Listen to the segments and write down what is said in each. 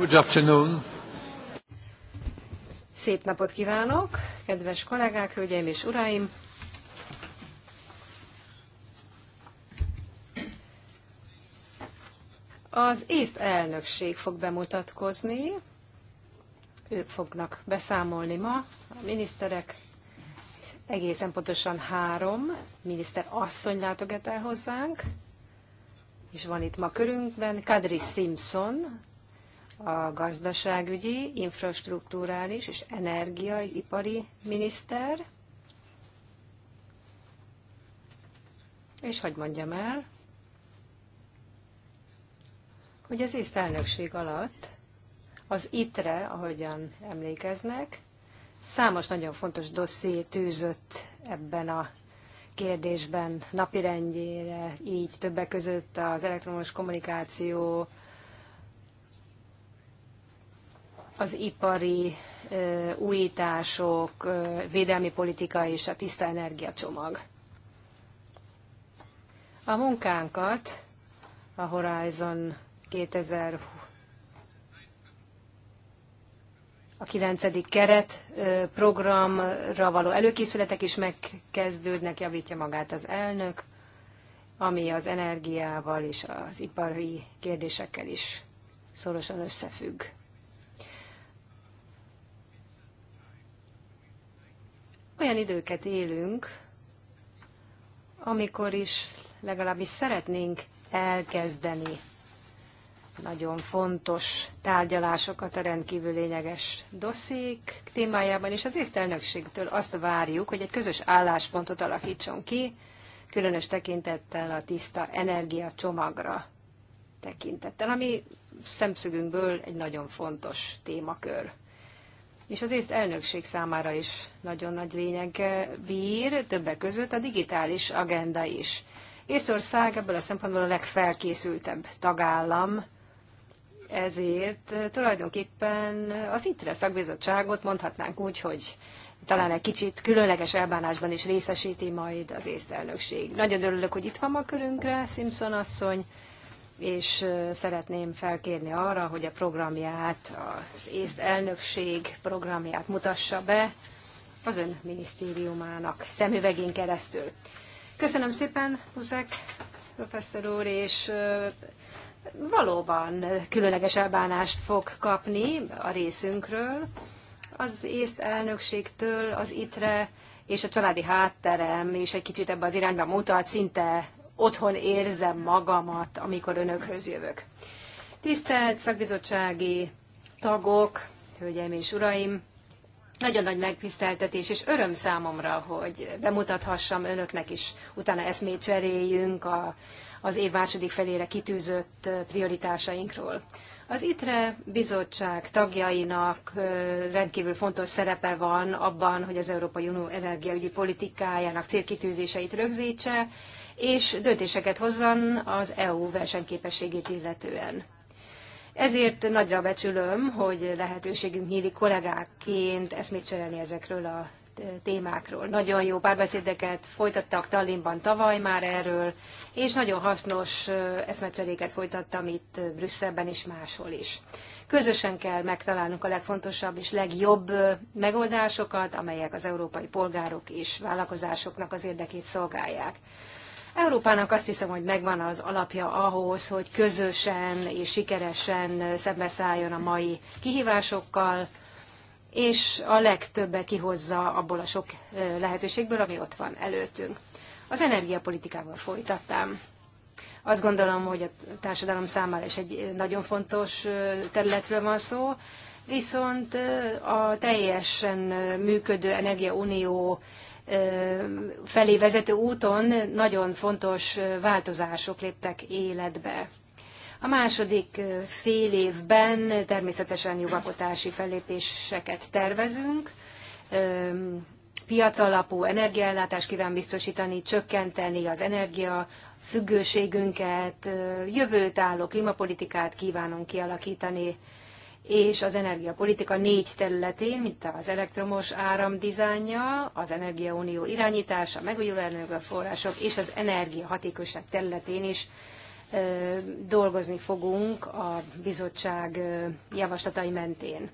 Good afternoon. Szép napot kívánok, kedves kollégák, hölgyeim és uraim! Az észt elnökség fog bemutatkozni, ők fognak beszámolni ma, a miniszterek, egészen pontosan három miniszter asszony látogat el hozzánk, és van itt ma körünkben Kadri Simpson, a gazdaságügyi, infrastruktúrális és energiaipari miniszter, és hogy mondjam el, hogy az ész elnökség alatt az ITRE, ahogyan emlékeznek, számos nagyon fontos dosszié tűzött ebben a kérdésben napirendjére, így többek között az elektromos kommunikáció, az ipari újítások, védelmi politika és a tiszta energiacsomag. A munkánkat a Horizon 2000 a 9. keret programra való előkészületek is megkezdődnek, javítja magát az elnök, ami az energiával és az ipari kérdésekkel is szorosan összefügg. Olyan időket élünk, amikor is legalábbis szeretnénk elkezdeni nagyon fontos tárgyalásokat a rendkívül lényeges doszék témájában, és az észtelnökségtől azt várjuk, hogy egy közös álláspontot alakítson ki, különös tekintettel a tiszta energia csomagra tekintettel, ami szemszögünkből egy nagyon fontos témakör és az észt elnökség számára is nagyon nagy lényeg bír, többek között a digitális agenda is. Észország ebből a szempontból a legfelkészültebb tagállam, ezért tulajdonképpen az ITRE szakbizottságot mondhatnánk úgy, hogy talán egy kicsit különleges elbánásban is részesíti majd az elnökség. Nagyon örülök, hogy itt van ma körünkre, Simpson asszony, és szeretném felkérni arra, hogy a programját, az észt elnökség programját mutassa be az ön minisztériumának szemüvegén keresztül. Köszönöm szépen, Buzek professzor úr, és valóban különleges elbánást fog kapni a részünkről, az észt elnökségtől, az ITRE és a családi hátterem is egy kicsit ebbe az irányba mutat, szinte otthon érzem magamat, amikor önökhöz jövök. Tisztelt szakbizottsági tagok, hölgyeim és uraim! Nagyon nagy megtiszteltetés és öröm számomra, hogy bemutathassam önöknek is, utána eszmét cseréljünk a, az év második felére kitűzött prioritásainkról. Az ITRE bizottság tagjainak rendkívül fontos szerepe van abban, hogy az Európai Unió energiaügyi politikájának célkitűzéseit rögzítse, és döntéseket hozzon az EU versenyképességét illetően. Ezért nagyra becsülöm, hogy lehetőségünk nyílik kollégákként eszmét cserélni ezekről a témákról. Nagyon jó párbeszédeket folytattak Tallinnban tavaly már erről, és nagyon hasznos eszmecseréket folytattam itt Brüsszelben és máshol is. Közösen kell megtalálnunk a legfontosabb és legjobb megoldásokat, amelyek az európai polgárok és vállalkozásoknak az érdekét szolgálják. Európának azt hiszem, hogy megvan az alapja ahhoz, hogy közösen és sikeresen szembeszálljon a mai kihívásokkal, és a legtöbbe kihozza abból a sok lehetőségből, ami ott van előttünk. Az energiapolitikával folytattam. Azt gondolom, hogy a társadalom számára is egy nagyon fontos területről van szó, viszont a teljesen működő energiaunió felé vezető úton nagyon fontos változások léptek életbe. A második fél évben természetesen jogalkotási fellépéseket tervezünk. Piacalapú energiaellátást kíván biztosítani, csökkenteni az energia függőségünket, jövőt álló klímapolitikát kívánunk kialakítani, és az energiapolitika négy területén, mint az elektromos áram dizájnja, az energiaunió irányítása, megújuló energiaforrások és az energiahatékosság területén is ö, dolgozni fogunk a bizottság ö, javaslatai mentén.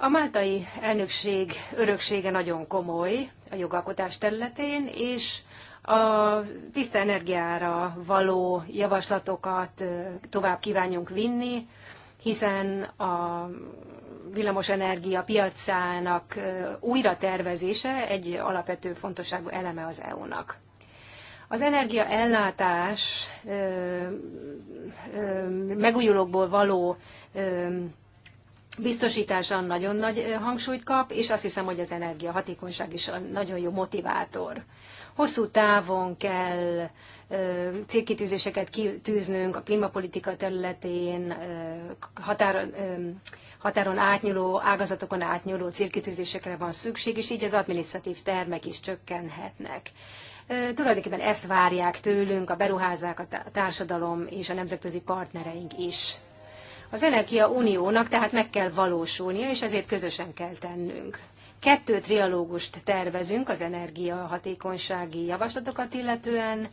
A máltai elnökség öröksége nagyon komoly a jogalkotás területén, és a tiszta energiára való javaslatokat tovább kívánjunk vinni, hiszen a villamosenergia piacának újra tervezése egy alapvető fontosságú eleme az EU-nak. Az energiaellátás megújulókból való biztosítása nagyon nagy hangsúlyt kap, és azt hiszem, hogy az energiahatékonyság is nagyon jó motivátor. Hosszú távon kell célkitűzéseket kitűznünk a klímapolitika területén, határ, határon átnyúló, ágazatokon átnyúló célkitűzésekre van szükség, és így az administratív termek is csökkenhetnek. Tulajdonképpen ezt várják tőlünk a beruházák, a társadalom és a nemzetközi partnereink is. Az Energia Uniónak tehát meg kell valósulnia, és ezért közösen kell tennünk. Kettő trialógust tervezünk az energiahatékonysági javaslatokat illetően,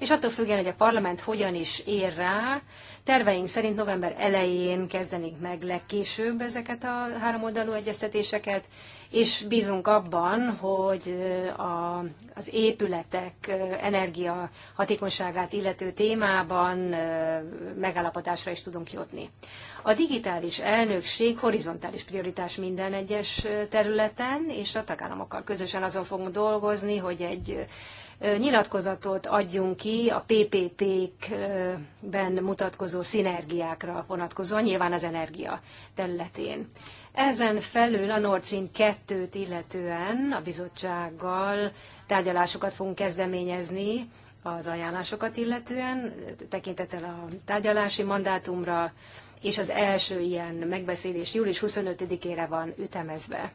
és attól függően, hogy a parlament hogyan is ér rá, terveink szerint november elején kezdenénk meg legkésőbb ezeket a háromoldalú egyeztetéseket, és bízunk abban, hogy a, az épületek energia hatékonyságát illető témában megállapodásra is tudunk jutni. A digitális elnökség horizontális prioritás minden egyes területen, és a tagállamokkal közösen azon fogunk dolgozni, hogy egy nyilatkozatot adjunk ki a PPP-kben mutatkozó szinergiákra vonatkozóan, nyilván az energia területén. Ezen felül a Nord Stream 2-t illetően a bizottsággal tárgyalásokat fogunk kezdeményezni, az ajánlásokat illetően, tekintettel a tárgyalási mandátumra, és az első ilyen megbeszélés július 25-ére van ütemezve.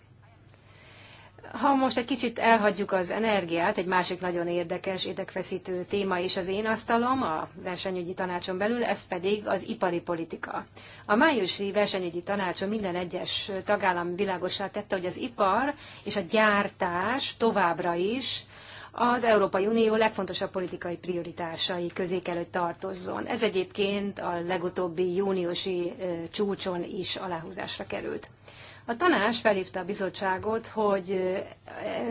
Ha most egy kicsit elhagyjuk az energiát, egy másik nagyon érdekes, érdekfeszítő téma is az én asztalom, a versenyügyi tanácson belül, ez pedig az ipari politika. A májusi versenyügyi tanácson minden egyes tagállam világosá tette, hogy az ipar és a gyártás továbbra is az Európai Unió legfontosabb politikai prioritásai közé kell, hogy tartozzon. Ez egyébként a legutóbbi júniusi csúcson is aláhúzásra került. A tanács felhívta a bizottságot, hogy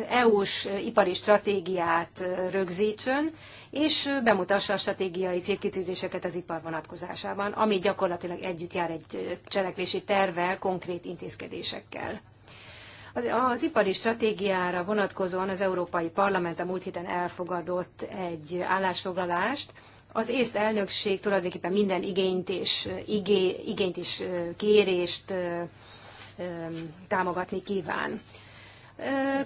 EU-s ipari stratégiát rögzítsön, és bemutassa a stratégiai célkitűzéseket az ipar vonatkozásában, ami gyakorlatilag együtt jár egy cselekvési tervvel, konkrét intézkedésekkel. Az ipari stratégiára vonatkozóan az Európai Parlament a múlt héten elfogadott egy állásfoglalást, az ész elnökség tulajdonképpen minden igényt és, igé, igényt és kérést támogatni kíván.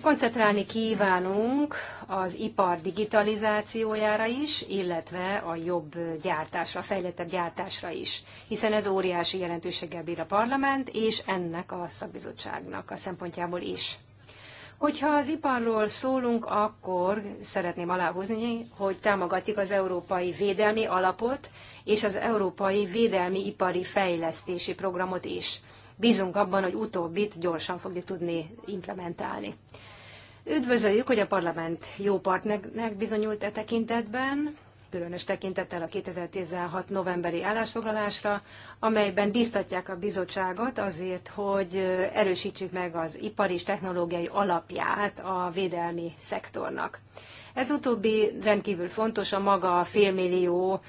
Koncentrálni kívánunk az ipar digitalizációjára is, illetve a jobb gyártásra, a fejlettebb gyártásra is, hiszen ez óriási jelentőséggel bír a parlament és ennek a szakbizottságnak a szempontjából is. Hogyha az iparról szólunk, akkor szeretném aláhozni, hogy támogatjuk az Európai Védelmi Alapot és az Európai Védelmi Ipari Fejlesztési Programot is bízunk abban, hogy utóbbit gyorsan fogjuk tudni implementálni. Üdvözöljük, hogy a parlament jó partnernek bizonyult e tekintetben, különös tekintettel a 2016 novemberi állásfoglalásra, amelyben biztatják a bizottságot azért, hogy erősítsük meg az ipari és technológiai alapját a védelmi szektornak. Ez utóbbi rendkívül fontos a maga félmillió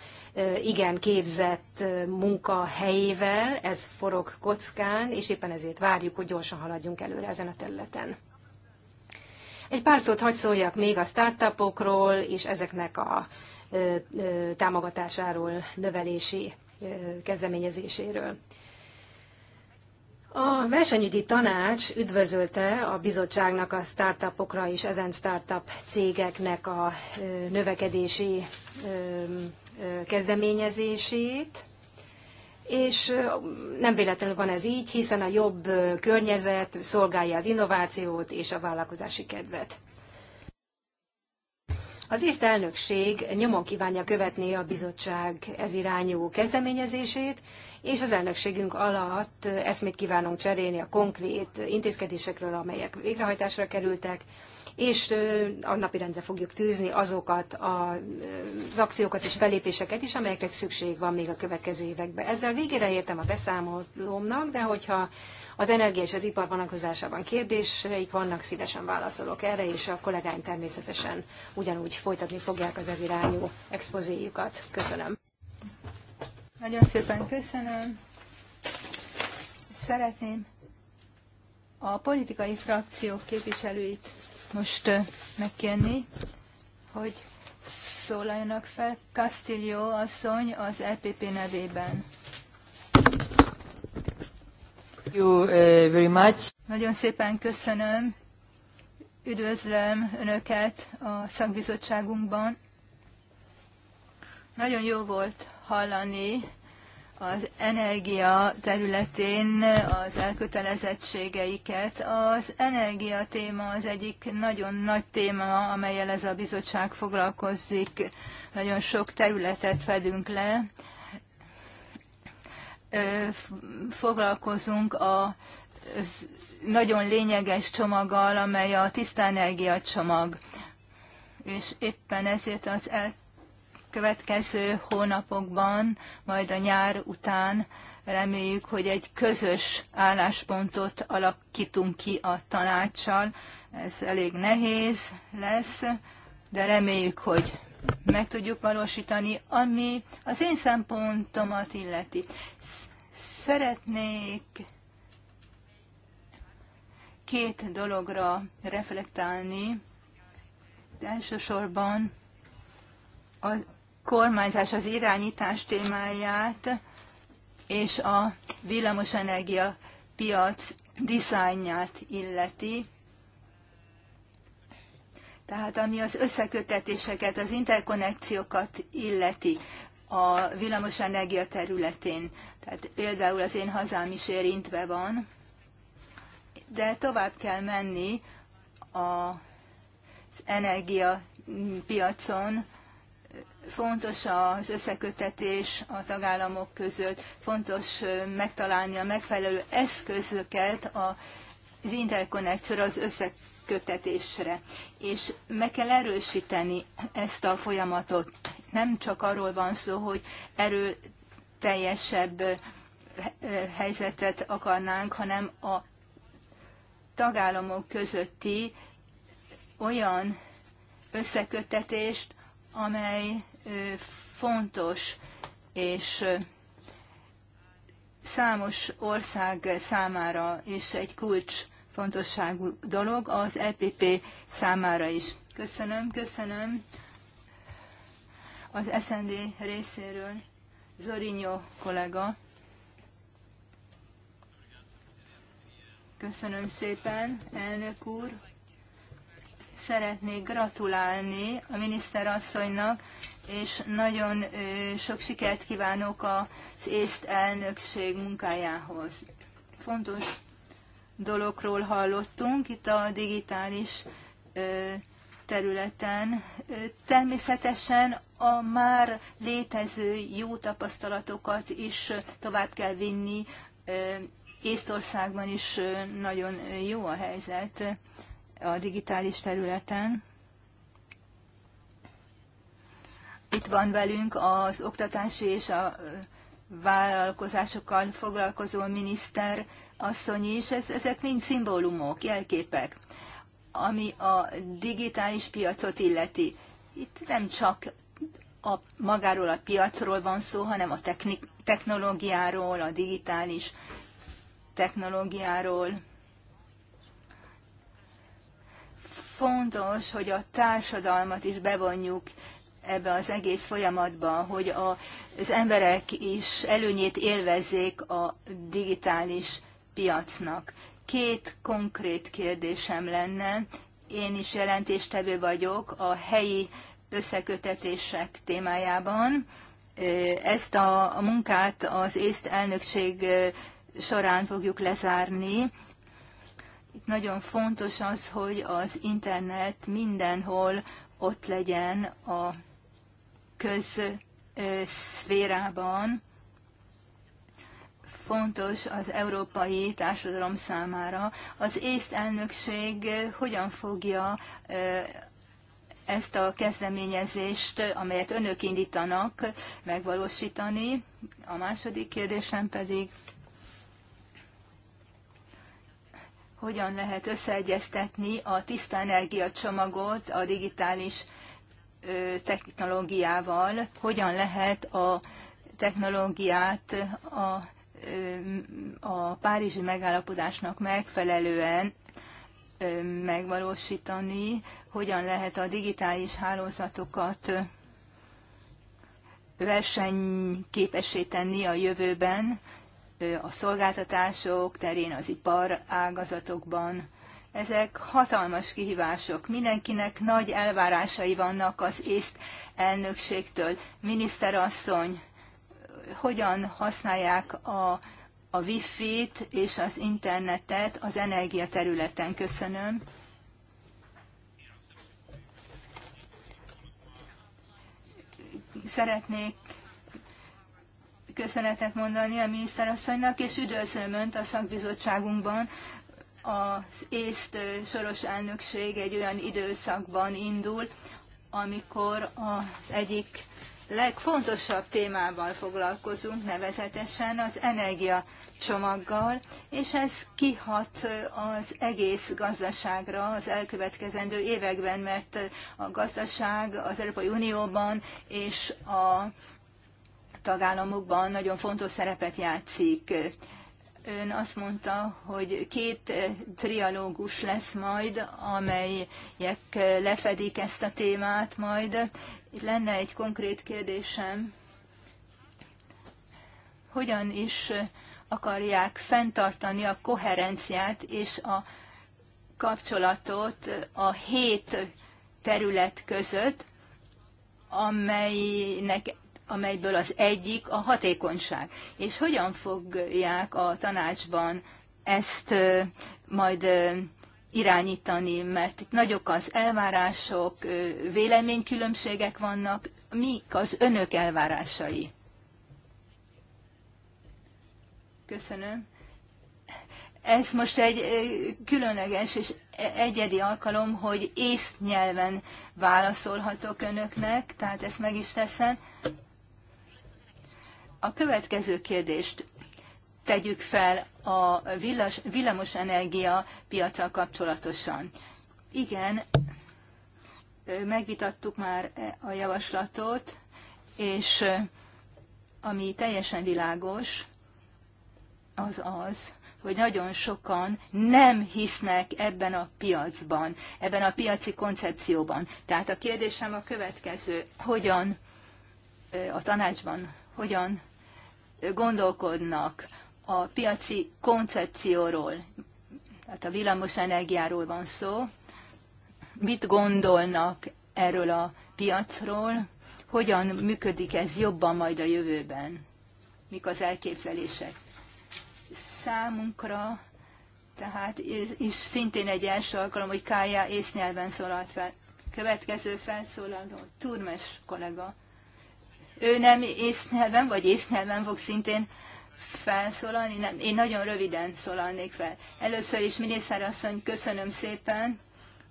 igen képzett munkahelyével, ez forog kockán, és éppen ezért várjuk, hogy gyorsan haladjunk előre ezen a területen. Egy pár szót hagy szóljak még a startupokról és ezeknek a támogatásáról, növelési kezdeményezéséről. A versenyügyi tanács üdvözölte a bizottságnak a startupokra és ezen startup cégeknek a növekedési kezdeményezését, és nem véletlenül van ez így, hiszen a jobb környezet szolgálja az innovációt és a vállalkozási kedvet. Az észt elnökség nyomon kívánja követni a bizottság ez irányú kezdeményezését, és az elnökségünk alatt eszmét kívánunk cserélni a konkrét intézkedésekről, amelyek végrehajtásra kerültek, és a napirendre fogjuk tűzni azokat az akciókat és felépéseket is, amelyekre szükség van még a következő években. Ezzel végére értem a beszámolómnak, de hogyha az energia és az ipar vonatkozásában kérdéseik vannak, szívesen válaszolok erre, és a kollégáim természetesen ugyanúgy folytatni fogják az ez irányú expozéjukat. Köszönöm. Nagyon szépen köszönöm. Szeretném a politikai frakciók képviselőit most megkérni, hogy szólaljanak fel. Castillo asszony az EPP nevében. Thank you very much. Nagyon szépen köszönöm. Üdvözlöm Önöket a szakbizottságunkban. Nagyon jó volt hallani az energia területén az elkötelezettségeiket. Az energia téma az egyik nagyon nagy téma, amelyel ez a bizottság foglalkozik. Nagyon sok területet fedünk le. Foglalkozunk a nagyon lényeges csomaggal, amely a tiszta energia csomag. És éppen ezért az el következő hónapokban, majd a nyár után reméljük, hogy egy közös álláspontot alakítunk ki a tanácssal. Ez elég nehéz lesz, de reméljük, hogy meg tudjuk valósítani, ami az én szempontomat illeti. Szeretnék két dologra reflektálni. Elsősorban a kormányzás, az irányítás témáját és a villamosenergia piac dizájnját illeti. Tehát ami az összekötetéseket, az interkonnekciókat illeti a villamosenergia területén. Tehát például az én hazám is érintve van, de tovább kell menni a, az energiapiacon, Fontos az összekötetés a tagállamok között, fontos megtalálni a megfelelő eszközöket az interkonnektor az összekötetésre. És meg kell erősíteni ezt a folyamatot. Nem csak arról van szó, hogy erőteljesebb helyzetet akarnánk, hanem a tagállamok közötti olyan összekötetést, amely fontos, és számos ország számára is egy kulcs fontosságú dolog, az EPP számára is. Köszönöm, köszönöm az SND részéről Zorinyó kollega. Köszönöm szépen, elnök úr. Szeretnék gratulálni a miniszterasszonynak és nagyon sok sikert kívánok az észt elnökség munkájához. Fontos dologról hallottunk itt a digitális területen. Természetesen a már létező jó tapasztalatokat is tovább kell vinni. Észtországban is nagyon jó a helyzet a digitális területen. itt van velünk az oktatási és a vállalkozásokkal foglalkozó miniszter asszony is. Ez, ezek mind szimbólumok, jelképek, ami a digitális piacot illeti. Itt nem csak a, magáról a piacról van szó, hanem a technik, technológiáról, a digitális technológiáról. Fontos, hogy a társadalmat is bevonjuk ebbe az egész folyamatban, hogy a, az emberek is előnyét élvezzék a digitális piacnak. Két konkrét kérdésem lenne. Én is jelentéstevő vagyok a helyi összekötetések témájában. Ezt a, a munkát az észt elnökség során fogjuk lezárni. Itt nagyon fontos az, hogy az internet mindenhol ott legyen a közszférában fontos az európai társadalom számára. Az észt elnökség hogyan fogja ezt a kezdeményezést, amelyet önök indítanak, megvalósítani? A második kérdésem pedig, hogyan lehet összeegyeztetni a tiszta energiacsomagot a digitális technológiával, hogyan lehet a technológiát a, a Párizsi megállapodásnak megfelelően megvalósítani, hogyan lehet a digitális hálózatokat versenyképessé tenni a jövőben, a szolgáltatások terén, az ipar ágazatokban, ezek hatalmas kihívások. Mindenkinek nagy elvárásai vannak az észt elnökségtől. Miniszterasszony, hogyan használják a, a wifi-t és az internetet az energia területen? Köszönöm. Szeretnék köszönetet mondani a miniszterasszonynak, és üdvözlöm Önt a szakbizottságunkban az észt soros elnökség egy olyan időszakban indul, amikor az egyik legfontosabb témával foglalkozunk, nevezetesen az energia csomaggal, és ez kihat az egész gazdaságra az elkövetkezendő években, mert a gazdaság az Európai Unióban és a tagállamokban nagyon fontos szerepet játszik. Ön azt mondta, hogy két eh, trialógus lesz majd, amelyek eh, lefedik ezt a témát majd. Itt lenne egy konkrét kérdésem. Hogyan is eh, akarják fenntartani a koherenciát és a kapcsolatot a hét terület között, amelynek amelyből az egyik a hatékonyság. És hogyan fogják a tanácsban ezt majd irányítani, mert itt nagyok az elvárások, véleménykülönbségek vannak. Mik az önök elvárásai? Köszönöm. Ez most egy különleges és egyedi alkalom, hogy észt nyelven válaszolhatok önöknek, tehát ezt meg is teszem. A következő kérdést tegyük fel a villas, villamosenergia piacsal kapcsolatosan. Igen, megvitattuk már a javaslatot, és ami teljesen világos, az az, hogy nagyon sokan nem hisznek ebben a piacban, ebben a piaci koncepcióban. Tehát a kérdésem a következő, hogyan a tanácsban, hogyan gondolkodnak a piaci koncepcióról, tehát a villamos energiáról van szó, mit gondolnak erről a piacról, hogyan működik ez jobban majd a jövőben, mik az elképzelések. Számunkra tehát is szintén egy első alkalom, hogy Kája észnyelven szólalt fel. Következő felszólaló, Turmes kollega. Ő nem észnyelven, vagy észnyelven fog szintén felszólalni? Nem, én nagyon röviden szólalnék fel. Először is, asszony, köszönöm szépen,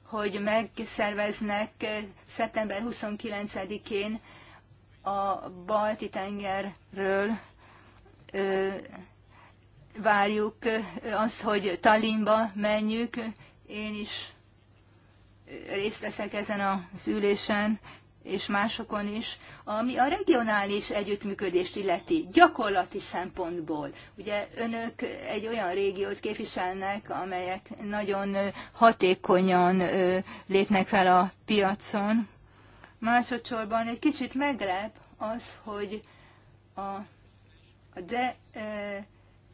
hogy megszerveznek eh, szeptember 29-én a Balti tengerről ö, eh, várjuk eh, azt, hogy Tallinnba menjük Én is részt veszek ezen az ülésen és másokon is, ami a regionális együttműködést illeti, gyakorlati szempontból. Ugye önök egy olyan régiót képviselnek, amelyek nagyon hatékonyan lépnek fel a piacon. Másodszorban egy kicsit meglep az, hogy a de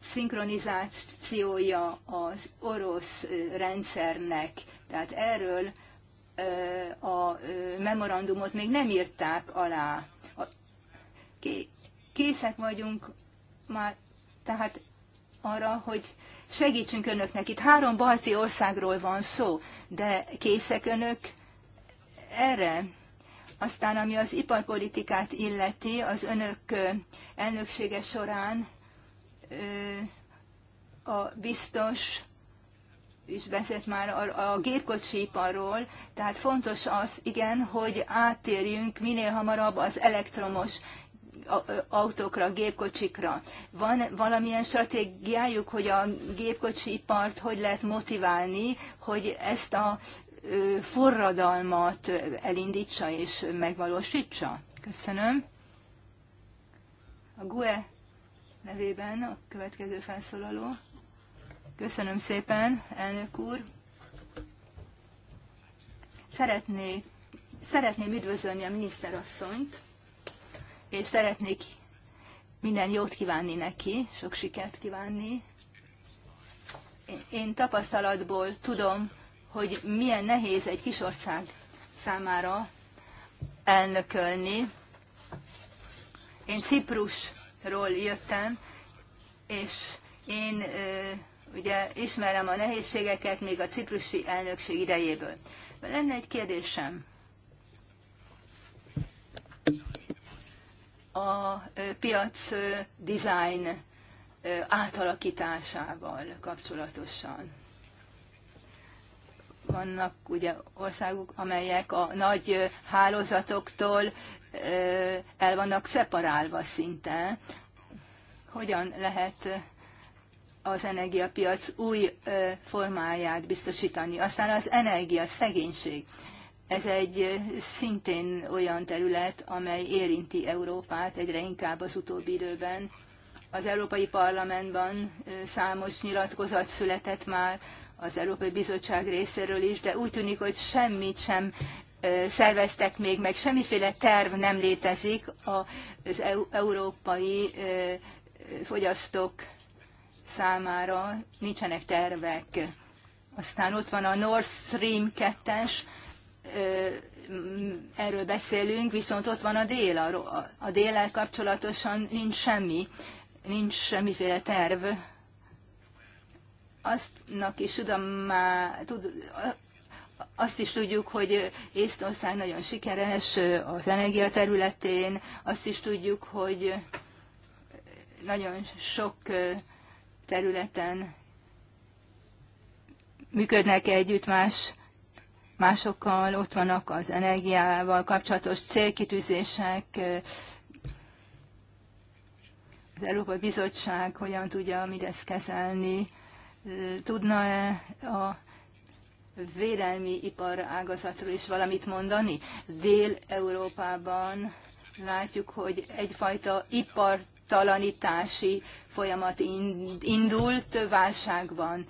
szinkronizációja az orosz rendszernek, tehát erről a memorandumot még nem írták alá. Készek vagyunk már, tehát arra, hogy segítsünk önöknek. Itt három balti országról van szó, de készek önök erre? Aztán, ami az iparpolitikát illeti, az önök elnöksége során a biztos is beszélt már a, a gépkocsiparról, tehát fontos az, igen, hogy áttérjünk minél hamarabb az elektromos autókra, gépkocsikra. Van valamilyen stratégiájuk, hogy a gépkocsipart hogy lehet motiválni, hogy ezt a forradalmat elindítsa és megvalósítsa? Köszönöm. A GUE nevében a következő felszólaló. Köszönöm szépen, elnök úr. Szeretné, szeretném üdvözölni a miniszterasszonyt, és szeretnék minden jót kívánni neki, sok sikert kívánni. Én tapasztalatból tudom, hogy milyen nehéz egy kis ország számára elnökölni. Én Ciprusról jöttem, és én ugye ismerem a nehézségeket még a ciprusi elnökség idejéből. Lenne egy kérdésem. A piac design átalakításával kapcsolatosan. Vannak ugye országok, amelyek a nagy hálózatoktól el vannak szeparálva szinte. Hogyan lehet az energiapiac új formáját biztosítani. Aztán az energia szegénység. Ez egy szintén olyan terület, amely érinti Európát egyre inkább az utóbbi időben. Az Európai Parlamentban számos nyilatkozat született már az Európai Bizottság részéről is, de úgy tűnik, hogy semmit sem szerveztek még meg, semmiféle terv nem létezik az európai fogyasztók számára nincsenek tervek. Aztán ott van a Nord Stream 2-es, erről beszélünk, viszont ott van a dél, a, a déllel kapcsolatosan nincs semmi, nincs semmiféle terv. Aztnak is tudom már, tud, azt is tudjuk, hogy Észtország nagyon sikeres az energia területén, azt is tudjuk, hogy nagyon sok területen működnek -e együtt más, másokkal, ott vannak az energiával kapcsolatos célkitűzések, az Európai Bizottság hogyan tudja mindezt kezelni, tudna-e a védelmi ipar ágazatról is valamit mondani? Dél-Európában látjuk, hogy egyfajta ipar talanítási folyamat indult válságban.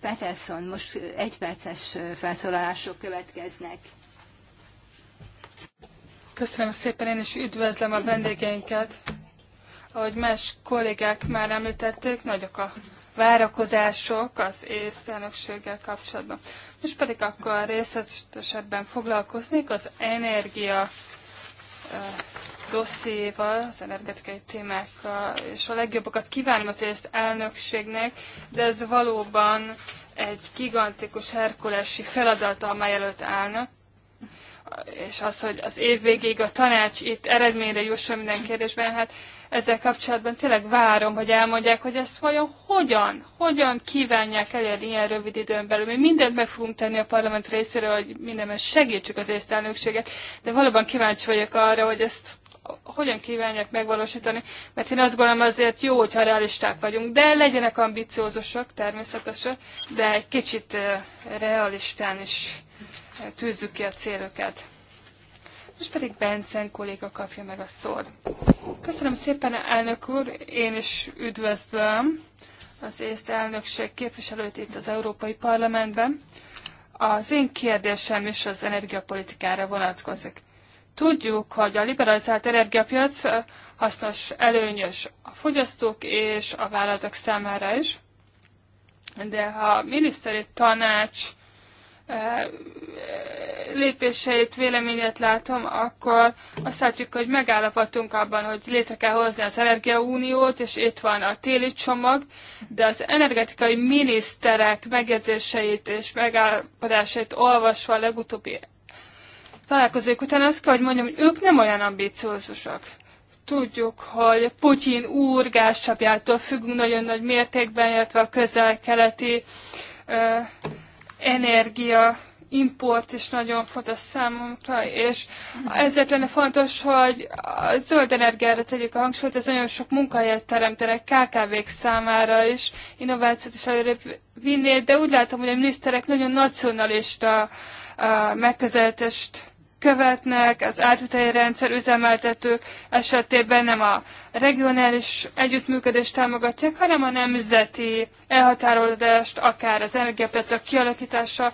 Peterson, most egyperces felszólalások következnek. Köszönöm szépen, én is üdvözlöm a vendégeinket. Ahogy más kollégák már említették, nagyok a várakozások az észlelnökséggel kapcsolatban. Most pedig akkor részletesebben foglalkoznék az energia dosszéval, az energetikai témákkal, és a legjobbakat kívánom azért ezt elnökségnek, de ez valóban egy gigantikus herkulesi feladat, amely előtt állnak és az, hogy az év végéig a tanács itt eredményre jusson minden kérdésben, hát ezzel kapcsolatban tényleg várom, hogy elmondják, hogy ezt vajon hogyan, hogyan kívánják elérni ilyen rövid időn belül. Mi mindent meg fogunk tenni a parlament részéről, hogy mindenben segítsük az észtelnökséget, de valóban kíváncsi vagyok arra, hogy ezt hogyan kívánják megvalósítani, mert én azt gondolom azért jó, hogyha realisták vagyunk, de legyenek ambiciózusok természetesen, de egy kicsit realistán is tűzzük ki a célokat. Most pedig Benson kolléga kapja meg a szót. Köszönöm szépen, elnök úr, én is üdvözlöm az észt elnökség képviselőt itt az Európai Parlamentben. Az én kérdésem is az energiapolitikára vonatkozik. Tudjuk, hogy a liberalizált energiapiac hasznos, előnyös a fogyasztók és a vállalatok számára is. De ha a miniszteri tanács lépéseit, véleményét látom, akkor azt látjuk, hogy megállapodtunk abban, hogy létre kell hozni az energiauniót, és itt van a téli csomag, de az energetikai miniszterek megjegyzéseit és megállapodásait olvasva a legutóbbi találkozók után azt kell, hogy mondjam, hogy ők nem olyan ambiciózusak. Tudjuk, hogy Putyin úr gázcsapjától függünk nagyon nagy mértékben, illetve a közel-keleti energia import is nagyon fontos számunkra, és ezért lenne fontos, hogy a zöld energiára tegyük a hangsúlyt, ez nagyon sok munkahelyet teremtenek KKV-k számára is, innovációt is előrébb vinni, de úgy látom, hogy a miniszterek nagyon nacionalista megközelítést követnek, az átviteli rendszer üzemeltetők esetében nem a regionális együttműködést támogatják, hanem a nemzeti elhatárolódást, akár az energiapiacok kialakítása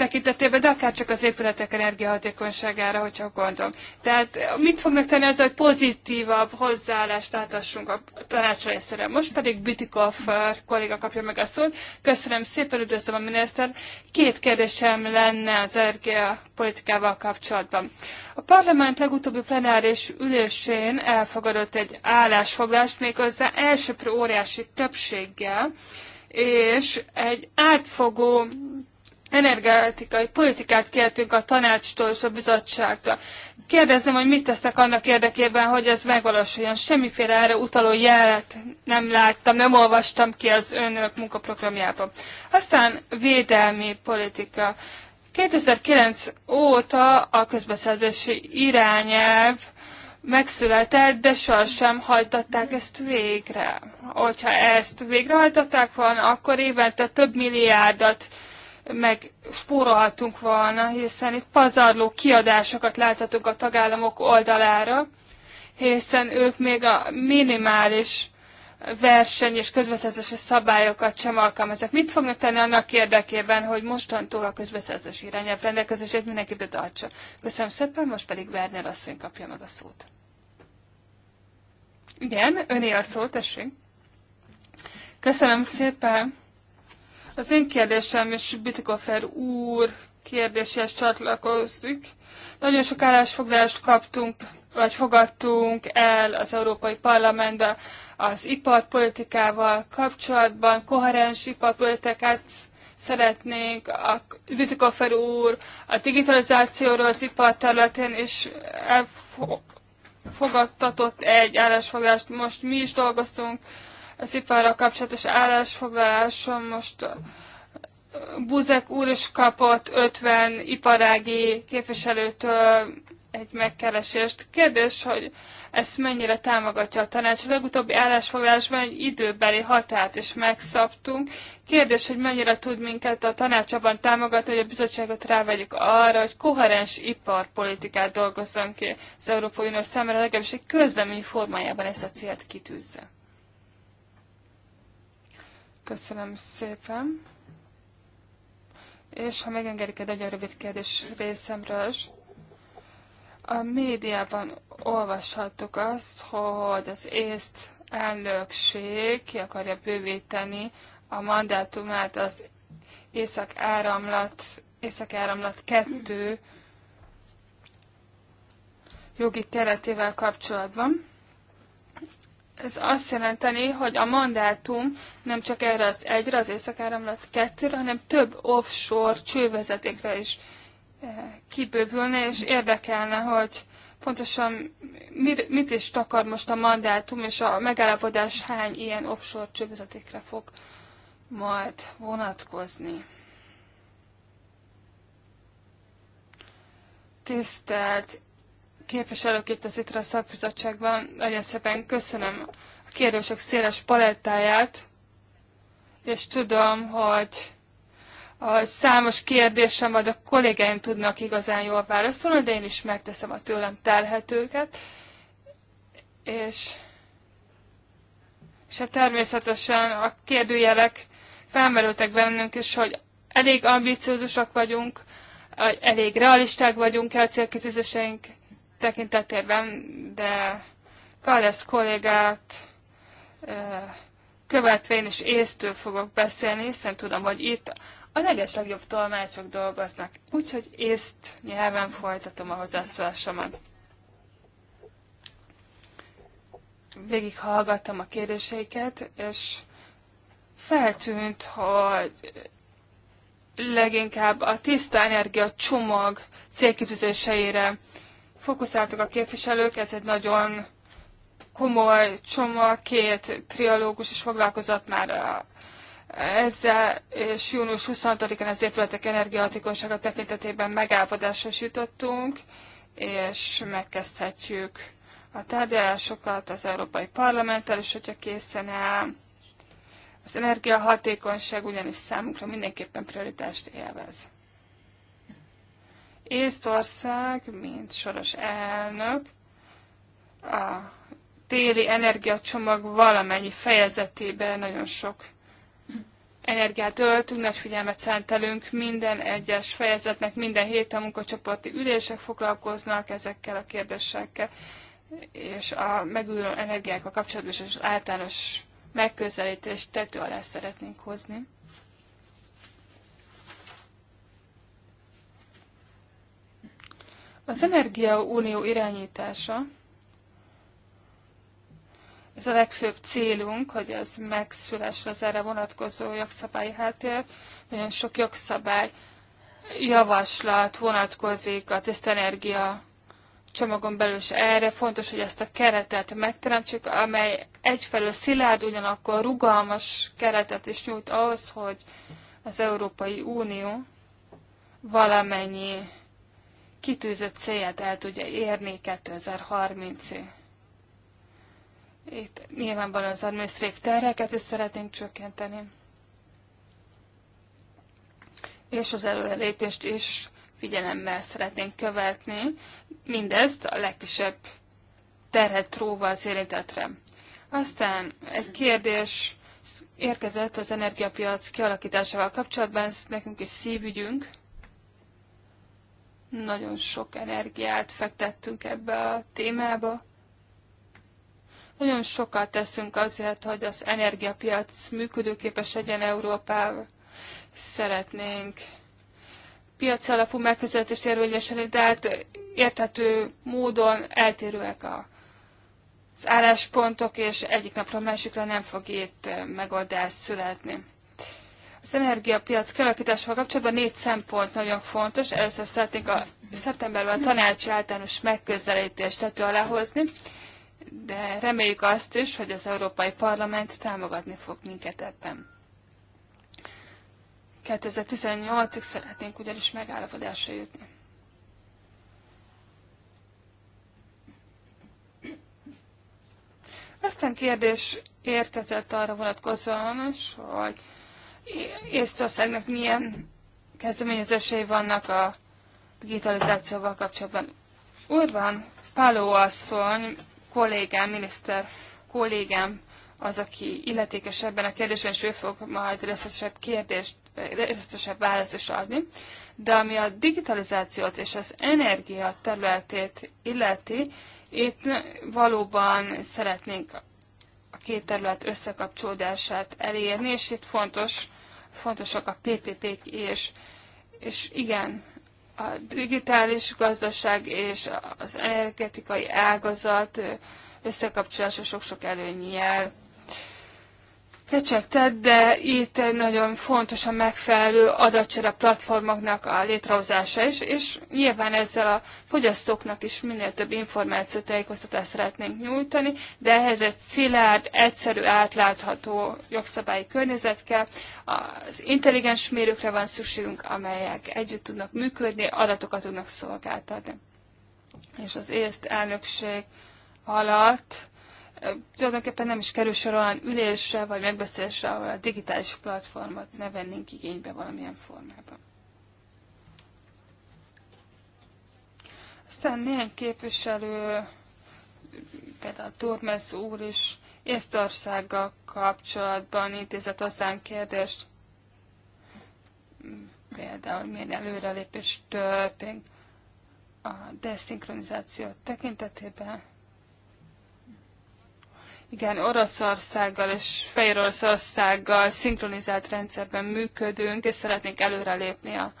tekintetében, de akár csak az épületek energiahatékonyságára, hogyha gondolom. Tehát mit fognak tenni az, hogy pozitívabb hozzáállást látassunk a tanácsolásszerre? Most pedig Bütikov eh, kolléga kapja meg a szót. Köszönöm szépen, üdvözlöm a miniszter. Két kérdésem lenne az energiapolitikával kapcsolatban. A parlament legutóbbi plenáris ülésén elfogadott egy állásfoglást, méghozzá elsőprő óriási többséggel, és egy átfogó energetikai politikát kértünk a tanácstól és a bizottságtól. Kérdezem, hogy mit tesznek annak érdekében, hogy ez megvalósuljon. Semmiféle erre utaló jelet nem láttam, nem olvastam ki az önök munkaprogramjában. Aztán védelmi politika. 2009 óta a közbeszerzési irányelv megszületett, de sohasem hajtatták ezt végre. Hogyha ezt végrehajtották volna, akkor évente több milliárdat megspóroltunk volna, hiszen itt pazarló kiadásokat láthatunk a tagállamok oldalára, hiszen ők még a minimális verseny és közbeszerzési szabályokat sem alkalmaznak. Mit fognak tenni annak érdekében, hogy mostantól a közbeszerzési irányelv rendelkezését mindenki betartsa? Köszönöm szépen, most pedig Werner asszony kapja meg a szót. Igen, öné a szót, tessék. Köszönöm szépen. Az én kérdésem is Bütikofer úr kérdéséhez csatlakozik. Nagyon sok állásfoglalást kaptunk, vagy fogadtunk el az Európai Parlamentbe az iparpolitikával kapcsolatban, koherens iparpolitikát szeretnénk. A Bütikofer úr a digitalizációról az ipar területén is elfogadtatott egy állásfoglalást. Most mi is dolgoztunk az iparral kapcsolatos állásfoglaláson most Buzek úr is kapott 50 iparági képviselőtől egy megkeresést. Kérdés, hogy ezt mennyire támogatja a tanács. A legutóbbi állásfoglalásban egy időbeli határt is megszabtunk. Kérdés, hogy mennyire tud minket a tanács abban támogatni, hogy a bizottságot rávegyük arra, hogy koherens iparpolitikát dolgozzon ki az Európai Unió számára, legalábbis egy közlemény formájában ezt a célt kitűzze. Köszönöm szépen. És ha megengedik egy nagyon rövid kérdés részemről is. A médiában olvashattuk azt, hogy az észt elnökség ki akarja bővíteni a mandátumát az Észak-áramlat, Észak-áramlat 2 jogi keretével kapcsolatban. Ez azt jelenteni, hogy a mandátum nem csak erre az egyre, az északáramlat kettőre, hanem több offshore csővezetékre is eh, kibővülne, és érdekelne, hogy pontosan mit is takar most a mandátum, és a megállapodás hány ilyen offshore csővezetékre fog majd vonatkozni. Tisztelt képviselők itt az ITRA szakbizottságban. Nagyon szépen köszönöm a kérdések széles palettáját, és tudom, hogy a számos kérdésem, majd a kollégáim tudnak igazán jól válaszolni, de én is megteszem a tőlem telhetőket. És, és hát természetesen a kérdőjelek felmerültek bennünk is, hogy elég ambiciózusak vagyunk, elég realisták vagyunk el célkitűzéseink tekintetében, de Kalesz kollégát követvén és észtől fogok beszélni, hiszen tudom, hogy itt a leges legjobb tolmácsok dolgoznak, úgyhogy észt nyelven folytatom a hozzászólásomat. Végig hallgattam a kérdéseiket, és feltűnt, hogy leginkább a tiszta energia csomag célkitűzéseire fókuszáltak a képviselők, ez egy nagyon komoly csomó két triológus is foglalkozott már a, ezzel, és június 26-án az épületek energiahatékonysága tekintetében megállapodásra jutottunk, és megkezdhetjük a tárgyalásokat az Európai Parlamenttel is, hogyha készen áll. Az energiahatékonyság ugyanis számunkra mindenképpen prioritást élvez. Észtország, mint soros elnök, a téli energiacsomag valamennyi fejezetében nagyon sok energiát öltünk, nagy figyelmet szentelünk minden egyes fejezetnek, minden héten munkacsoporti ülések foglalkoznak ezekkel a kérdésekkel, és a megújuló energiákkal kapcsolatban és az általános megközelítést tető alá szeretnénk hozni. Az Energia Unió irányítása, ez a legfőbb célunk, hogy ez megszülesse az erre vonatkozó jogszabályi háttér. Nagyon sok jogszabály javaslat vonatkozik a tisztenergia csomagon belül és erre fontos, hogy ezt a keretet megteremtsük, amely egyfelől szilárd, ugyanakkor rugalmas keretet is nyújt ahhoz, hogy az Európai Unió valamennyi kitűzött célját el tudja érni 2030-ig. Itt nyilvánvalóan az adminisztrév terheket is szeretnénk csökkenteni. És az előrelépést is figyelemmel szeretnénk követni, mindezt a legkisebb terhet tróva az érintetre. Aztán egy kérdés érkezett az energiapiac kialakításával kapcsolatban, ez nekünk is szívügyünk. Nagyon sok energiát fektettünk ebbe a témába. Nagyon sokat teszünk azért, hogy az energiapiac működőképes legyen Európával. Szeretnénk piaci alapú megközelítést érvényesíteni, de hát érthető módon eltérőek a az álláspontok, és egyik napra a másikra nem fog itt megoldást születni. Az energiapiac kialakításával kapcsolatban négy szempont nagyon fontos. Először szeretnénk a szeptemberben a tanácsi általános megközelítést tető aláhozni, de reméljük azt is, hogy az Európai Parlament támogatni fog minket ebben. 2018-ig szeretnénk ugyanis megállapodásra jutni. Aztán kérdés érkezett arra vonatkozóan hogy Észtországnak milyen kezdeményezései vannak a digitalizációval kapcsolatban. Urban Páló asszony, kollégám, miniszter kollégám az, aki illetékes ebben a kérdésben, és ő fog majd részletesebb kérdést, részletesebb választ is adni. De ami a digitalizációt és az energia területét illeti, itt valóban szeretnénk a két terület összekapcsolódását elérni, és itt fontos fontosak a PPP-k és, és igen, a digitális gazdaság és az energetikai ágazat összekapcsolása sok-sok előnyel kecsegtet, de itt nagyon fontos a megfelelő adatcsere platformoknak a létrehozása is, és nyilván ezzel a fogyasztóknak is minél több információt, tájékoztatást szeretnénk nyújtani, de ehhez egy szilárd, egyszerű, átlátható jogszabályi környezet kell. Az intelligens mérőkre van szükségünk, amelyek együtt tudnak működni, adatokat tudnak szolgáltatni. És az észt elnökség alatt tulajdonképpen nem is kerül sor olyan ülésre vagy megbeszélésre, ahol a digitális platformot ne vennénk igénybe valamilyen formában. Aztán néhány képviselő, például Turmes úr is, Észtországgal kapcsolatban intézett hozzánk kérdést, például milyen előrelépés történt a deszinkronizáció tekintetében, igen, Oroszországgal és Fehér Oroszországgal szinkronizált rendszerben működünk, és szeretnénk előrelépni a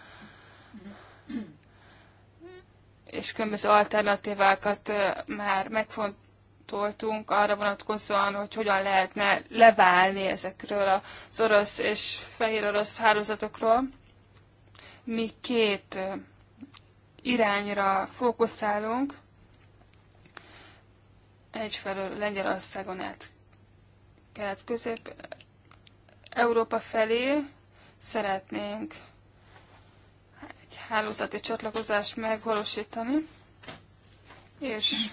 és különböző alternatívákat már megfontoltunk arra vonatkozóan, hogy hogyan lehetne leválni ezekről az orosz és fehér orosz hálózatokról. Mi két irányra fókuszálunk, egyfelől Lengyelországon át kelet-közép Európa felé szeretnénk egy hálózati csatlakozást megvalósítani, és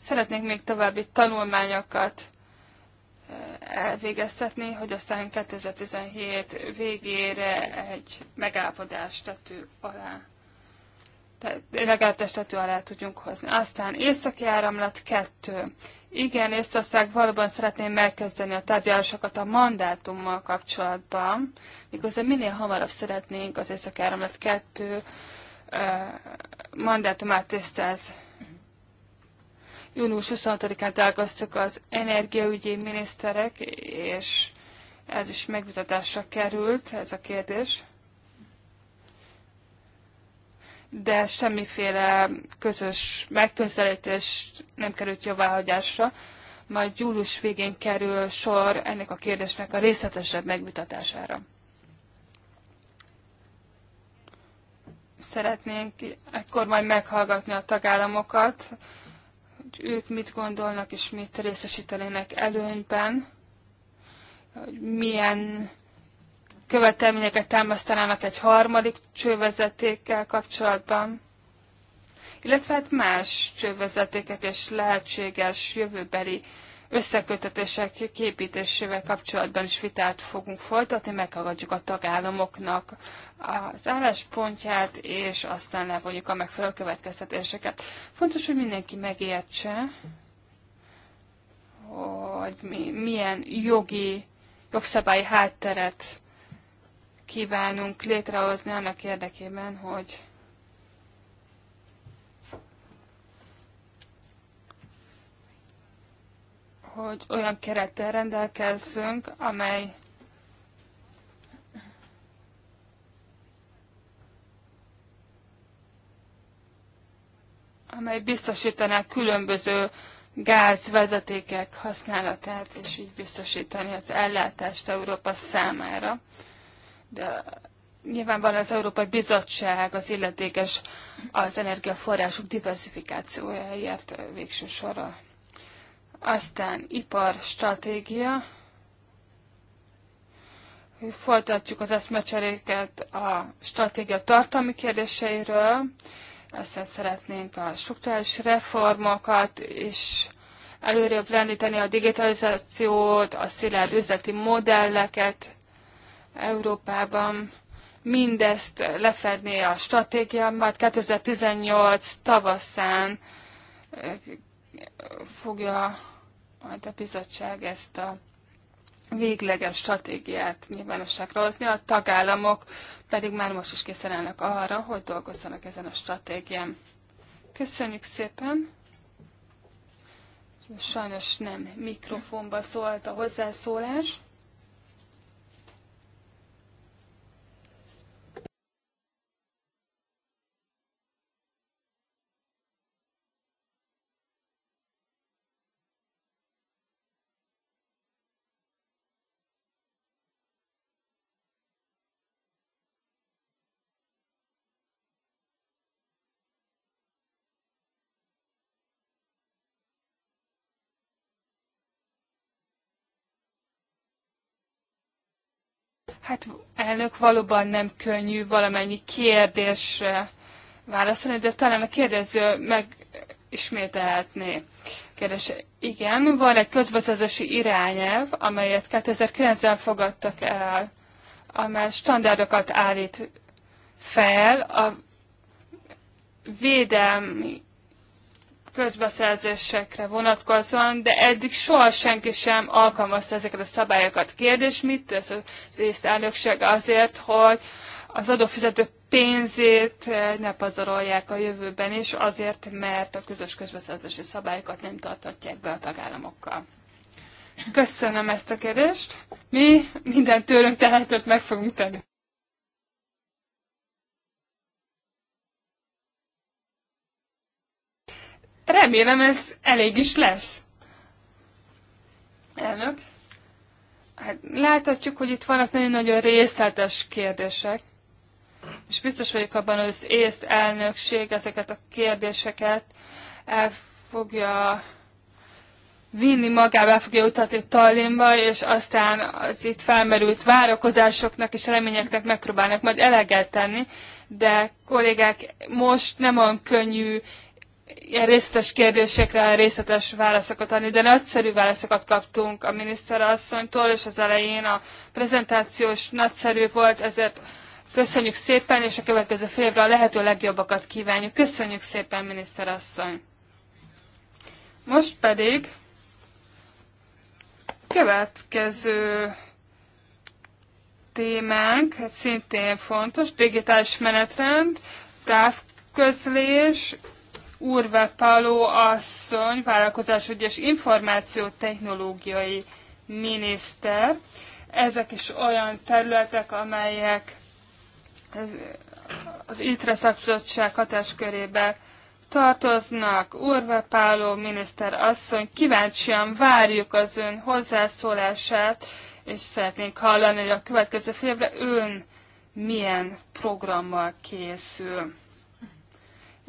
szeretnénk még további tanulmányokat elvégeztetni, hogy aztán 2017 végére egy megállapodást tető alá legalább testető alá tudjunk hozni. Aztán északi áramlat kettő. Igen, Észtország valóban szeretném megkezdeni a tárgyalásokat a mandátummal kapcsolatban, miközben minél hamarabb szeretnénk az északi áramlat kettő mandátumát tisztázni június 26-án találkoztak az energiaügyi miniszterek, és ez is megvitatásra került, ez a kérdés de semmiféle közös megközelítés nem került jóváhagyásra. Majd július végén kerül sor ennek a kérdésnek a részletesebb megvitatására. Szeretnénk ekkor majd meghallgatni a tagállamokat, hogy ők mit gondolnak és mit részesítenének előnyben, hogy milyen követelményeket támasztanának egy harmadik csővezetékkel kapcsolatban, illetve hát más csővezetékek és lehetséges jövőbeli összekötetések képítésével kapcsolatban is vitát fogunk folytatni, meghallgatjuk a tagállamoknak az álláspontját, és aztán levonjuk a megfelelő következtetéseket. Fontos, hogy mindenki megértse, hogy mi, milyen jogi, jogszabályi hátteret kívánunk létrehozni annak érdekében, hogy hogy olyan kerettel rendelkezzünk, amely amely biztosítaná különböző gázvezetékek használatát, és így biztosítani az ellátást Európa számára de nyilvánvalóan az Európai Bizottság az illetékes az energiaforrások diversifikációjáért végső sorra. Aztán iparstratégia. Folytatjuk az eszmecseréket a stratégia tartalmi kérdéseiről. Aztán szeretnénk a struktúrális reformokat is előrébb lendíteni a digitalizációt, a szilárd üzleti modelleket, Európában mindezt lefedné a stratégia, majd 2018 tavaszán fogja majd a bizottság ezt a végleges stratégiát nyilvánosságra hozni, a tagállamok pedig már most is készen állnak arra, hogy dolgozzanak ezen a stratégián. Köszönjük szépen! Sajnos nem mikrofonba szólt a hozzászólás. Hát elnök valóban nem könnyű valamennyi kérdésre válaszolni, de talán a kérdező ismételhetné. Kérdés. Igen, van egy közbeszerzési irányelv, amelyet 2009-ben fogadtak el, amely standardokat állít fel a védelmi közbeszerzésekre vonatkozóan, de eddig soha senki sem alkalmazta ezeket a szabályokat. Kérdés, mit tesz az észt elnökség azért, hogy az adófizetők pénzét ne pazarolják a jövőben is, azért, mert a közös közbeszerzési szabályokat nem tartatják be a tagállamokkal. Köszönöm ezt a kérdést. Mi minden tőlünk tehetőt meg fogunk tenni. Remélem ez elég is lesz. Elnök. Hát láthatjuk, hogy itt vannak nagyon-nagyon részletes kérdések. És biztos vagyok abban, hogy az észt elnökség ezeket a kérdéseket el fogja vinni magába, el fogja utatni Tallinnba, és aztán az itt felmerült várakozásoknak és reményeknek megpróbálnak majd eleget tenni, de kollégák, most nem olyan könnyű ilyen részletes kérdésekre részletes válaszokat adni, de nagyszerű válaszokat kaptunk a miniszterasszonytól, és az elején a prezentáció is nagyszerű volt, ezért köszönjük szépen, és a következő fél évre a lehető legjobbakat kívánjuk. Köszönjük szépen, miniszterasszony! Most pedig következő témánk, hát szintén fontos, digitális menetrend, távközlés, Urve Paló asszony, vállalkozásügyi és technológiai miniszter. Ezek is olyan területek, amelyek az ITRE szakszottság hatáskörébe tartoznak. Urve Páló miniszter asszony, kíváncsian várjuk az ön hozzászólását, és szeretnénk hallani, hogy a következő félre ön milyen programmal készül.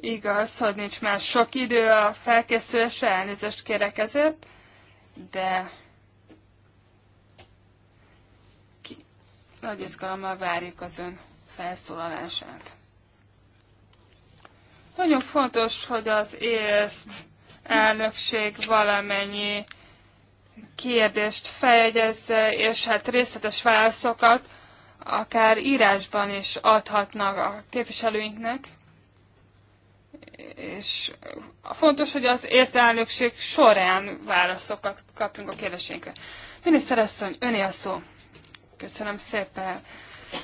Igaz, hogy nincs már sok idő a felkészülésre, elnézést kérek ezért, de ki... nagy izgalommal várjuk az ön felszólalását. Nagyon fontos, hogy az észt elnökség valamennyi kérdést feljegyezze, és hát részletes válaszokat akár írásban is adhatnak a képviselőinknek és fontos, hogy az észt elnökség során válaszokat kapjunk a kérdésénkre. Miniszter asszony, öné a szó. Köszönöm szépen.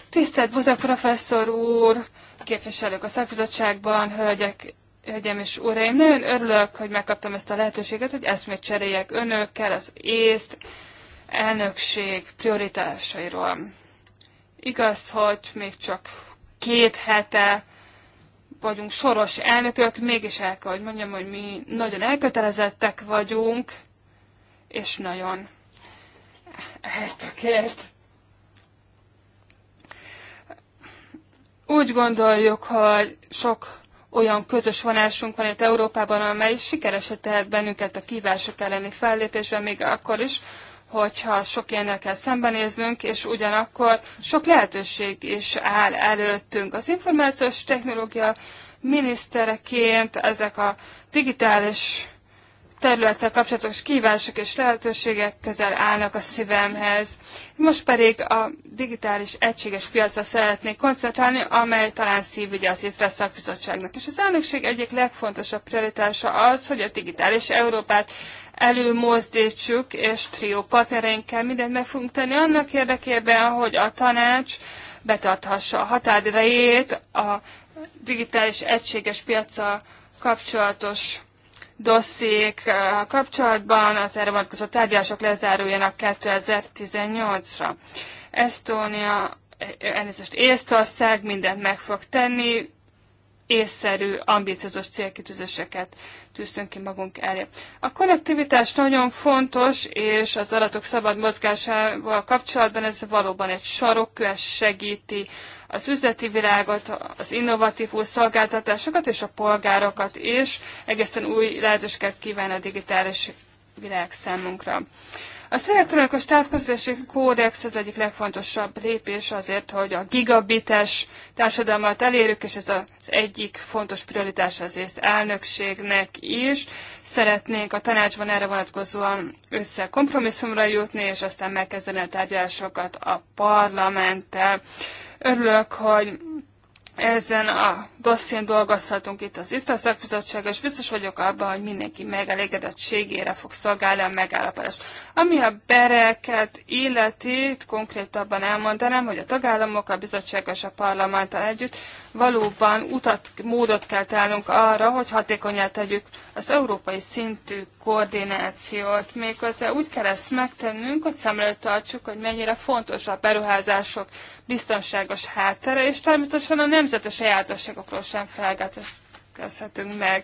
Tisztelt Buzak professzor úr, képviselők a szakbizottságban, hölgyek, hölgyem és uraim, nagyon örülök, hogy megkaptam ezt a lehetőséget, hogy eszmét cseréljek önökkel az észt elnökség prioritásairól. Igaz, hogy még csak két hete vagyunk soros elnökök, mégis el kell, hogy mondjam, hogy mi nagyon elkötelezettek vagyunk, és nagyon eltökélt. Úgy gondoljuk, hogy sok olyan közös vonásunk van itt Európában, amely sikereset tehet bennünket a kívások elleni fellépésben, még akkor is, hogyha sok ilyennel kell szembenéznünk, és ugyanakkor sok lehetőség is áll előttünk. Az információs technológia minisztereként ezek a digitális területtel kapcsolatos kívások és lehetőségek közel állnak a szívemhez. Most pedig a digitális egységes piacra szeretnék koncentrálni, amely talán szívügy az ITRA szakbizottságnak. És az elnökség egyik legfontosabb prioritása az, hogy a digitális Európát előmozdítsuk, és trió partnereinkkel mindent meg fogunk tenni annak érdekében, hogy a tanács betarthassa a határidejét a digitális egységes piaca kapcsolatos dosszék kapcsolatban az erre vonatkozó tárgyalások lezáruljanak 2018-ra. Estónia, elnézést Észtország mindent meg fog tenni, észszerű, ambiciózus célkitűzéseket tűztünk ki magunk elé. A konnektivitás nagyon fontos, és az adatok szabad mozgásával kapcsolatban ez valóban egy sarokkő, ez segíti az üzleti világot, az innovatív új szolgáltatásokat és a polgárokat is. Egészen új lehetőséget kíván a digitális világ számunkra. Az elektronikus távközlési kódex az egyik legfontosabb lépés azért, hogy a gigabites társadalmat elérjük, és ez az egyik fontos prioritás az észt elnökségnek is. Szeretnénk a tanácsban erre vonatkozóan össze kompromisszumra jutni, és aztán megkezdeni a tárgyalásokat a parlamenttel. Örülök, hogy ezen a dosszén dolgozhatunk itt az IFRA szakbizottság, és biztos vagyok abban, hogy mindenki megelégedettségére fog szolgálni a megállapodás. Ami a bereket illeti, konkrétabban elmondanám, hogy a tagállamok, a bizottság és a parlamenttel együtt valóban utat, módot kell találnunk arra, hogy hatékonyá tegyük az európai szintű koordinációt. Méghozzá úgy kell ezt megtennünk, hogy szem tartsuk, hogy mennyire fontos a beruházások biztonságos háttere, és természetesen a nemzetes sajátosságokról sem felgetett emlékezhetünk meg.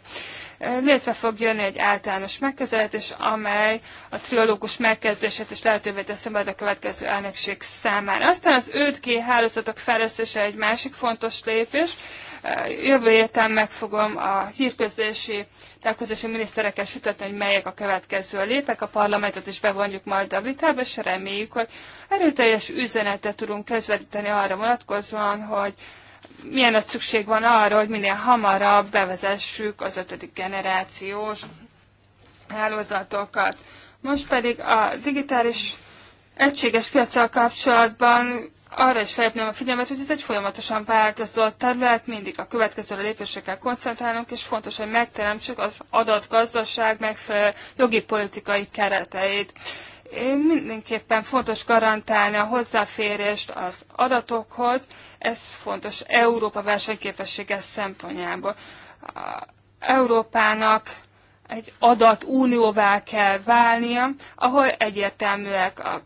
Létre fog jönni egy általános megközelítés, amely a triológus megkezdését is lehetővé teszi majd a következő elnökség számára. Aztán az 5G hálózatok fejlesztése egy másik fontos lépés. Jövő héten meg fogom a hírközlési távközlési miniszterekkel sütetni, hogy melyek a következő lépek. A parlamentet is bevonjuk majd a vitába, és reméljük, hogy erőteljes üzenetet tudunk közvetíteni arra vonatkozóan, hogy milyen nagy szükség van arra, hogy minél hamarabb bevezessük az ötödik generációs hálózatokat. Most pedig a digitális egységes piacsal kapcsolatban arra is felhívnám a figyelmet, hogy ez egy folyamatosan változó terület, mindig a következő lépésekkel koncentrálunk, és fontos, hogy megteremtsük az adott gazdaság megfelelő jogi politikai kereteit mindenképpen fontos garantálni a hozzáférést az adatokhoz, ez fontos Európa versenyképessége szempontjából. Európának egy adatunióvá kell válnia, ahol egyértelműek a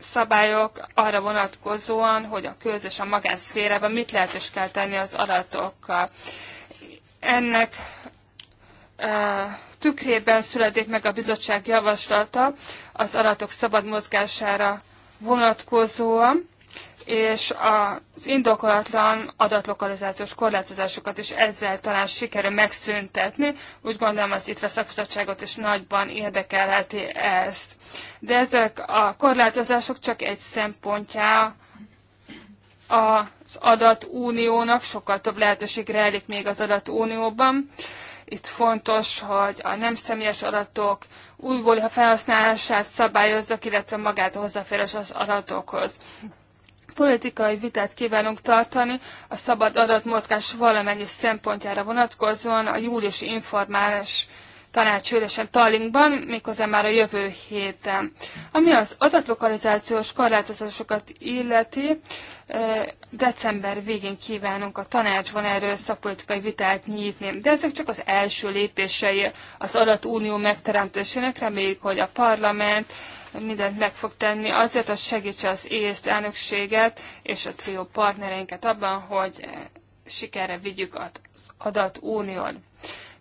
szabályok arra vonatkozóan, hogy a köz és a magánszférában mit lehet és kell tenni az adatokkal. Ennek tükrében születik meg a bizottság javaslata az adatok szabad mozgására vonatkozóan, és az indokolatlan adatlokalizációs korlátozásokat is ezzel talán sikerül megszüntetni. Úgy gondolom az ITRA szakbizottságot is nagyban érdekelheti ezt. De ezek a korlátozások csak egy szempontja az adatuniónak, sokkal több lehetőség rejlik még az adatunióban. Itt fontos, hogy a nem személyes adatok újból a felhasználását szabályozzak, illetve magát a hozzáférés az adatokhoz. Politikai vitát kívánunk tartani a szabad adatmozgás valamennyi szempontjára vonatkozóan a júliusi informális tanácsülésen Tallinkban, méghozzá már a jövő héten. Ami az adatlokalizációs korlátozásokat illeti, december végén kívánunk a tanácsban erről szakpolitikai vitát nyitni. De ezek csak az első lépései az adatunió megteremtésének, reméljük, hogy a parlament mindent meg fog tenni azért, hogy segítse az észt elnökséget és a trió partnereinket abban, hogy sikerre vigyük az adatunión.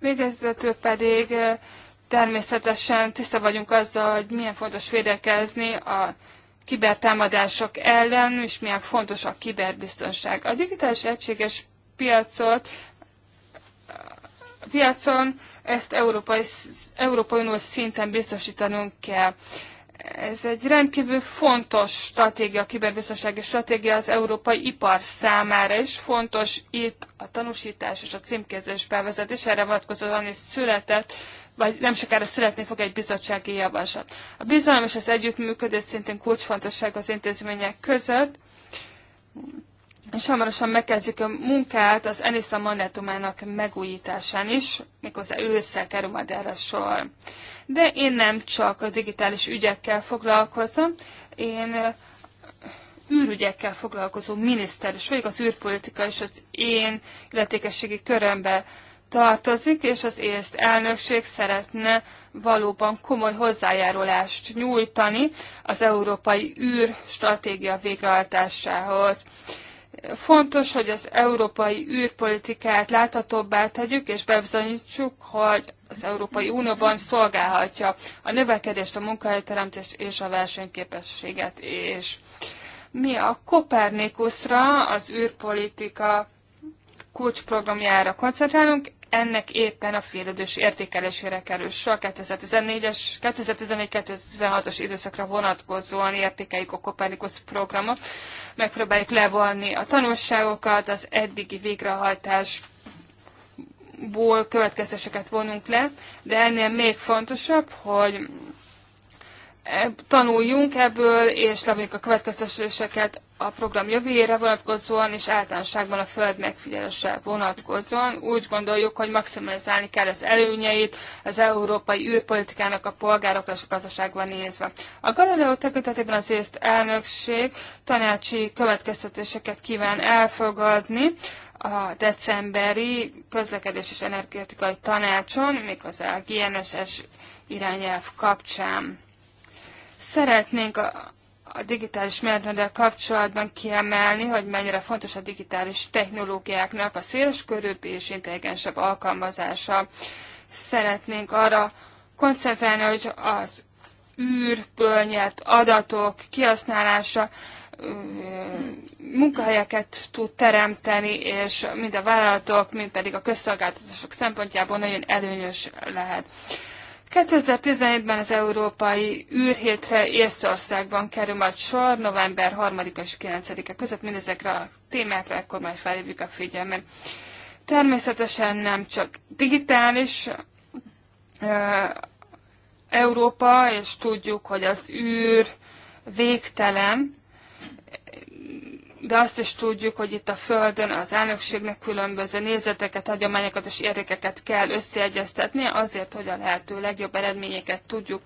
Végezetül pedig természetesen tiszta vagyunk azzal, hogy milyen fontos védekezni a kibertámadások ellen, és milyen fontos a kiberbiztonság. A digitális egységes piacot piacon ezt Európai, Európai Unió szinten biztosítanunk kell. Ez egy rendkívül fontos stratégia, kiberbiztonsági stratégia az európai ipar számára is. Fontos itt a tanúsítás és a címkézés bevezetés, erre vonatkozóan is született, vagy nem sokára születni fog egy bizottsági javaslat. A bizalom és az együttműködés szintén kulcsfontosság az intézmények között és hamarosan megkezdjük a munkát az Enisza mandátumának megújításán is, méghozzá ősszel kerül majd erre sor. De én nem csak a digitális ügyekkel foglalkozom, én űrügyekkel foglalkozó miniszter is vagyok, az űrpolitika is az én illetékességi körömbe tartozik, és az észt elnökség szeretne valóban komoly hozzájárulást nyújtani az európai űrstratégia végrehajtásához. Fontos, hogy az európai űrpolitikát láthatóbbá tegyük, és bebizonyítsuk, hogy az Európai Unióban szolgálhatja a növekedést, a munkahelyteremtést és a versenyképességet és Mi a Kopernikusra, az űrpolitika kulcsprogramjára koncentrálunk, ennek éppen a félidős értékelésére kerül sor 2014-es, 2014-2016-os időszakra vonatkozóan értékeljük a Copernicus programot, megpróbáljuk levonni a tanulságokat, az eddigi végrehajtás ból következéseket vonunk le, de ennél még fontosabb, hogy tanuljunk ebből, és levonjuk a következtetéseket a program jövőjére vonatkozóan, és általánosságban a föld megfigyelése vonatkozóan. Úgy gondoljuk, hogy maximalizálni kell az előnyeit az európai űrpolitikának a polgárok és a gazdaságban nézve. A Galileo tekintetében az észt elnökség tanácsi következtetéseket kíván elfogadni, a decemberi közlekedés és energetikai tanácson, méghozzá a GNSS irányelv kapcsán. Szeretnénk a, a digitális menetrendel kapcsolatban kiemelni, hogy mennyire fontos a digitális technológiáknak a széleskörűbb és intelligensebb alkalmazása. Szeretnénk arra koncentrálni, hogy az űrből nyert adatok kihasználása munkahelyeket tud teremteni, és mind a vállalatok, mind pedig a közszolgáltatások szempontjából nagyon előnyös lehet. 2017-ben az Európai űrhétre Észtországban kerül majd sor, november 3 és 9-e között mindezekre a témákra ekkor majd felhívjuk a figyelmet. Természetesen nem csak digitális e, Európa, és tudjuk, hogy az űr végtelen, de azt is tudjuk, hogy itt a Földön az elnökségnek különböző nézeteket, hagyományokat és érdekeket kell összeegyeztetni, azért, hogy a lehető legjobb eredményeket tudjuk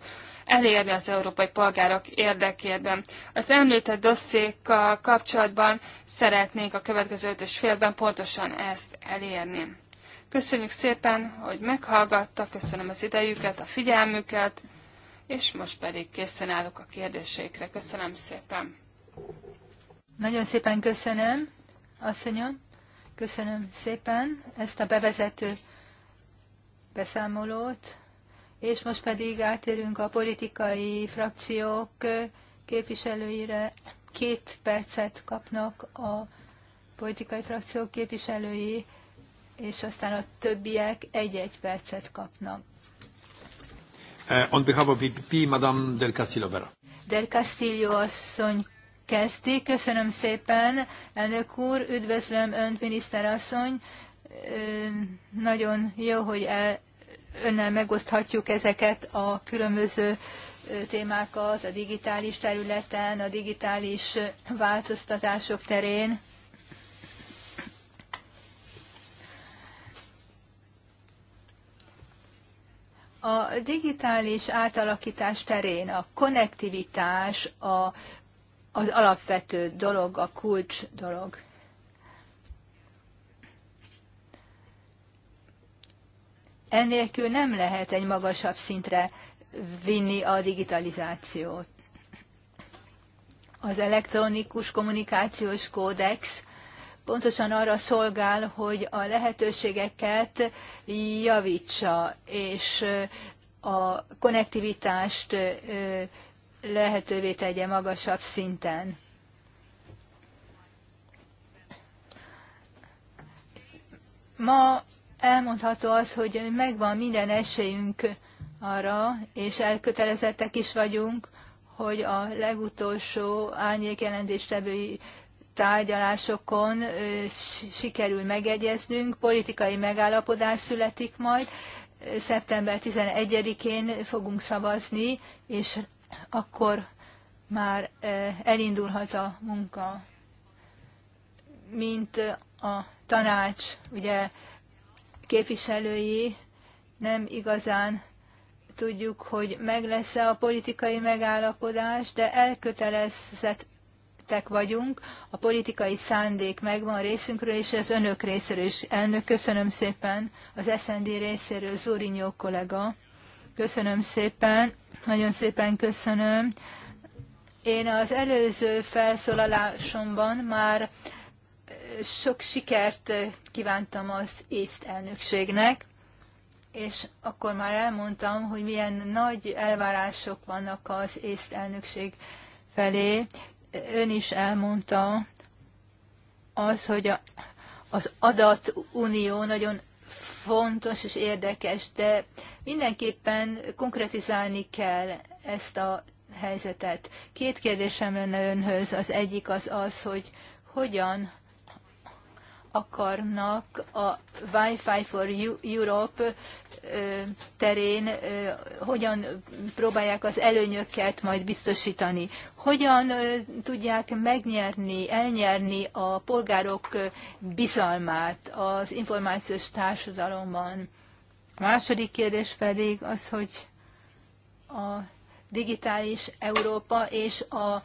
elérni az európai polgárok érdekében. Az említett dosszékkal kapcsolatban szeretnénk a következő öt és félben pontosan ezt elérni. Köszönjük szépen, hogy meghallgatta köszönöm az idejüket, a figyelmüket, és most pedig készen állok a kérdéseikre. Köszönöm szépen! Nagyon szépen köszönöm, asszonyom. Köszönöm szépen ezt a bevezető beszámolót, és most pedig átérünk a politikai frakciók képviselőire. Két percet kapnak a politikai frakciók képviselői, és aztán a többiek egy-egy percet kapnak. Eh, on behalf of PP, Madame del Castillo Vera. Del Castillo asszony kezdik. Köszönöm szépen, elnök úr, üdvözlöm önt, miniszterasszony. Nagyon jó, hogy el, önnel megoszthatjuk ezeket a különböző témákat a digitális területen, a digitális változtatások terén. A digitális átalakítás terén a konnektivitás, a az alapvető dolog, a kulcs dolog. Ennélkül nem lehet egy magasabb szintre vinni a digitalizációt. Az elektronikus kommunikációs kódex pontosan arra szolgál, hogy a lehetőségeket javítsa, és a konnektivitást lehetővé tegye magasabb szinten. Ma elmondható az, hogy megvan minden esélyünk arra, és elkötelezettek is vagyunk, hogy a legutolsó árnyékjelentéstevői tárgyalásokon sikerül megegyeznünk, politikai megállapodás születik majd, szeptember 11-én fogunk szavazni, és akkor már eh, elindulhat a munka, mint eh, a tanács, ugye képviselői nem igazán tudjuk, hogy meg lesz-e a politikai megállapodás, de elkötelezettek vagyunk, a politikai szándék megvan részünkről, és az önök részéről is. Elnök, köszönöm szépen az SND részéről, Zúrinyó kollega. Köszönöm szépen. Nagyon szépen köszönöm. Én az előző felszólalásomban már sok sikert kívántam az észt elnökségnek, és akkor már elmondtam, hogy milyen nagy elvárások vannak az észt elnökség felé. Ön is elmondta az, hogy a, az adatunió nagyon fontos és érdekes, de Mindenképpen konkretizálni kell ezt a helyzetet. Két kérdésem lenne önhöz. Az egyik az az, hogy hogyan akarnak a Wi-Fi for Europe terén, hogyan próbálják az előnyöket majd biztosítani. Hogyan tudják megnyerni, elnyerni a polgárok bizalmát az információs társadalomban. A második kérdés pedig az, hogy a digitális Európa és a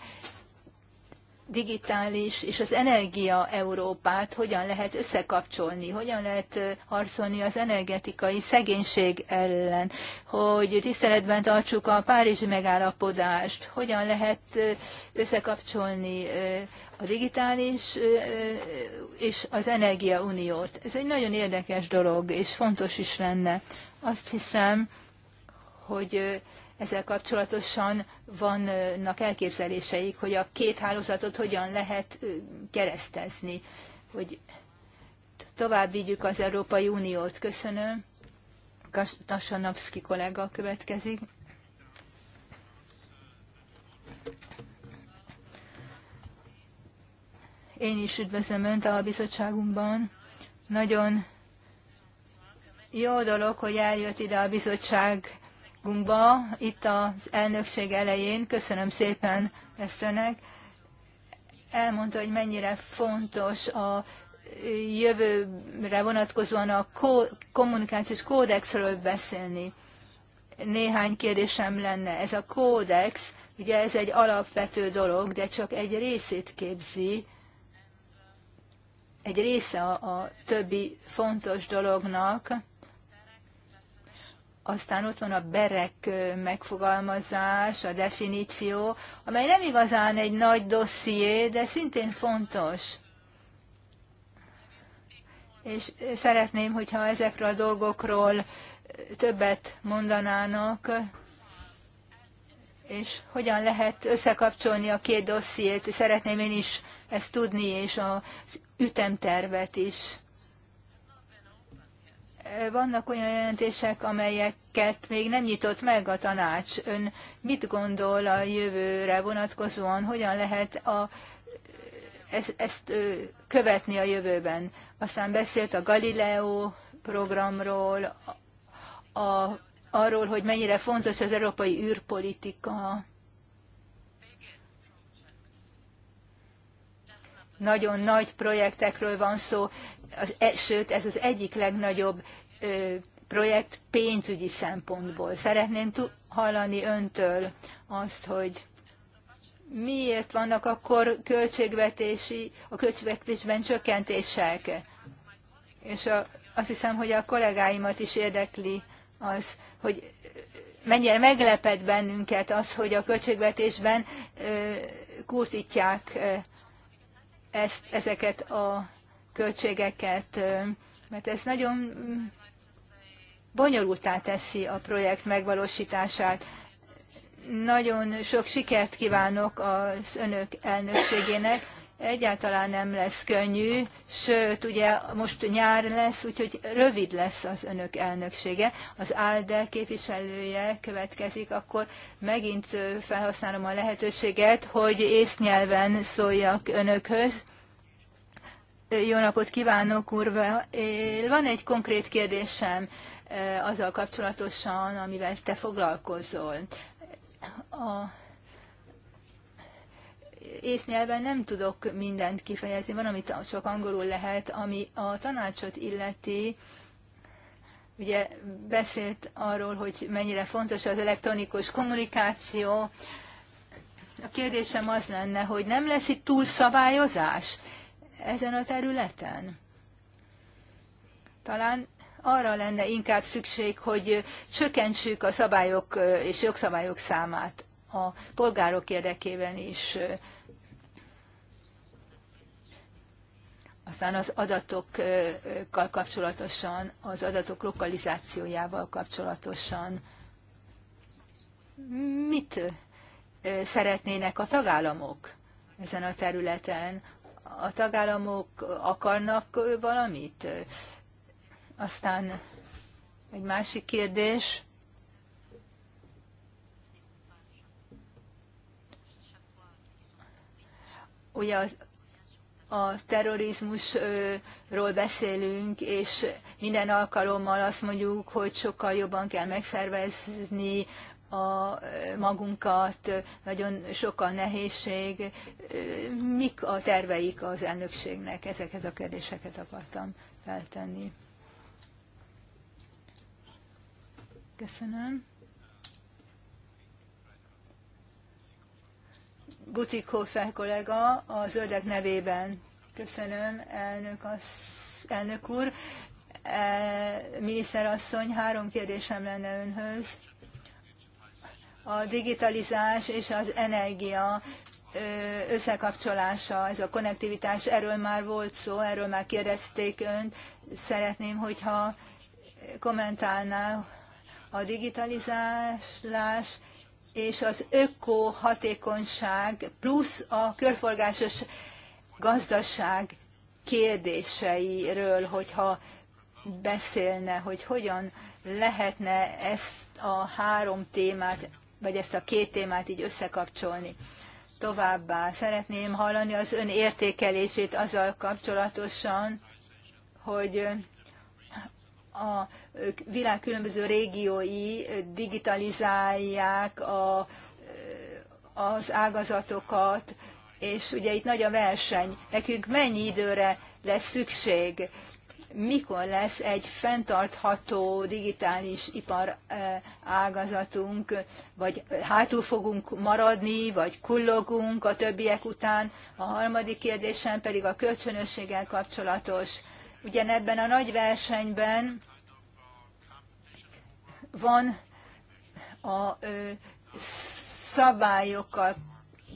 digitális és az energia Európát hogyan lehet összekapcsolni, hogyan lehet harcolni az energetikai szegénység ellen, hogy tiszteletben tartsuk a párizsi megállapodást, hogyan lehet összekapcsolni a digitális és az energiauniót. Ez egy nagyon érdekes dolog, és fontos is lenne. Azt hiszem, hogy ezzel kapcsolatosan vannak elképzeléseik, hogy a két hálózatot hogyan lehet keresztezni, hogy tovább vigyük az Európai Uniót. Köszönöm. Tassanovszki kollega következik. Én is üdvözlöm Önt a bizottságunkban. Nagyon jó dolog, hogy eljött ide a bizottságunkba, itt az elnökség elején. Köszönöm szépen ezt Önnek. Elmondta, hogy mennyire fontos a jövőre vonatkozóan a kommunikációs kódexről beszélni. Néhány kérdésem lenne. Ez a kódex, ugye ez egy alapvető dolog, de csak egy részét képzi egy része a, a többi fontos dolognak. Aztán ott van a berek megfogalmazás, a definíció, amely nem igazán egy nagy dosszié, de szintén fontos. És szeretném, hogyha ezekről a dolgokról többet mondanának, és hogyan lehet összekapcsolni a két dossziét. Szeretném én is ezt tudni, és az ütemtervet is. Vannak olyan jelentések, amelyeket még nem nyitott meg a tanács. Ön mit gondol a jövőre vonatkozóan, hogyan lehet a, ezt, ezt követni a jövőben? Aztán beszélt a Galileo programról, a, arról, hogy mennyire fontos az európai űrpolitika. nagyon nagy projektekről van szó, az, e- sőt, ez az egyik legnagyobb ö, projekt pénzügyi szempontból. Szeretném hallani öntől azt, hogy miért vannak akkor költségvetési, a költségvetésben csökkentések? És a, azt hiszem, hogy a kollégáimat is érdekli az, hogy mennyire meglepett bennünket az, hogy a költségvetésben ö, kurtítják ezt, ezeket a költségeket, mert ez nagyon bonyolultá teszi a projekt megvalósítását. Nagyon sok sikert kívánok az önök elnökségének egyáltalán nem lesz könnyű, sőt, ugye most nyár lesz, úgyhogy rövid lesz az önök elnöksége. Az ALDE képviselője következik, akkor megint felhasználom a lehetőséget, hogy észnyelven szóljak önökhöz. Jó napot kívánok, Urva! Van egy konkrét kérdésem eh, azzal kapcsolatosan, amivel te foglalkozol. A észnyelven nem tudok mindent kifejezni, van, amit csak angolul lehet, ami a tanácsot illeti, ugye beszélt arról, hogy mennyire fontos az elektronikus kommunikáció. A kérdésem az lenne, hogy nem lesz itt túlszabályozás ezen a területen? Talán arra lenne inkább szükség, hogy csökkentsük a szabályok és jogszabályok számát a polgárok érdekében is. Aztán az adatokkal kapcsolatosan, az adatok lokalizációjával kapcsolatosan mit szeretnének a tagállamok ezen a területen? A tagállamok akarnak valamit? Aztán egy másik kérdés. Ugye a terrorizmusról beszélünk, és minden alkalommal azt mondjuk, hogy sokkal jobban kell megszervezni a magunkat, nagyon sok a nehézség. Mik a terveik az elnökségnek? Ezeket a kérdéseket akartam feltenni. Köszönöm. Butikhofer kollega a zöldek nevében. Köszönöm, elnök, az, elnök úr. E, miniszterasszony, három kérdésem lenne önhöz. A digitalizás és az energia összekapcsolása, ez a konnektivitás, erről már volt szó, erről már kérdezték önt. Szeretném, hogyha kommentálná a digitalizálás és az öko hatékonyság plusz a körforgásos gazdaság kérdéseiről, hogyha beszélne, hogy hogyan lehetne ezt a három témát, vagy ezt a két témát így összekapcsolni. Továbbá szeretném hallani az ön értékelését azzal kapcsolatosan, hogy a világ különböző régiói digitalizálják a, az ágazatokat, és ugye itt nagy a verseny. Nekünk mennyi időre lesz szükség? Mikor lesz egy fenntartható digitális ipar e, ágazatunk, vagy hátul fogunk maradni, vagy kullogunk a többiek után? A harmadik kérdésem pedig a kölcsönösséggel kapcsolatos. Ugyanebben a nagy versenyben van a szabályokkal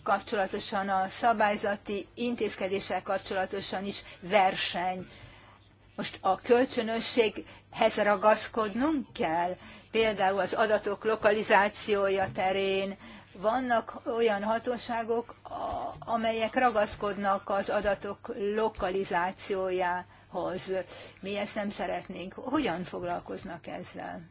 kapcsolatosan, a szabályzati intézkedéssel kapcsolatosan is verseny. Most a kölcsönösséghez ragaszkodnunk kell, például az adatok lokalizációja terén, vannak olyan hatóságok, amelyek ragaszkodnak az adatok lokalizációjához. Mi ezt nem szeretnénk. Hogyan foglalkoznak ezzel?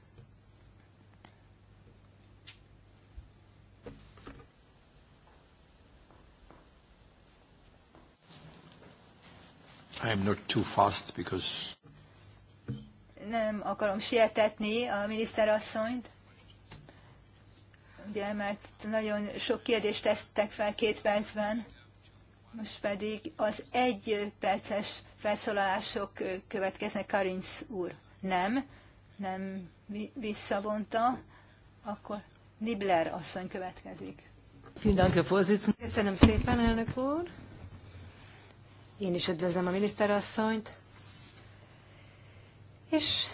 I'm not too fast because... Nem akarom sietetni a miniszterasszonyt, ugye, mert nagyon sok kérdést tesztek fel két percben, most pedig az egy perces felszólalások következnek Karinc úr. Nem, nem visszavonta, akkor Nibler asszony következik. Köszönöm szépen, elnök úr. Én is üdvözlöm a miniszterasszonyt, és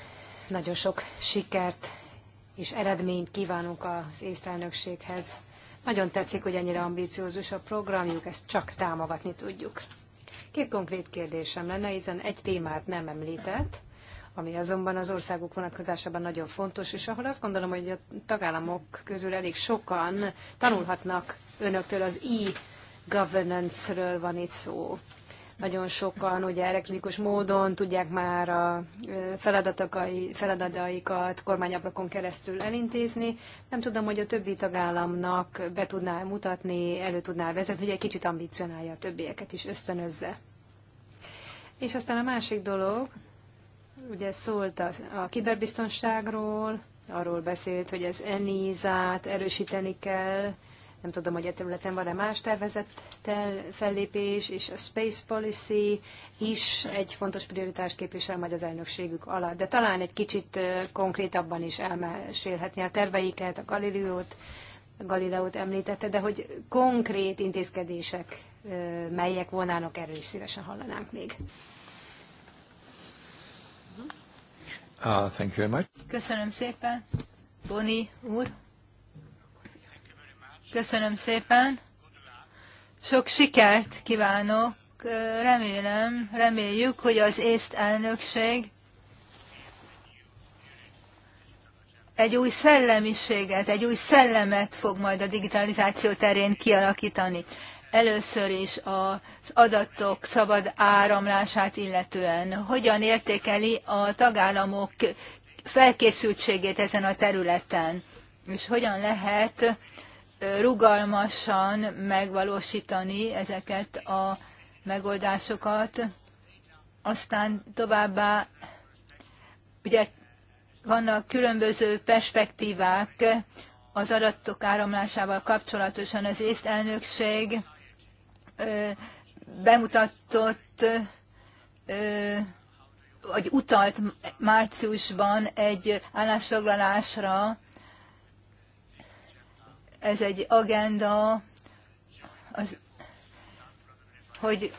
nagyon sok sikert és eredményt kívánunk az észtelnökséghez. Nagyon tetszik, hogy ennyire ambíciózus a programjuk, ezt csak támogatni tudjuk. Két konkrét kérdésem lenne, hiszen egy témát nem említett, ami azonban az országok vonatkozásában nagyon fontos, és ahol azt gondolom, hogy a tagállamok közül elég sokan tanulhatnak önöktől az e-governance-ről van itt szó. Nagyon sokan ugye elektronikus módon tudják már a feladataikat kormányablakon keresztül elintézni. Nem tudom, hogy a többi tagállamnak be tudná mutatni, elő tudná vezetni, hogy egy kicsit ambicionálja a többieket is, ösztönözze. És aztán a másik dolog, ugye szólt a, a kiberbiztonságról, arról beszélt, hogy az enisa erősíteni kell, nem tudom, hogy a e területen van-e más tervezettel fellépés, és a Space Policy is egy fontos prioritást képvisel majd az elnökségük alatt. De talán egy kicsit konkrétabban is elmesélhetni a terveiket, a Galileót, Galileót említette, de hogy konkrét intézkedések melyek volnának, erről is szívesen hallanánk még. Uh, thank you very much. Köszönöm szépen. Boni úr. Köszönöm szépen. Sok sikert kívánok. Remélem, reméljük, hogy az észt elnökség egy új szellemiséget, egy új szellemet fog majd a digitalizáció terén kialakítani. Először is az adatok szabad áramlását illetően. Hogyan értékeli a tagállamok felkészültségét ezen a területen? És hogyan lehet rugalmasan megvalósítani ezeket a megoldásokat. Aztán továbbá ugye vannak különböző perspektívák az adatok áramlásával kapcsolatosan. Az észt elnökség bemutatott vagy utalt márciusban egy állásfoglalásra, ez egy agenda, az, hogy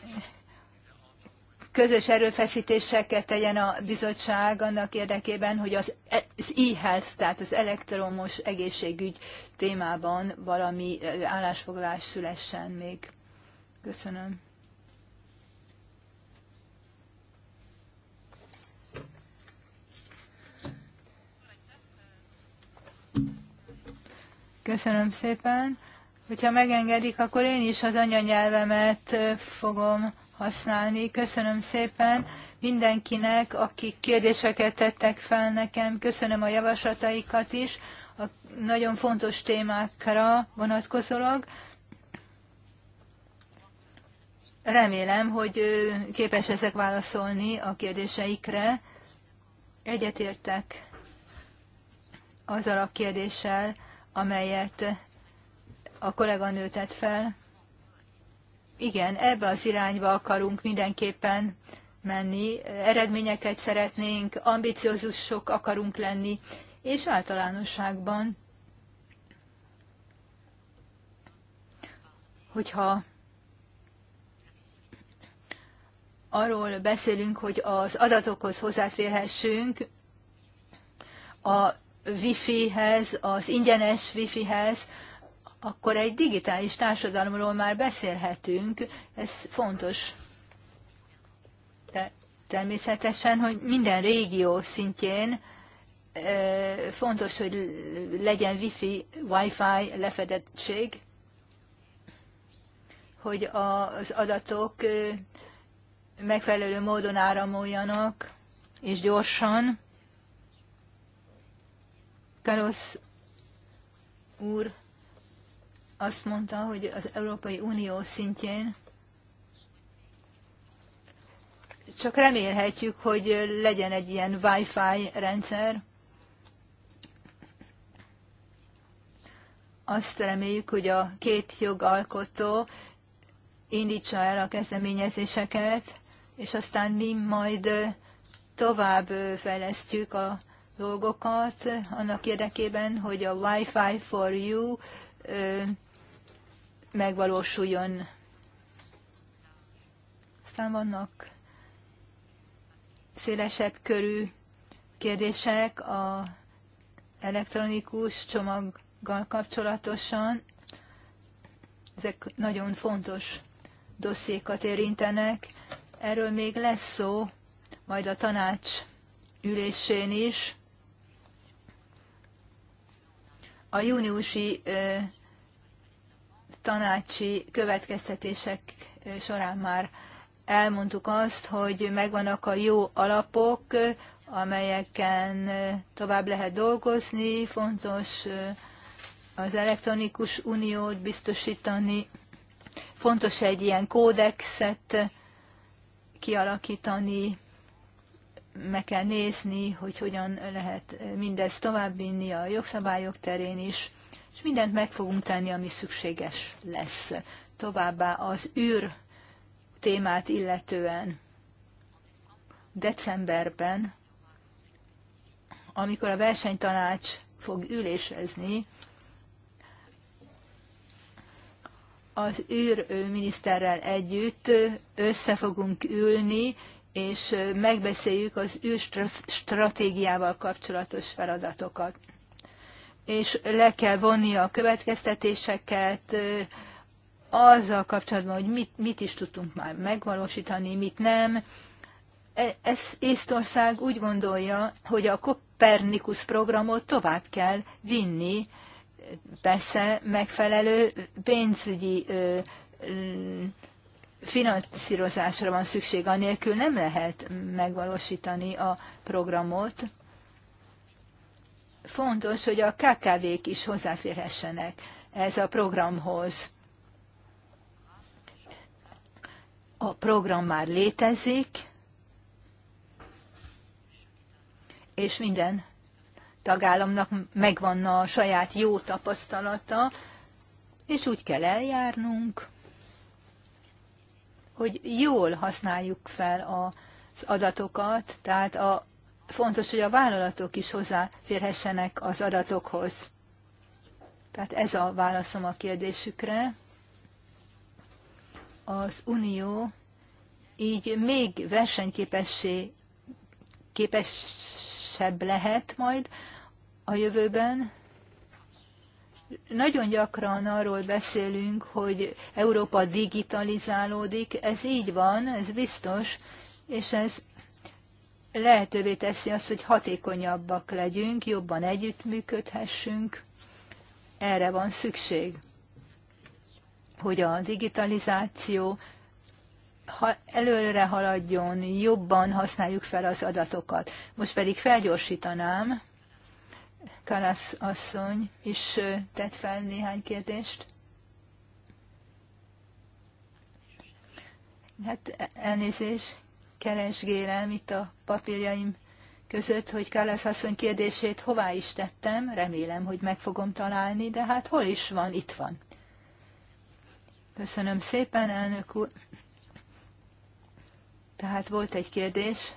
közös erőfeszítéseket tegyen a bizottság annak érdekében, hogy az, az e-health, tehát az elektromos egészségügy témában valami állásfoglalás szülessen még. Köszönöm. Köszönöm szépen. Hogyha megengedik, akkor én is az anyanyelvemet fogom használni. Köszönöm szépen mindenkinek, akik kérdéseket tettek fel nekem. Köszönöm a javaslataikat is a nagyon fontos témákra vonatkozólag. Remélem, hogy képes ezek válaszolni a kérdéseikre. Egyetértek azzal a kérdéssel, amelyet a kolléganő tett fel. Igen, ebbe az irányba akarunk mindenképpen menni, eredményeket szeretnénk, ambiciózusok akarunk lenni, és általánosságban, hogyha arról beszélünk, hogy az adatokhoz hozzáférhessünk, a wifi-hez, az ingyenes wifi-hez, akkor egy digitális társadalomról már beszélhetünk, ez fontos. De természetesen, hogy minden régió szintjén fontos, hogy legyen wifi, wifi lefedettség, hogy az adatok megfelelő módon áramoljanak, és gyorsan, Karosz úr azt mondta, hogy az Európai Unió szintjén csak remélhetjük, hogy legyen egy ilyen Wi-Fi rendszer. Azt reméljük, hogy a két jogalkotó indítsa el a kezdeményezéseket, és aztán mi majd tovább fejlesztjük a dolgokat annak érdekében, hogy a Wi-Fi for You megvalósuljon. Aztán vannak szélesebb körű kérdések a elektronikus csomaggal kapcsolatosan. Ezek nagyon fontos dossziékat érintenek. Erről még lesz szó, majd a tanács ülésén is. a júniusi tanácsi következtetések során már elmondtuk azt, hogy megvannak a jó alapok, amelyeken tovább lehet dolgozni, fontos az elektronikus uniót biztosítani, fontos egy ilyen kódexet kialakítani, meg kell nézni, hogy hogyan lehet mindezt továbbvinni a jogszabályok terén is, és mindent meg fogunk tenni, ami szükséges lesz. Továbbá az űr témát illetően decemberben, amikor a versenytanács fog ülésezni, az űrminiszterrel együtt össze fogunk ülni, és megbeszéljük az űrstratégiával kapcsolatos feladatokat. És le kell vonni a következtetéseket azzal kapcsolatban, hogy mit, mit is tudtunk már megvalósítani, mit nem. E, ez Észtország úgy gondolja, hogy a Kopernikus programot tovább kell vinni, persze megfelelő pénzügyi finanszírozásra van szükség, anélkül nem lehet megvalósítani a programot. Fontos, hogy a KKV-k is hozzáférhessenek ez a programhoz. A program már létezik, és minden tagállamnak megvan a saját jó tapasztalata, és úgy kell eljárnunk, hogy jól használjuk fel az adatokat, tehát a, fontos, hogy a vállalatok is hozzáférhessenek az adatokhoz. Tehát ez a válaszom a kérdésükre. Az Unió így még versenyképessé képesebb lehet majd a jövőben, nagyon gyakran arról beszélünk, hogy Európa digitalizálódik, ez így van, ez biztos, és ez lehetővé teszi azt, hogy hatékonyabbak legyünk, jobban együttműködhessünk. Erre van szükség, hogy a digitalizáció ha előre haladjon, jobban használjuk fel az adatokat. Most pedig felgyorsítanám Kalasz asszony is tett fel néhány kérdést. Hát elnézés, keresgélem itt a papírjaim között, hogy Kalasz asszony kérdését hová is tettem, remélem, hogy meg fogom találni, de hát hol is van, itt van. Köszönöm szépen, elnök úr. Tehát volt egy kérdés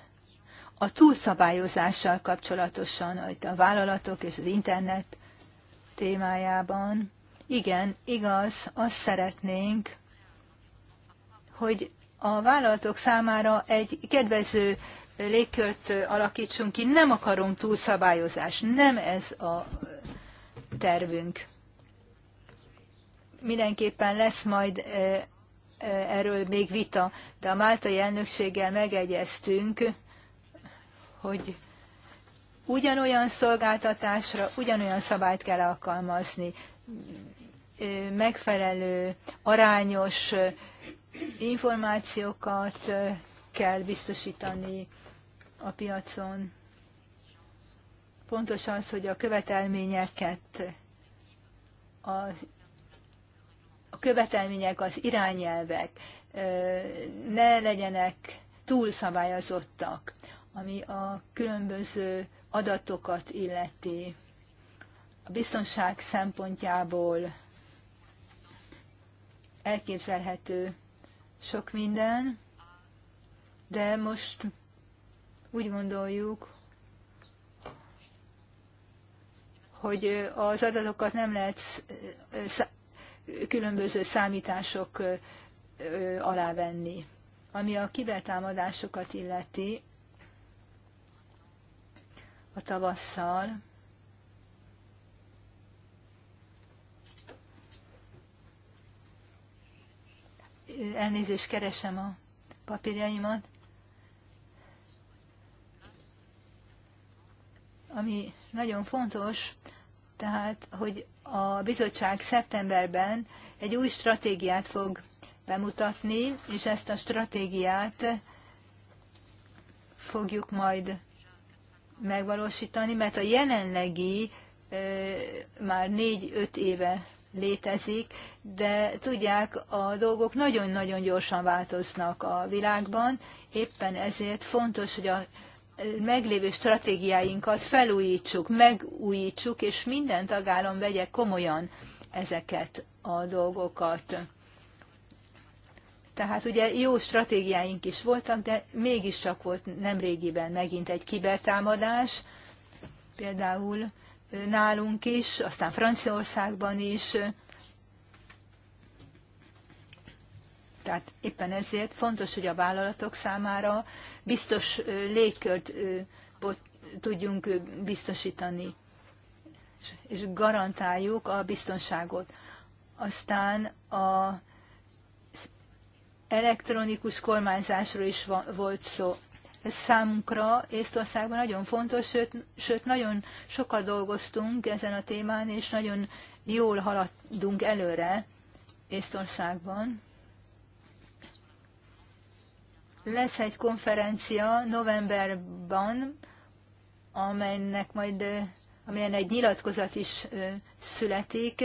a túlszabályozással kapcsolatosan, a vállalatok és az internet témájában. Igen, igaz, azt szeretnénk, hogy a vállalatok számára egy kedvező légkört alakítsunk ki. Nem akarunk túlszabályozás, nem ez a tervünk. Mindenképpen lesz majd eh, eh, erről még vita, de a Máltai elnökséggel megegyeztünk, hogy ugyanolyan szolgáltatásra ugyanolyan szabályt kell alkalmazni, megfelelő, arányos információkat kell biztosítani a piacon. Pontos az, hogy a követelményeket a, a követelmények, az irányelvek ne legyenek túlszabályozottak ami a különböző adatokat illeti, a biztonság szempontjából elképzelhető sok minden, de most úgy gondoljuk, hogy az adatokat nem lehet különböző számítások alávenni, Ami a kibertámadásokat illeti, a tavasszal. Elnézést keresem a papírjaimat. Ami nagyon fontos, tehát, hogy a bizottság szeptemberben egy új stratégiát fog bemutatni, és ezt a stratégiát fogjuk majd megvalósítani, mert a jelenlegi már négy-öt éve létezik, de tudják, a dolgok nagyon-nagyon gyorsan változnak a világban, éppen ezért fontos, hogy a meglévő stratégiáinkat felújítsuk, megújítsuk, és minden tagállam vegye komolyan ezeket a dolgokat. Tehát ugye jó stratégiáink is voltak, de mégiscsak volt nemrégiben megint egy kibertámadás, például nálunk is, aztán Franciaországban is. Tehát éppen ezért fontos, hogy a vállalatok számára biztos légkört tudjunk biztosítani, és garantáljuk a biztonságot. Aztán a elektronikus kormányzásról is volt szó. Ez számunkra Észtországban nagyon fontos, sőt, sőt nagyon sokat dolgoztunk ezen a témán, és nagyon jól haladunk előre Észtországban. Lesz egy konferencia novemberban, amelynek majd, amelyen egy nyilatkozat is születik.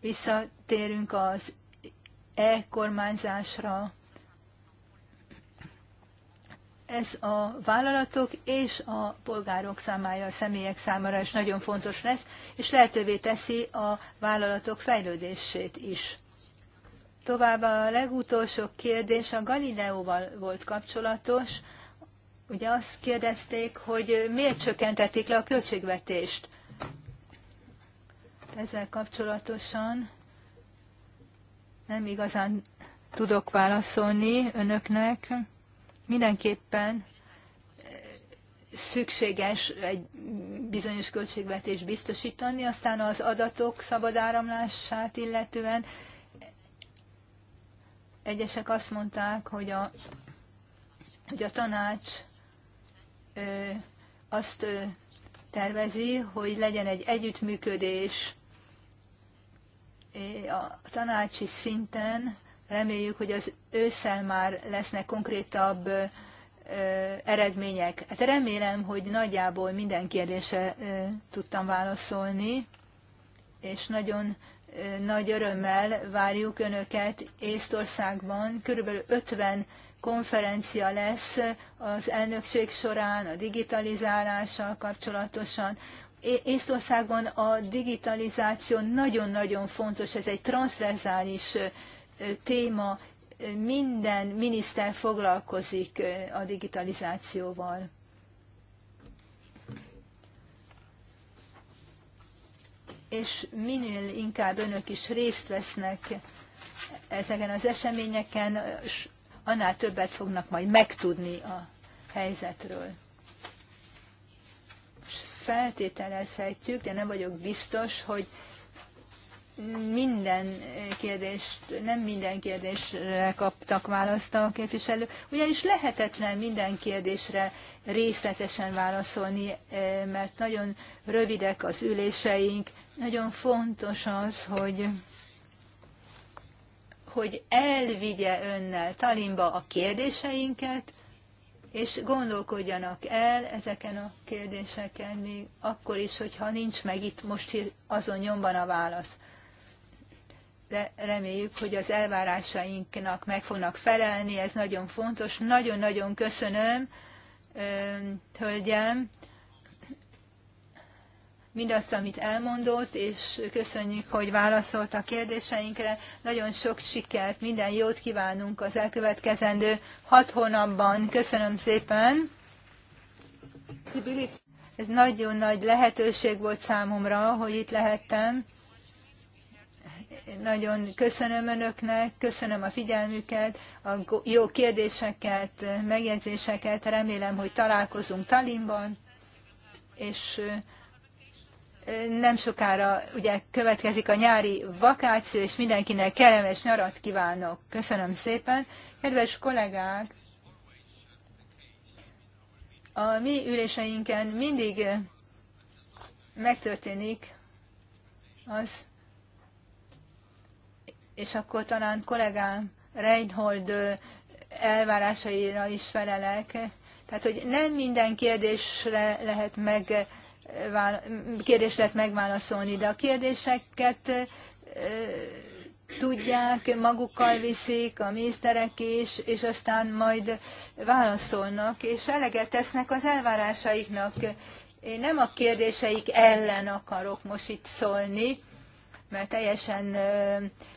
Visszatérünk az e-kormányzásra. Ez a vállalatok és a polgárok számára, a személyek számára is nagyon fontos lesz, és lehetővé teszi a vállalatok fejlődését is. Továbbá a legutolsó kérdés a Galileóval volt kapcsolatos. Ugye azt kérdezték, hogy miért csökkentették le a költségvetést. Ezzel kapcsolatosan nem igazán tudok válaszolni önöknek. Mindenképpen eh, szükséges egy bizonyos költségvetés biztosítani, aztán az adatok szabad áramlását illetően egyesek azt mondták, hogy a, hogy a tanács ö, eh, azt ö, eh, tervezi, hogy legyen egy együttműködés a tanácsi szinten reméljük, hogy az ősszel már lesznek konkrétabb eredmények. Hát remélem, hogy nagyjából minden kérdése tudtam válaszolni, és nagyon nagy örömmel várjuk Önöket Észtországban. Körülbelül 50 konferencia lesz az elnökség során a digitalizálással kapcsolatosan, Észtországon a digitalizáció nagyon-nagyon fontos, ez egy transzverzális téma, minden miniszter foglalkozik a digitalizációval. És minél inkább önök is részt vesznek ezeken az eseményeken, annál többet fognak majd megtudni a helyzetről feltételezhetjük, de nem vagyok biztos, hogy minden kérdést, nem minden kérdésre kaptak választ a képviselők, ugyanis lehetetlen minden kérdésre részletesen válaszolni, eh, mert nagyon rövidek az üléseink, nagyon fontos az, hogy hogy elvigye önnel Talimba a kérdéseinket, és gondolkodjanak el ezeken a kérdéseken, még akkor is, hogyha nincs meg itt most azon nyomban a válasz. De reméljük, hogy az elvárásainknak meg fognak felelni, ez nagyon fontos. Nagyon-nagyon köszönöm, hölgyem, mindazt, amit elmondott, és köszönjük, hogy válaszolt a kérdéseinkre. Nagyon sok sikert, minden jót kívánunk az elkövetkezendő hat hónapban. Köszönöm szépen! Ez nagyon nagy lehetőség volt számomra, hogy itt lehettem. Nagyon köszönöm önöknek, köszönöm a figyelmüket, a jó kérdéseket, megjegyzéseket. Remélem, hogy találkozunk Talinban, és nem sokára ugye következik a nyári vakáció, és mindenkinek kellemes nyarat kívánok. Köszönöm szépen. Kedves kollégák, a mi üléseinken mindig megtörténik az, és akkor talán kollégám Reinhold elvárásaira is felelek, tehát, hogy nem minden kérdésre lehet meg kérdést lehet megválaszolni, de a kérdéseket tudják, magukkal viszik, a miniszterek is, és aztán majd válaszolnak, és eleget tesznek az elvárásaiknak. Én nem a kérdéseik ellen akarok most itt szólni, mert teljesen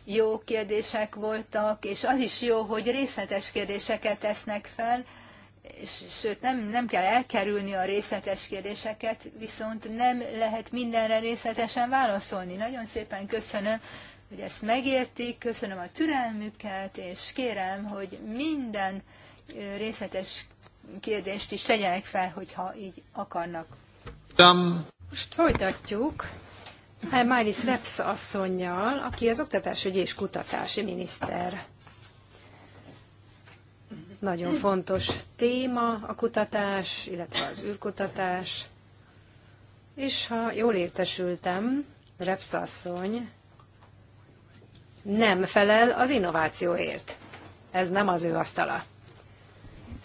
jó kérdések voltak, és az is jó, hogy részletes kérdéseket tesznek fel, sőt nem, nem kell elkerülni a részletes kérdéseket, viszont nem lehet mindenre részletesen válaszolni. Nagyon szépen köszönöm, hogy ezt megértik, köszönöm a türelmüket, és kérem, hogy minden részletes kérdést is tegyenek fel, hogyha így akarnak. Tam. Most folytatjuk Májlis Repsz asszonynal, aki az oktatásügyi és kutatási miniszter. Nagyon fontos téma a kutatás, illetve az űrkutatás. És ha jól értesültem, Repszasszony nem felel az innovációért. Ez nem az ő asztala.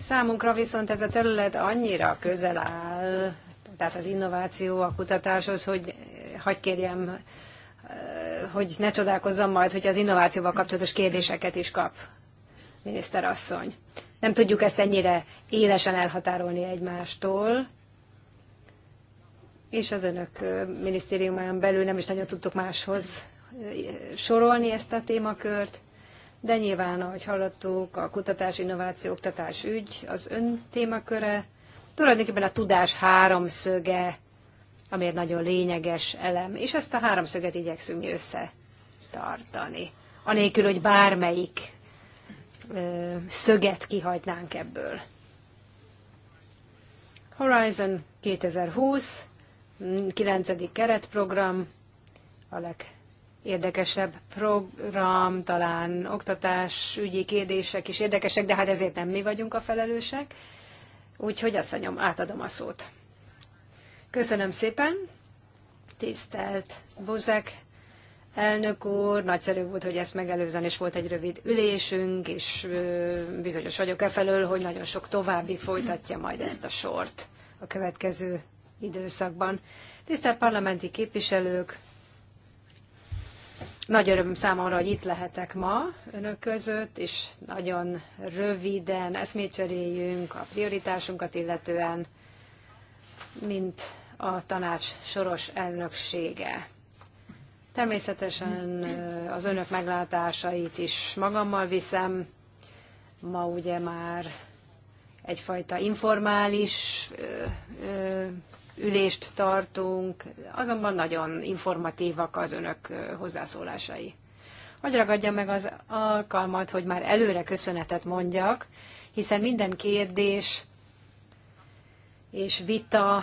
Számunkra viszont ez a terület annyira közel áll, tehát az innováció a kutatáshoz, hogy hagyj kérjem, eh, hogy ne csodálkozzam majd, hogy az innovációval kapcsolatos kérdéseket is kap miniszterasszony nem tudjuk ezt ennyire élesen elhatárolni egymástól, és az önök minisztériumán belül nem is nagyon tudtuk máshoz sorolni ezt a témakört, de nyilván, ahogy hallottuk, a kutatás, innováció, oktatás ügy az ön témaköre, tulajdonképpen a tudás háromszöge, ami egy nagyon lényeges elem, és ezt a háromszöget igyekszünk mi összetartani. Anélkül, hogy bármelyik szöget kihagynánk ebből. Horizon 2020, 9. keretprogram, a legérdekesebb program, talán oktatás ügyi kérdések is érdekesek, de hát ezért nem mi vagyunk a felelősek. Úgyhogy asszonyom, átadom a szót. Köszönöm szépen, tisztelt Buzek elnök úr, nagyszerű volt, hogy ezt megelőzően is volt egy rövid ülésünk, és bizonyos vagyok e felől, hogy nagyon sok további folytatja majd ezt a sort a következő időszakban. Tisztelt parlamenti képviselők, nagy öröm számomra, hogy itt lehetek ma önök között, és nagyon röviden eszmét cseréljünk a prioritásunkat illetően, mint a tanács soros elnöksége Természetesen az önök meglátásait is magammal viszem. Ma ugye már egyfajta informális ülést tartunk, azonban nagyon informatívak az önök hozzászólásai. Hogy ragadja meg az alkalmat, hogy már előre köszönetet mondjak, hiszen minden kérdés és vita,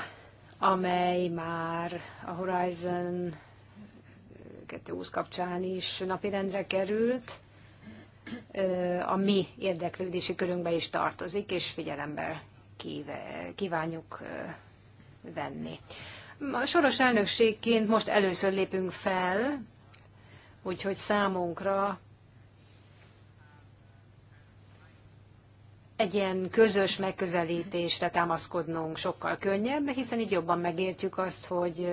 amely már a Horizon 2020 kapcsán is napirendre került, a mi érdeklődési körünkbe is tartozik, és figyelembe kívánjuk venni. A soros elnökségként most először lépünk fel, úgyhogy számunkra egy ilyen közös megközelítésre támaszkodnunk sokkal könnyebb, hiszen így jobban megértjük azt, hogy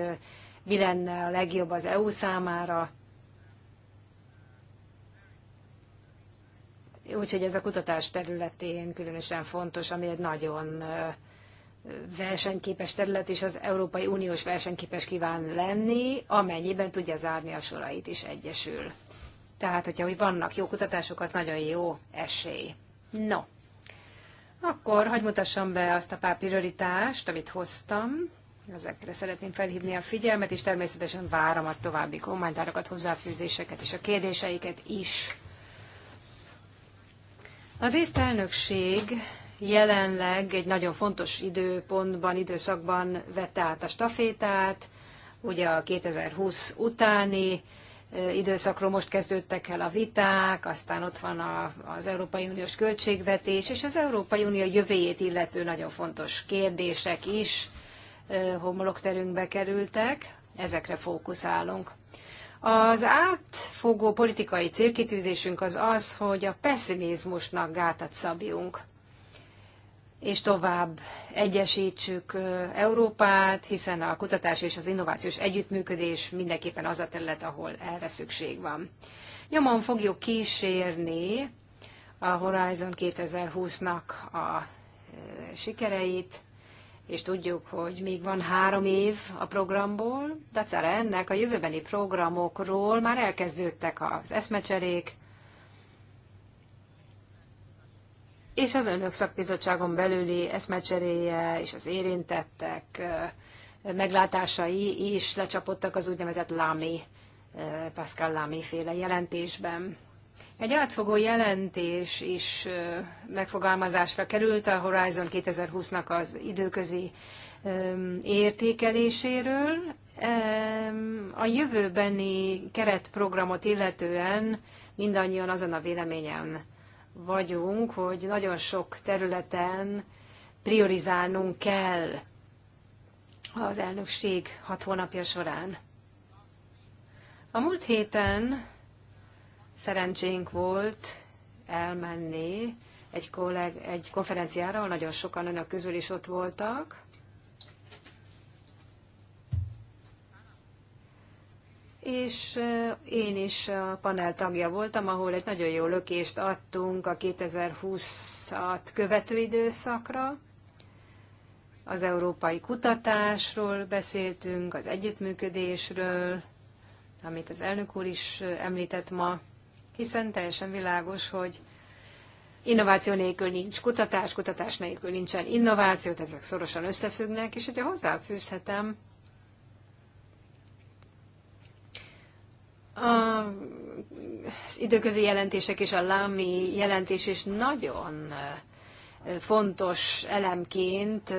mi lenne a legjobb az EU számára. Úgyhogy ez a kutatás területén különösen fontos, ami egy nagyon versenyképes terület, és az Európai Uniós versenyképes kíván lenni, amennyiben tudja zárni a sorait is egyesül. Tehát, hogyha hogy vannak jó kutatások, az nagyon jó esély. No, akkor hagy mutassam be azt a pár prioritást, amit hoztam. Ezekre szeretném felhívni a figyelmet, és természetesen várom a további kommentárokat, hozzáfűzéseket és a kérdéseiket is. Az észtelnökség jelenleg egy nagyon fontos időpontban, időszakban vette át a stafétát, ugye a 2020 utáni időszakról most kezdődtek el a viták, aztán ott van a, az Európai Uniós költségvetés, és az Európai Unió jövőjét illető nagyon fontos kérdések is, homlokterünkbe kerültek, ezekre fókuszálunk. Az átfogó politikai célkitűzésünk az az, hogy a pessimizmusnak gátat szabjunk, és tovább egyesítsük Európát, hiszen a kutatás és az innovációs együttműködés mindenképpen az a terület, ahol erre szükség van. Nyomon fogjuk kísérni a Horizon 2020-nak a sikereit, és tudjuk, hogy még van három év a programból, dacára ennek a jövőbeni programokról már elkezdődtek az eszmecserék, és az önök szakbizottságon belüli eszmecseréje és az érintettek meglátásai is lecsapottak az úgynevezett Lami, Pascal Lami féle jelentésben. Egy átfogó jelentés is megfogalmazásra került a Horizon 2020-nak az időközi értékeléséről. A jövőbeni keretprogramot illetően mindannyian azon a véleményen vagyunk, hogy nagyon sok területen priorizálnunk kell az elnökség hat hónapja során. A múlt héten szerencsénk volt elmenni egy, kolleg, egy konferenciára, ahol nagyon sokan önök közül is ott voltak, és eh, én is a panel tagja voltam, ahol egy nagyon jó lökést adtunk a 2020-at követő időszakra. Az európai kutatásról beszéltünk, az együttműködésről, amit az elnök úr is eh, említett ma hiszen teljesen világos, hogy innováció nélkül nincs kutatás, kutatás nélkül nincsen innováció, ezek szorosan összefüggnek, és hogyha hozzáfűzhetem, az időközi jelentések és a lámi jelentés is nagyon fontos elemként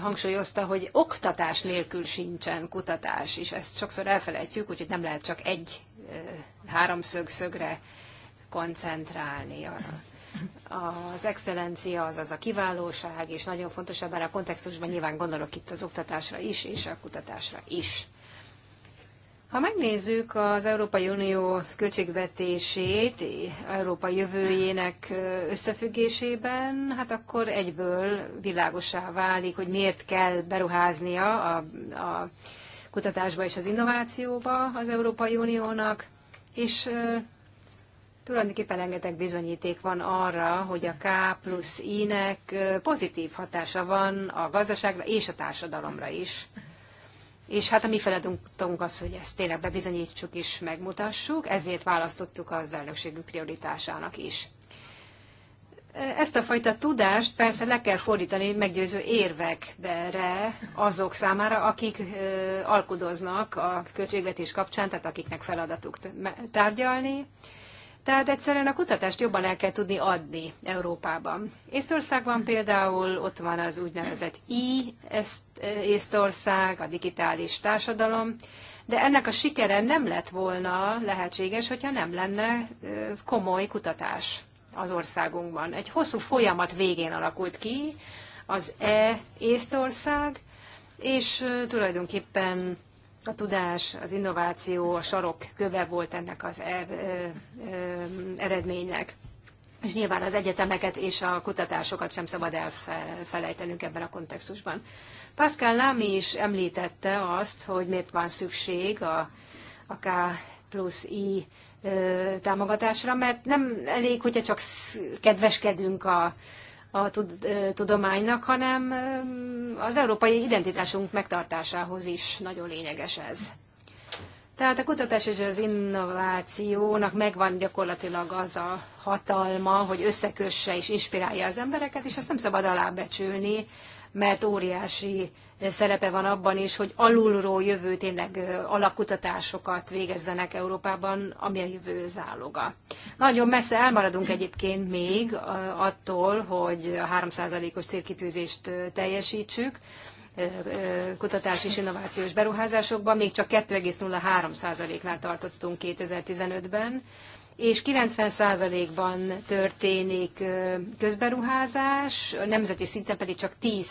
hangsúlyozta, hogy oktatás nélkül sincsen kutatás, és ezt sokszor elfelejtjük, úgyhogy nem lehet csak egy háromszög szögre koncentrálni arra. Az excellencia, az a kiválóság, és nagyon fontos ebben a kontextusban nyilván gondolok itt az oktatásra is, és a kutatásra is. Ha megnézzük az Európai Unió költségvetését Európa jövőjének összefüggésében, hát akkor egyből világosá válik, hogy miért kell beruháznia a, a kutatásba és az innovációba az Európai Uniónak, és Tulajdonképpen rengeteg bizonyíték van arra, hogy a K plusz I-nek pozitív hatása van a gazdaságra és a társadalomra is. És hát a mi feladatunk az, hogy ezt tényleg bebizonyítsuk és megmutassuk, ezért választottuk az elnökségünk prioritásának is. Ezt a fajta tudást persze le kell fordítani meggyőző érvekbe, azok számára, akik alkudoznak a költségvetés kapcsán, tehát akiknek feladatuk tárgyalni, tehát egyszerűen a kutatást jobban el kell tudni adni Európában. Észtországban például ott van az úgynevezett I, eh, Észtország, a digitális társadalom, de ennek a sikere nem lett volna lehetséges, hogyha nem lenne eh, komoly kutatás az országunkban. Egy hosszú folyamat végén alakult ki az E Észtország, és eh, tulajdonképpen a tudás, az innováció, a sarok köve volt ennek az er, ö, e- e- eredménynek. És nyilván az egyetemeket és a kutatásokat sem szabad elfelejtenünk ebben a kontextusban. Pascal Lamy is említette azt, hogy miért van szükség a, a K plusz I támogatásra, mert nem elég, hogyha csak kedveskedünk a, a tudománynak, hanem az európai identitásunk megtartásához is nagyon lényeges ez. Tehát a kutatás és az innovációnak megvan gyakorlatilag az a hatalma, hogy összekösse és inspirálja az embereket, és ezt nem szabad alábecsülni, mert óriási szerepe van abban is, hogy alulról jövő tényleg alakutatásokat végezzenek Európában, ami a jövő záloga. Nagyon messze elmaradunk egyébként még attól, hogy a 3%-os célkitűzést teljesítsük, kutatás és innovációs beruházásokban, még csak 2,03%-nál tartottunk 2015-ben, és 90%-ban történik közberuházás, nemzeti szinten pedig csak 10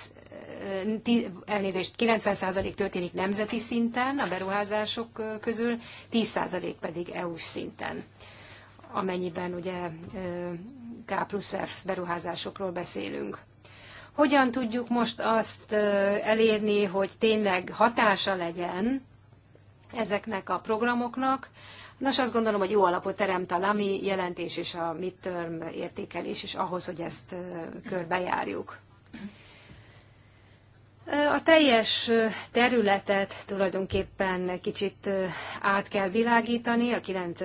elnézést, 90% történik nemzeti szinten a beruházások közül, 10% pedig EU-s szinten, amennyiben ugye K plusz F beruházásokról beszélünk. Hogyan tudjuk most azt elérni, hogy tényleg hatása legyen ezeknek a programoknak? Nos, azt gondolom, hogy jó alapot teremt a LAMI jelentés és a midterm értékelés is ahhoz, hogy ezt körbejárjuk. A teljes területet tulajdonképpen kicsit át kell világítani. A 9.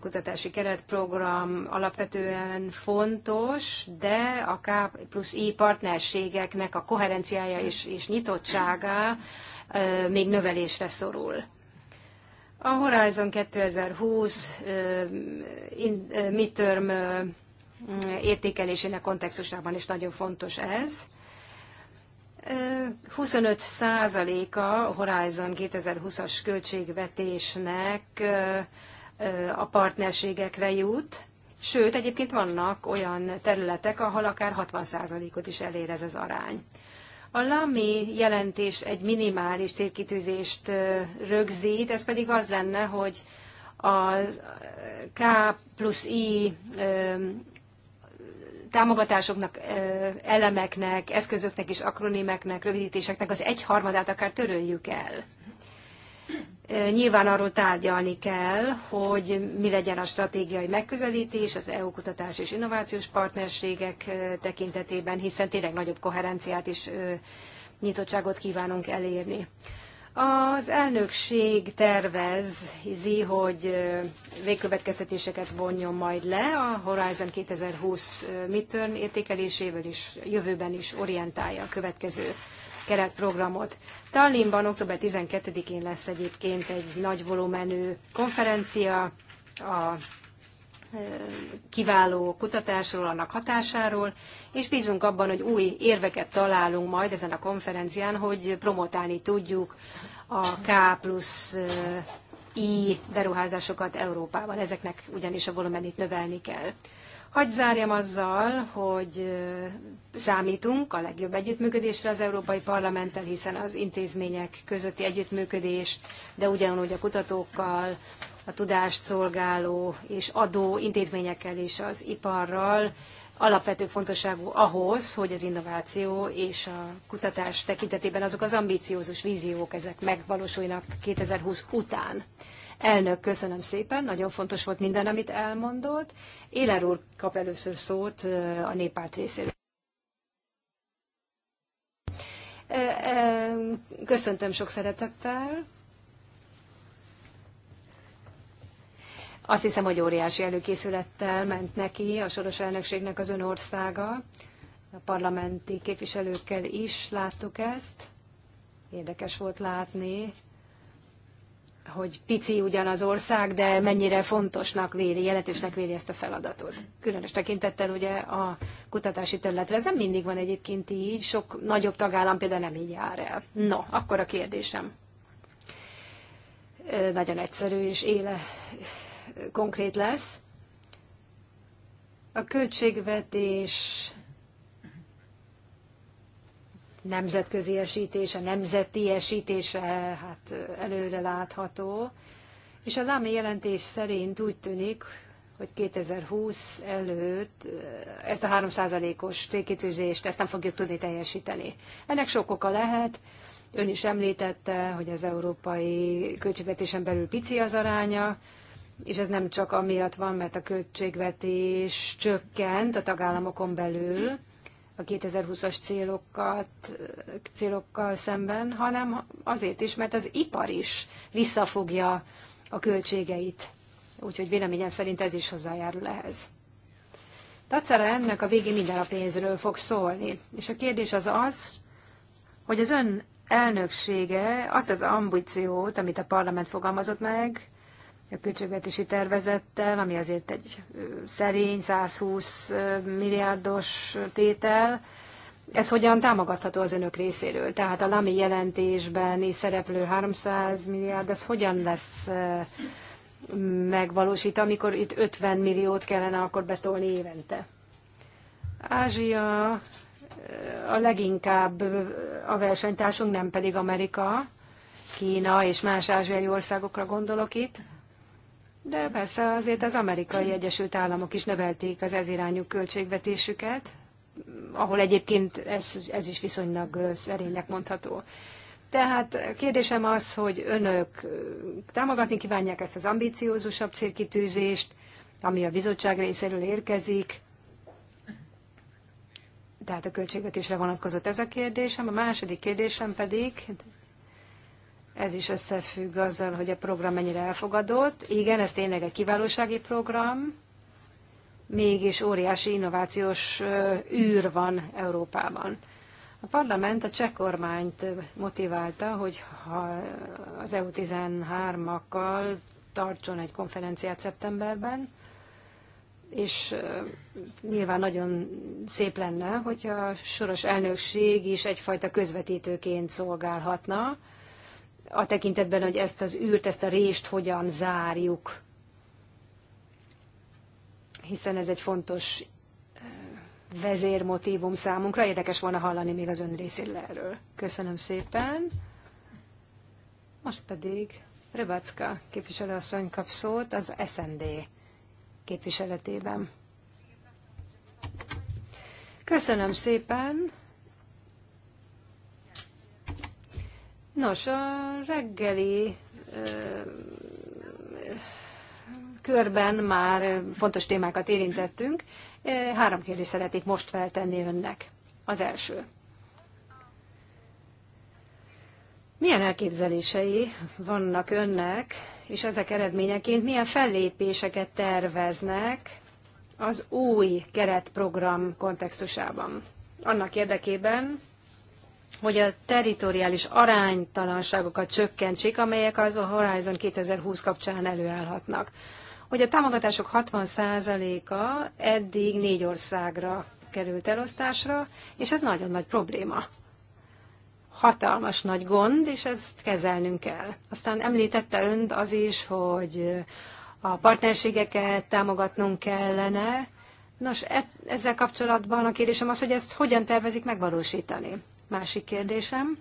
kutatási keretprogram alapvetően fontos, de a K plusz I partnerségeknek a koherenciája és, és nyitottsága még növelésre szorul. A Horizon 2020 midterm értékelésének kontextusában is nagyon fontos ez 25%-a Horizon 2020-as költségvetésnek a partnerségekre jut, sőt, egyébként vannak olyan területek, ahol akár 60%-ot is elér ez az arány. A LAMI jelentés egy minimális térkitűzést rögzít, ez pedig az lenne, hogy a K plusz I támogatásoknak, elemeknek, eszközöknek és akronimeknek, rövidítéseknek az egyharmadát akár töröljük el. Nyilván arról tárgyalni kell, hogy mi legyen a stratégiai megközelítés az EU kutatás és innovációs partnerségek tekintetében, hiszen tényleg nagyobb koherenciát és nyitottságot kívánunk elérni. Az elnökség tervezi, hogy végkövetkeztetéseket vonjon majd le a Horizon 2020 midterm értékelésével is jövőben is orientálja a következő keretprogramot. Tallinnban október 12-én lesz egyébként egy nagy volumenű konferencia a kiváló kutatásról, annak hatásáról, és bízunk abban, hogy új érveket találunk majd ezen a konferencián, hogy promotálni tudjuk a K plusz eh, I beruházásokat Európában. Ezeknek ugyanis a volumenit növelni kell. Hagy zárjam azzal, hogy eh, számítunk a legjobb együttműködésre az Európai Parlamenttel, hiszen az intézmények közötti együttműködés, de ugyanúgy a kutatókkal, a tudást szolgáló és adó intézményekkel és az iparral alapvető fontosságú ahhoz, hogy az innováció és a kutatás tekintetében azok az ambíciózus víziók ezek megvalósuljanak 2020 után. Elnök, köszönöm szépen, nagyon fontos volt minden, amit elmondott. Éler úr kap először szót a néppárt részéről. Köszöntöm sok szeretettel Azt hiszem, hogy óriási előkészülettel ment neki a soros elnökségnek az ön országa. A parlamenti képviselőkkel is láttuk ezt. Érdekes volt látni, hogy pici ugyan az ország, de mennyire fontosnak véli, jelentősnek véli ezt a feladatot. Különös tekintettel ugye a kutatási területre. Ez nem mindig van egyébként így, sok nagyobb tagállam például nem így jár el. No, akkor a kérdésem. Nagyon egyszerű és éle konkrét lesz. A költségvetés nemzetközi esítése, nemzeti esítése hát előre látható, és a LAMI jelentés szerint úgy tűnik, hogy 2020 előtt eh, ezt a 3%-os célkitűzést, ezt nem fogjuk tudni teljesíteni. Ennek sok oka lehet. Ön is említette, hogy az európai költségvetésen belül pici az aránya, és ez nem csak amiatt van, mert a költségvetés csökkent a tagállamokon belül a 2020-as célokat, célokkal szemben, hanem azért is, mert az ipar is visszafogja a költségeit. Úgyhogy véleményem szerint ez is hozzájárul ehhez. Tatszára ennek a végén minden a pénzről fog szólni. És a kérdés az az, hogy az ön elnöksége azt az ambíciót, amit a parlament fogalmazott meg, a költségvetési tervezettel, ami azért egy szerény 120 milliárdos tétel. Ez hogyan támogatható az önök részéről? Tehát a LAMI jelentésben is szereplő 300 milliárd, ez hogyan lesz megvalósít, amikor itt 50 milliót kellene akkor betolni évente? Ázsia a leginkább a versenytársunk, nem pedig Amerika, Kína és más ázsiai országokra gondolok itt, de persze azért az amerikai Egyesült Államok is növelték az ez irányú költségvetésüket, ahol egyébként ez, ez is viszonylag szerénynek mondható. Tehát kérdésem az, hogy önök támogatni kívánják ezt az ambíciózusabb célkitűzést, ami a bizottság részéről érkezik, tehát a költségvetésre vonatkozott ez a kérdésem. A második kérdésem pedig ez is összefügg azzal, hogy a program mennyire elfogadott. Igen, ez tényleg egy kiválósági program, mégis óriási innovációs űr van Európában. A parlament a cseh kormányt motiválta, hogy ha az EU13-akkal tartson egy konferenciát szeptemberben, és nyilván nagyon szép lenne, hogyha a soros elnökség is egyfajta közvetítőként szolgálhatna, a tekintetben, hogy ezt az űrt, ezt a rést hogyan zárjuk. Hiszen ez egy fontos eh, vezérmotívum számunkra. Érdekes volna hallani még az ön részéről erről. Köszönöm szépen. Most pedig Rebacka képviselőasszony kap szót az SND képviseletében. Köszönöm szépen. Nos, a reggeli körben már fontos témákat érintettünk. Három kérdést szeretnék most feltenni önnek. Az első. Milyen elképzelései vannak önnek, és ezek eredményeként milyen fellépéseket terveznek az új keretprogram kontextusában? Annak érdekében, hogy a teritoriális aránytalanságokat csökkentsék, amelyek az a Horizon 2020 kapcsán előállhatnak. Hogy a támogatások 60%-a eddig négy országra került elosztásra, és ez nagyon nagy probléma. Hatalmas nagy gond, és ezt kezelnünk kell. Aztán említette önt az is, hogy a partnerségeket támogatnunk kellene. Nos, e- ezzel kapcsolatban a kérdésem az, hogy ezt hogyan tervezik megvalósítani másik kérdésem.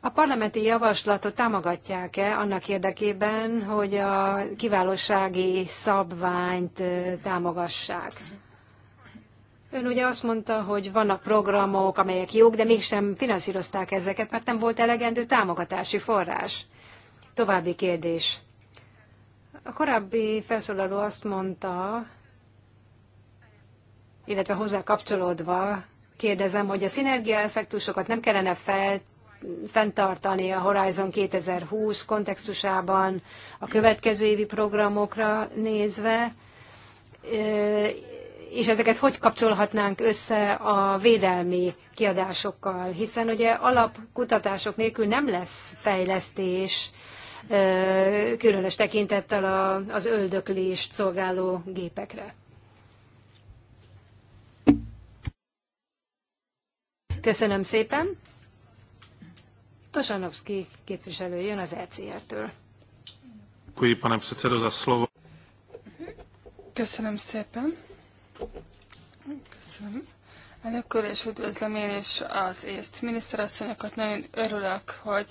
A parlamenti javaslatot támogatják-e annak érdekében, hogy a kiválósági szabványt támogassák? Ön ugye azt mondta, hogy vannak programok, amelyek jók, de mégsem finanszírozták ezeket, mert nem volt elegendő támogatási forrás. További kérdés. A korábbi felszólaló azt mondta, illetve hozzá kapcsolódva kérdezem, hogy a szinergiaeffektusokat nem kellene fel, fenntartani a Horizon 2020 kontextusában a következő évi programokra nézve, és ezeket hogy kapcsolhatnánk össze a védelmi kiadásokkal, hiszen ugye alapkutatások nélkül nem lesz fejlesztés, különös tekintettel az öldöklést szolgáló gépekre. Köszönöm szépen. Tosanovski képviselő jön az ECR-től. Köszönöm szépen. Köszönöm. Elnök úr, és üdvözlöm én is az észt miniszterasszonyokat. Nagyon örülök, hogy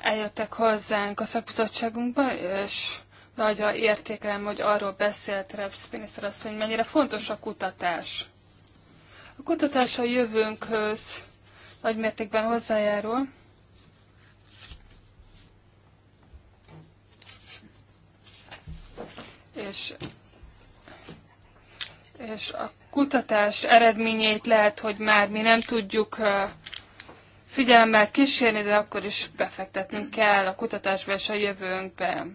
eljöttek hozzánk a szakbizottságunkba, és nagyra értékelem, hogy arról beszélt Repsz miniszterasszony, mennyire fontos a kutatás a kutatás a jövőnkhöz nagy mértékben hozzájárul. És, és a kutatás eredményeit lehet, hogy már mi nem tudjuk figyelemmel kísérni, de akkor is befektetnünk kell a kutatásba és a jövőnkbe.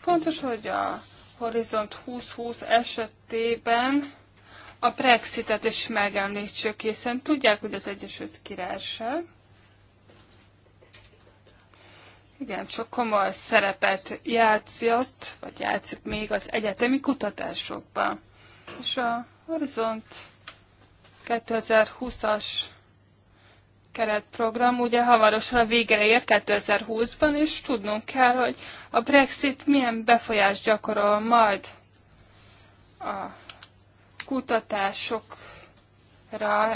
Fontos, hogy a Horizont 2020 esetében a Brexitet is megemlítsük, hiszen tudják, hogy az Egyesült Királyság igen, csak komoly szerepet játszott, vagy játszik még az egyetemi kutatásokban. És a Horizont 2020-as keretprogram ugye hamarosan a végre ér 2020-ban, és tudnunk kell, hogy a Brexit milyen befolyást gyakorol majd a kutatásokra,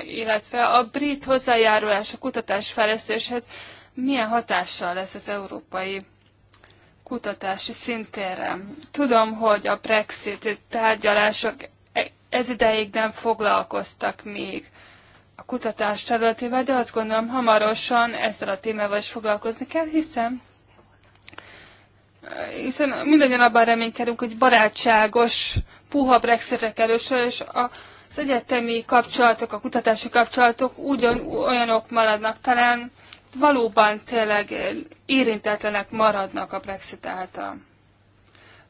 illetve a brit hozzájárulás a kutatásfejlesztéshez milyen hatással lesz az európai kutatási szintérre. Tudom, hogy a Brexit tárgyalások e- ez ideig nem foglalkoztak még a kutatás területével, de azt gondolom hamarosan ezzel a témával is foglalkozni kell, hiszen, Hiszen mindannyian abban reménykedünk, hogy barátságos puha Brexitre kerülső, és a, az egyetemi kapcsolatok, a kutatási kapcsolatok ugyan olyanok maradnak, talán valóban tényleg érintetlenek maradnak a Brexit által.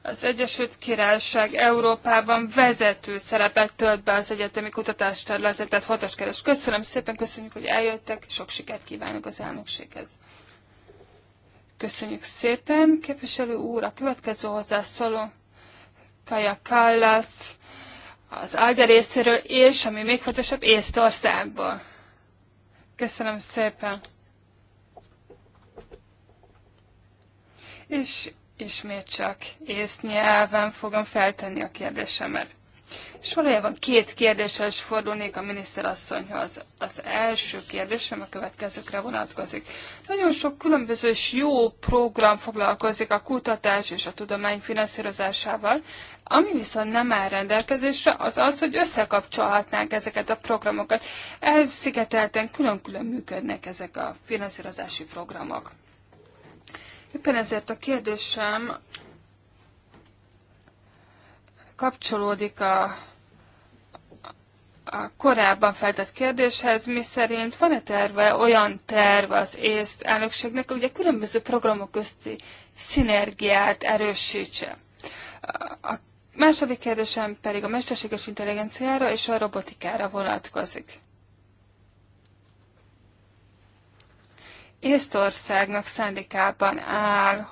Az Egyesült Királyság Európában vezető szerepet tölt be az egyetemi kutatás területet, tehát fontos keres. Köszönöm szépen, köszönjük, hogy eljöttek, sok sikert kívánok az elnökséghez. Köszönjük szépen, képviselő úr, a következő hozzászóló. Kaja Kallas, az Alde részéről, és, ami még fontosabb, Észtországból. Köszönöm szépen! És ismét csak ész nyelven fogom feltenni a kérdésemet. És valójában két kérdéssel is fordulnék a miniszterasszonyhoz. Az első kérdésem a következőkre vonatkozik. Nagyon sok különböző és jó program foglalkozik a kutatás és a tudomány finanszírozásával. Ami viszont nem áll rendelkezésre, az az, hogy összekapcsolhatnánk ezeket a programokat. Elszigetelten külön-külön működnek ezek a finanszírozási programok. Éppen ezért a kérdésem kapcsolódik a, a korábban feltett kérdéshez, mi szerint van-e terve, olyan terve az észt elnökségnek, hogy a különböző programok közti szinergiát erősítse. A második kérdésem pedig a mesterséges intelligenciára és a robotikára vonatkozik. Észtországnak szándékában áll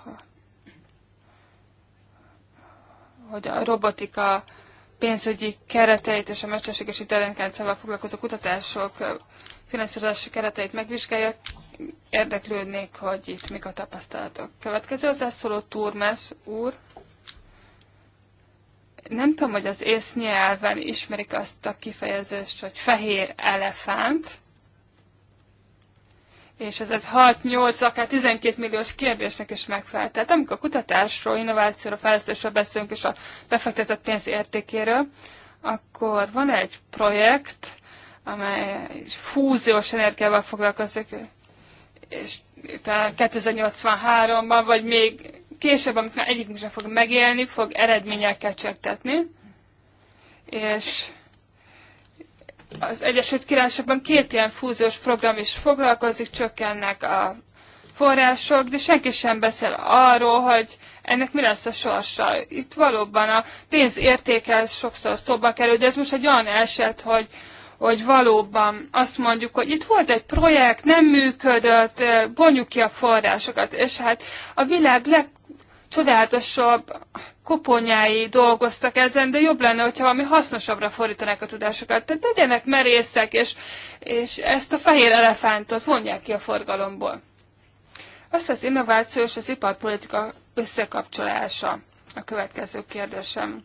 hogy a robotika pénzügyi kereteit és a mesterséges intelligenciával foglalkozó kutatások finanszírozási kereteit megvizsgálja. Érdeklődnék, hogy itt mik a tapasztalatok. Következő az elszóló Turmes úr. Nem tudom, hogy az ész nyelven ismerik azt a kifejezést, hogy fehér elefánt és ez 6-8, akár 12 milliós kérdésnek is megfelel. Tehát amikor kutatásról, innovációról, fejlesztésről beszélünk, és a befektetett pénz értékéről, akkor van egy projekt, amely fúziós energiával foglalkozik, és talán 2083-ban, vagy még később, amikor egyikünk sem fog megélni, fog eredményekkel csöktetni. és az Egyesült Királyságban két ilyen fúziós program is foglalkozik, csökkennek a források, de senki sem beszél arról, hogy ennek mi lesz a sorsa. Itt valóban a pénz értéke sokszor szóba kerül, de ez most egy olyan eset, hogy, hogy valóban azt mondjuk, hogy itt volt egy projekt, nem működött, eh, vonjuk ki a forrásokat, és hát a világ leg csodálatosabb koponyái dolgoztak ezen, de jobb lenne, hogyha valami hasznosabbra fordítanák a tudásokat. Tehát legyenek merészek, és, és ezt a fehér elefántot vonják ki a forgalomból. Azt az innováció és az iparpolitika összekapcsolása a következő kérdésem.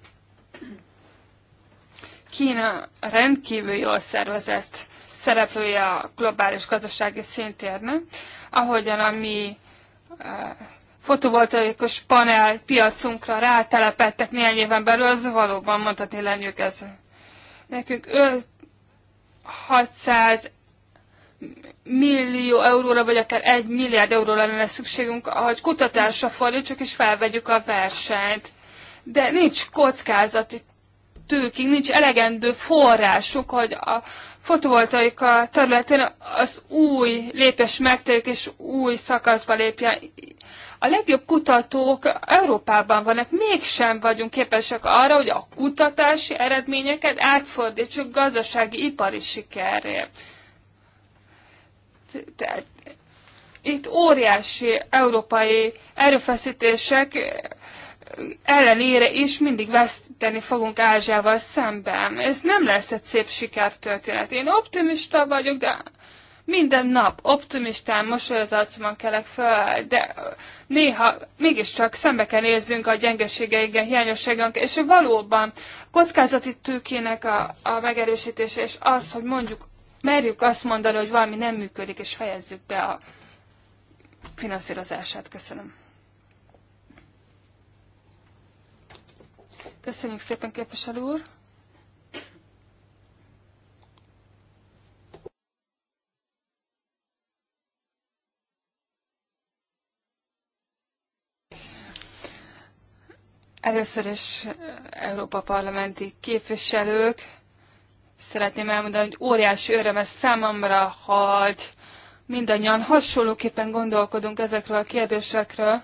Kína rendkívül jól szervezett szereplője a globális gazdasági szintérnek, ahogyan a mi eh, fotovoltaikus panel piacunkra rátelepettek néhány éven belül, az valóban mondhatni lenyűgöző. ez. Nekünk 600 millió euróra, vagy akár egy milliárd euróra lenne szükségünk, hogy kutatásra fordítsuk és felvegyük a versenyt. De nincs kockázati tőkig, nincs elegendő forrásuk, hogy a fotovoltaika területén az új lépés megtegyük, és új szakaszba lépjen a legjobb kutatók Európában vannak, mégsem vagyunk képesek arra, hogy a kutatási eredményeket átfordítsuk gazdasági, ipari sikerre. Tehát itt óriási európai erőfeszítések ellenére is mindig veszteni fogunk Ázsiával szemben. Ez nem lesz egy szép sikertörténet. Én optimista vagyok, de minden nap optimistán, mosolyozatban kelek föl, de néha mégiscsak szembe kell néznünk a gyengeségeinkkel, hiányosságunk, és valóban kockázati tőkének a, a megerősítése, és az, hogy mondjuk merjük azt mondani, hogy valami nem működik, és fejezzük be a finanszírozását. Köszönöm. Köszönjük szépen, képviselő úr! Először is eh, Európa parlamenti képviselők, szeretném elmondani, hogy óriási öröm ez számomra, hogy mindannyian hasonlóképpen gondolkodunk ezekről a kérdésekről.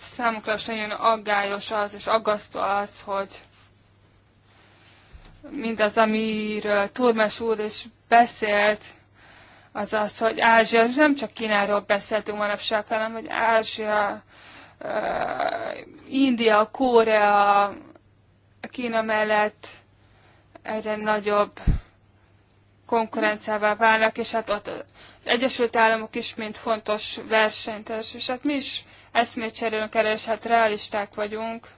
Számukra is nagyon aggályos az, és aggasztó az, hogy mindaz, amiről Turmes úr is beszélt, az az, hogy Ázsia, nem csak Kínáról beszéltünk manapság, hanem hogy Ázsia India, Korea, Kína mellett egyre nagyobb konkurenciával válnak, és hát ott az Egyesült Államok is, mint fontos versenytárs, és hát mi is eszmét cserélünk erre, és hát realisták vagyunk.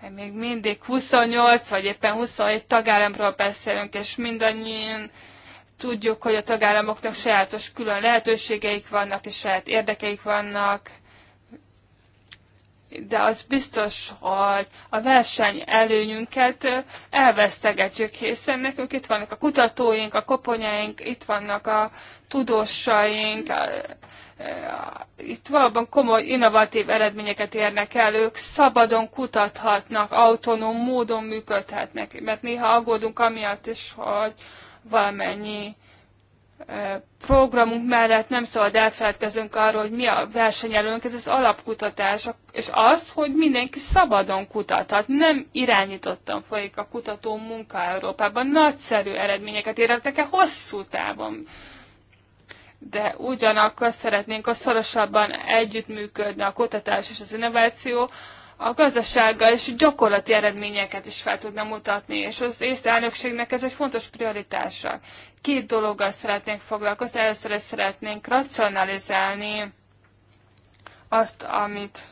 Hát még mindig 28 vagy éppen 27 tagállamról beszélünk, és mindannyian Tudjuk, hogy a tagállamoknak sajátos külön lehetőségeik vannak, és saját érdekeik vannak, de az biztos, hogy a verseny előnyünket elvesztegetjük, hiszen nekünk itt vannak a kutatóink, a koponyaink, itt vannak a tudósaink, itt valóban komoly, innovatív eredményeket érnek el, ők szabadon kutathatnak, autonóm módon működhetnek, mert néha aggódunk amiatt is, hogy, valamennyi programunk mellett nem szabad elfeledkezünk arról, hogy mi a versenyelőnk, ez az alapkutatás, és az, hogy mindenki szabadon kutathat. Nem irányítottan folyik a kutató munka Európában. Nagyszerű eredményeket érhetnek el hosszú távon. De ugyanakkor szeretnénk a szorosabban együttműködni a kutatás és az innováció, a gazdasággal és gyakorlati eredményeket is fel tudna mutatni, és az észt elnökségnek ez egy fontos prioritása. Két dologgal szeretnénk foglalkozni, először is szeretnénk racionalizálni azt, amit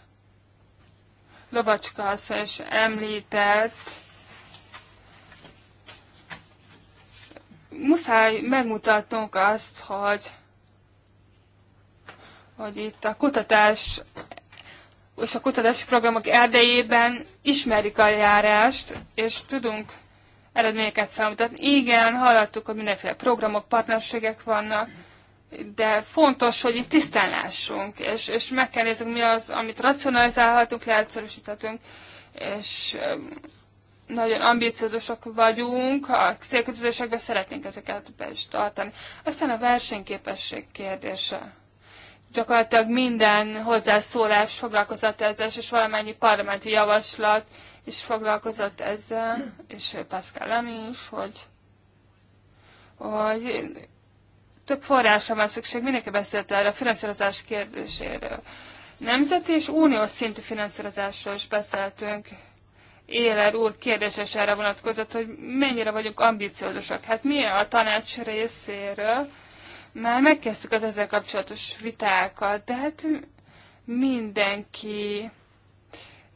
Lobacska asszony is említett, muszáj megmutatnunk azt, hogy, hogy itt a kutatás és a kutatási programok erdejében ismerik a járást, és tudunk eredményeket felmutatni. Igen, hallottuk, hogy mindenféle programok, partnerségek vannak, de fontos, hogy itt tisztán lássunk, és, és meg kell nézzük, mi az, amit racionalizálhatunk, leegyszerűsíthetünk, és nagyon ambiciózusak vagyunk, a szélközösségben szeretnénk ezeket be is tartani. Aztán a versenyképesség kérdése gyakorlatilag minden hozzászólás foglalkozott ezzel, és valamennyi parlamenti javaslat is foglalkozott ezzel, és Pascal Lamy is, hogy, hogy több forrása van szükség, mindenki beszélt erre a finanszírozás kérdéséről. Nemzeti és uniós szintű finanszírozásról is beszéltünk. Éler úr kérdéses erre vonatkozott, hogy mennyire vagyunk ambiciózusak. Hát mi a tanács részéről, már megkezdtük az ezzel kapcsolatos vitákat, de hát mindenki,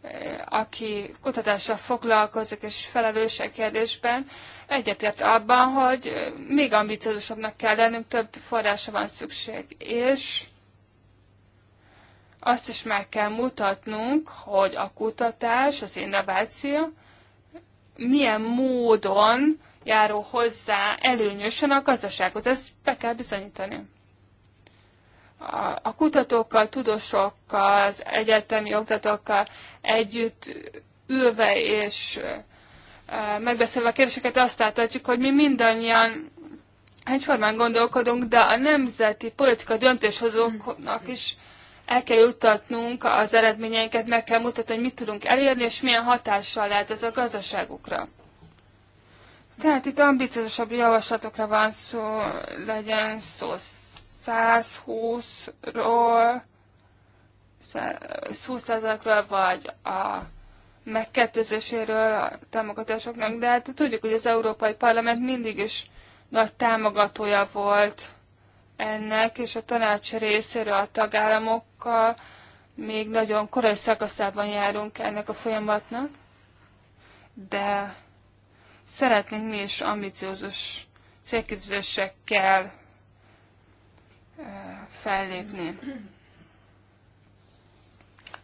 eh, aki kutatással foglalkozik és felelős a e kérdésben, egyetért abban, hogy eh, még ambiciózusabbnak kell lennünk, több forrásra van szükség, és azt is meg kell mutatnunk, hogy a kutatás, az innováció milyen módon járó hozzá előnyösen a gazdasághoz. Ezt be kell bizonyítani. A, a kutatókkal, tudósokkal, az egyetemi oktatókkal együtt ülve és megbeszélve a kérdéseket azt láthatjuk, hogy mi mindannyian egyformán gondolkodunk, de a nemzeti politika döntéshozóknak is el kell juttatnunk az eredményeinket, meg kell mutatni, hogy mit tudunk elérni, és milyen hatással lehet ez a gazdaságukra. Tehát itt ambiciózusabb javaslatokra van szó, legyen szó 120-ról, 20%-ról, vagy a megkettőzéséről a támogatásoknak, de hát tudjuk, hogy az Európai Parlament mindig is nagy támogatója volt ennek, és a tanács részéről a tagállamokkal még nagyon korai szakaszában járunk ennek a folyamatnak, de Szeretnénk mi is ambiciózus célkitűzésekkel fellépni.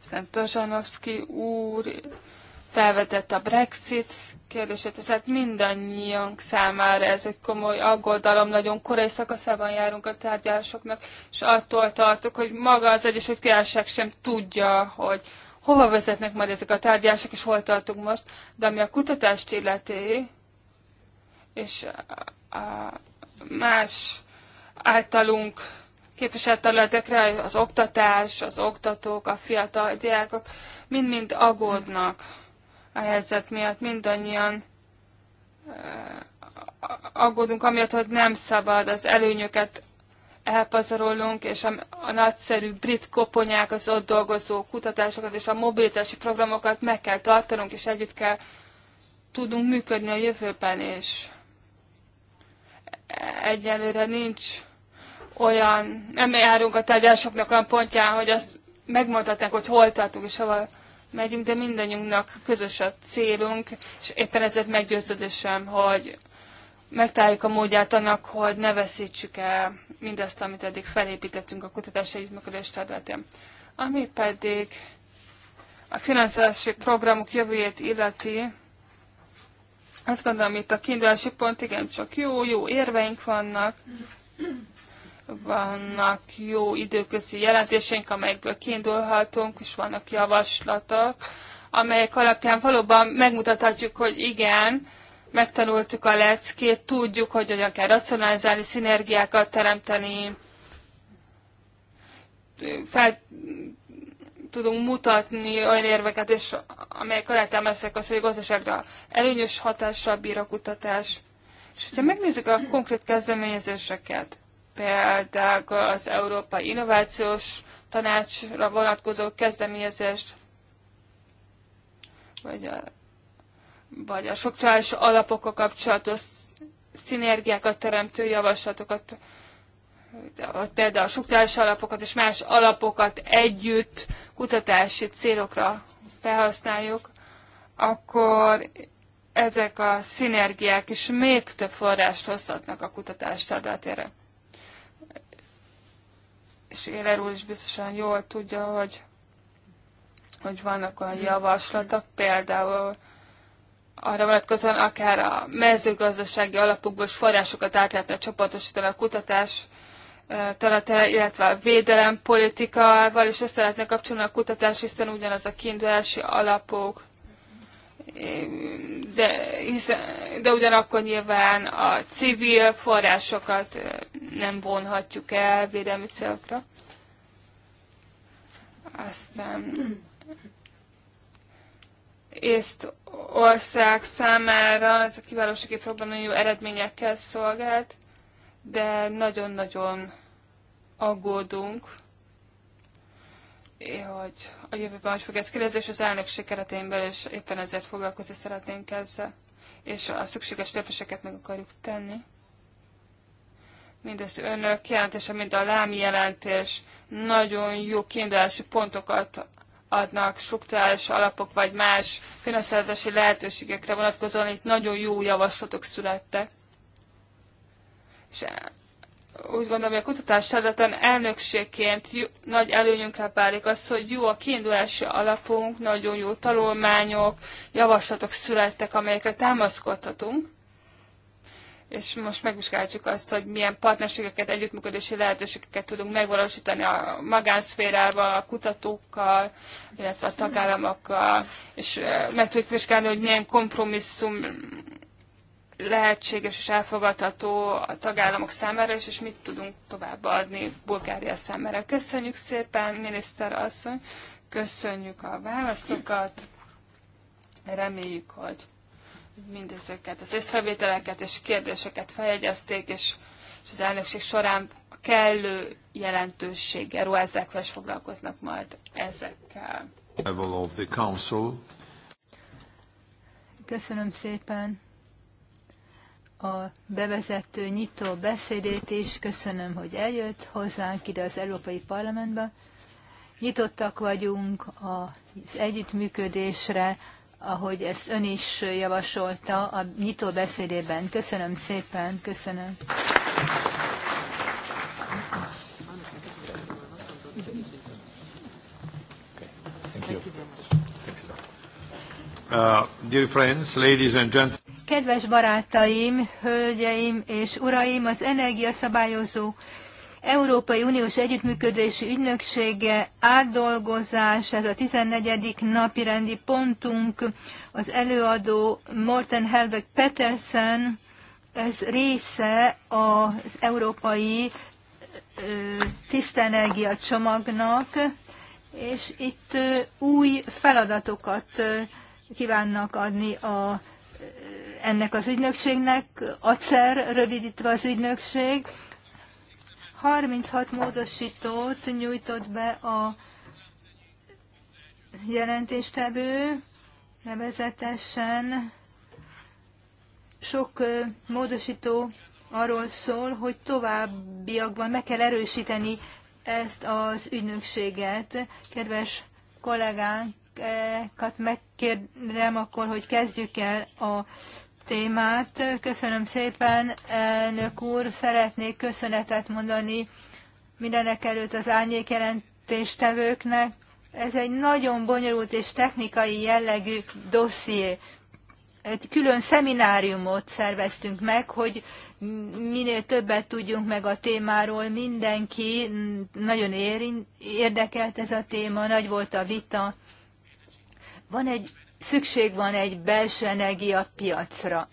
Aztán Tozsanovszki úr felvetett a Brexit kérdését, és hát mindannyian számára ez egy komoly aggodalom, nagyon korai szakaszában járunk a tárgyalásoknak, és attól tartok, hogy maga az Egyesült Királyság sem tudja, hogy hova vezetnek majd ezek a tárgyalások, és hol tartunk most, de ami a kutatást illeti, és a más általunk képviselt területekre az oktatás, az oktatók, a fiatal diákok mind-mind aggódnak a helyzet miatt, mindannyian eh, aggódunk amiatt, hogy nem szabad az előnyöket elpazarolunk, és a, a nagyszerű brit koponyák, az ott dolgozó kutatásokat és a mobilitási programokat meg kell tartanunk, és együtt kell tudunk működni a jövőben, és egyelőre nincs olyan, nem járunk a tárgyalásoknak olyan pontján, hogy azt megmondhatnánk, hogy hol tartunk és hova megyünk, de mindannyiunknak közös a célunk, és éppen ezért meggyőződésem, hogy megtaláljuk a módját annak, hogy ne veszítsük el mindazt, amit eddig felépítettünk a kutatási együttműködés területén. Ami pedig a finanszírozási programok jövőjét illeti, azt gondolom, itt a kiindulási pont igen csak jó, jó érveink vannak, vannak jó időközi jelentéseink, amelyekből kiindulhatunk, és vannak javaslatok, amelyek alapján valóban megmutathatjuk, hogy igen, megtanultuk a leckét, tudjuk, hogy hogyan kell racionalizálni, szinergiákat teremteni, fel, tudunk mutatni olyan érveket, és amelyek alátámasztják azt, hogy a gazdaságra előnyös hatással bír a kutatás. És hogyha megnézzük a konkrét kezdeményezéseket, például az Európai Innovációs Tanácsra vonatkozó kezdeményezést, vagy a, vagy a struktúrális alapokkal kapcsolatos szinergiákat teremtő javaslatokat például a struktúrális alapokat és más alapokat együtt kutatási célokra felhasználjuk, akkor ezek a szinergiák is még több forrást hozhatnak a kutatás területére. És Éler úr is biztosan jól tudja, hogy, hogy vannak olyan javaslatok, például arra vonatkozóan akár a mezőgazdasági alapokból is forrásokat át lehetne csoportosítani a kutatás területe, illetve a politikával, és össze lehetne kapcsolni a kutatás, hiszen ugyanaz a kiindulási alapok, de, hiszen, de ugyanakkor nyilván a civil forrásokat nem vonhatjuk el védelmi célokra. Aztán észt ország számára ez a kiválósági program nagyon jó eredményekkel szolgált de nagyon-nagyon aggódunk, hogy a jövőben hogy fog ez kérdezni, és az elnök sikeretén belül is éppen ezért foglalkozni szeretnénk ezzel, és a szükséges lépéseket meg akarjuk tenni. Mindezt önök jelentése, mint a lámi jelentés nagyon jó kiindulási pontokat adnak struktúrális alapok vagy más finanszírozási lehetőségekre vonatkozóan, itt nagyon jó javaslatok születtek és eh, úgy gondolom, hogy a kutatás területen elnökségként nagy előnyünkre válik az, hogy jó a kiindulási alapunk, nagyon jó tanulmányok, javaslatok születtek, amelyekre támaszkodhatunk és most megvizsgáljuk azt, hogy milyen partnerségeket, együttműködési lehetőségeket tudunk megvalósítani a magánszférával, a kutatókkal, illetve a tagállamokkal, és eh, meg tudjuk vizsgálni, hogy milyen kompromisszum lehetséges és elfogadható a tagállamok számára is, és mit tudunk továbbadni Bulgária számára. Köszönjük szépen, miniszter asszony, köszönjük a válaszokat, reméljük, hogy mindezeket, az észrevételeket és kérdéseket feljegyezték, és, és az elnökség során kellő jelentőséggel ruházzák fel, és foglalkoznak majd ezekkel. Köszönöm szépen a bevezető nyitó beszédét is. Köszönöm, hogy eljött hozzánk ide az Európai Parlamentbe. Nyitottak vagyunk az együttműködésre, ahogy ezt ön is javasolta a nyitó beszédében. Köszönöm szépen, köszönöm. Uh, dear friends, ladies and gentlemen. Kedves barátaim, hölgyeim és uraim, az energiaszabályozó Európai Uniós Együttműködési Ügynöksége átdolgozás, ez a 14. napi rendi pontunk, az előadó Morten Helveg Petersen, ez része az Európai Tisztenergia csomagnak, és itt új feladatokat kívánnak adni a ennek az ügynökségnek, ACER rövidítve az ügynökség. 36 módosítót nyújtott be a jelentéstevő, nevezetesen sok módosító arról szól, hogy továbbiakban meg kell erősíteni ezt az ügynökséget. Kedves kollégánkat megkérem akkor, hogy kezdjük el a témát. Köszönöm szépen, elnök úr, szeretnék köszönetet mondani mindenek előtt az árnyék jelentéstevőknek. Ez egy nagyon bonyolult és technikai jellegű dosszié. Egy külön szemináriumot szerveztünk meg, hogy minél többet tudjunk meg a témáról. Mindenki nagyon érdekelt ez a téma, nagy volt a vita. Van egy szükség van egy belső energiapiacra.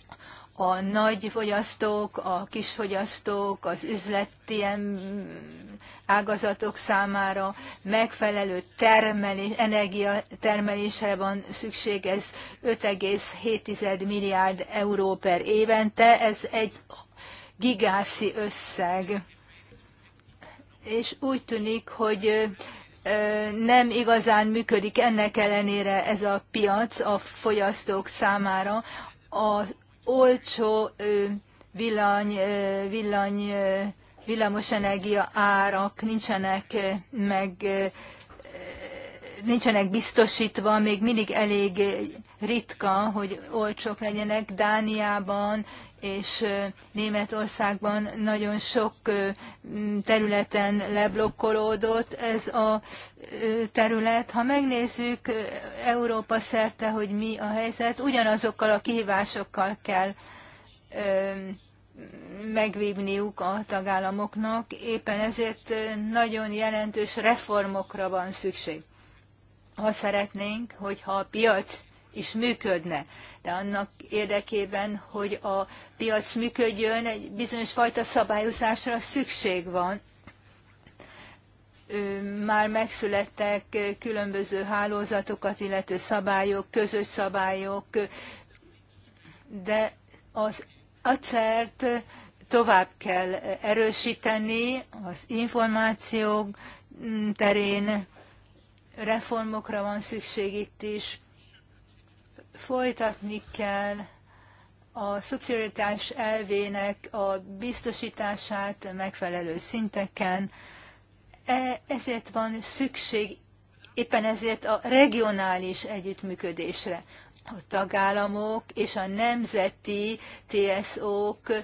A nagy fogyasztók, a kis fogyasztók, az üzleti ágazatok számára megfelelő termelés, energiatermelésre van szükség, ez 5,7 milliárd euró per évente, ez egy gigászi összeg. És úgy tűnik, hogy nem igazán működik ennek ellenére ez a piac a fogyasztók számára. Az olcsó villany, villany villamosenergia árak nincsenek meg nincsenek biztosítva, még mindig elég ritka, hogy olcsók legyenek. Dániában és Németországban nagyon sok területen leblokkolódott ez a terület. Ha megnézzük Európa szerte, hogy mi a helyzet, ugyanazokkal a kihívásokkal kell megvívniuk a tagállamoknak, éppen ezért nagyon jelentős reformokra van szükség. Ha szeretnénk, hogyha a piac is működne. De annak érdekében, hogy a piac működjön, egy bizonyos fajta szabályozásra szükség van. Már megszülettek különböző hálózatokat, illetve szabályok, közös szabályok, de az acert tovább kell erősíteni az információk terén, reformokra van szükség itt is, folytatni kell a szubszidiaritás elvének a biztosítását megfelelő szinteken. E, ezért van szükség éppen ezért a regionális együttműködésre. A tagállamok és a nemzeti TSO-k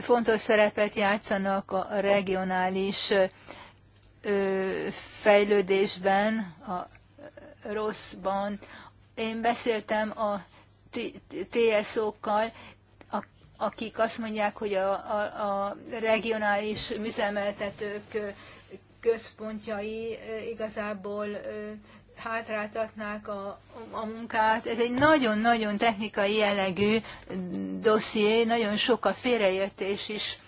fontos szerepet játszanak a regionális fejlődésben, a rosszban. Én beszéltem a TSO-kkal, akik azt mondják, hogy a, a, a regionális üzemeltetők központjai igazából hátráltatnák a, a munkát. Ez egy nagyon-nagyon technikai jellegű dosszié, nagyon sok a félreértés is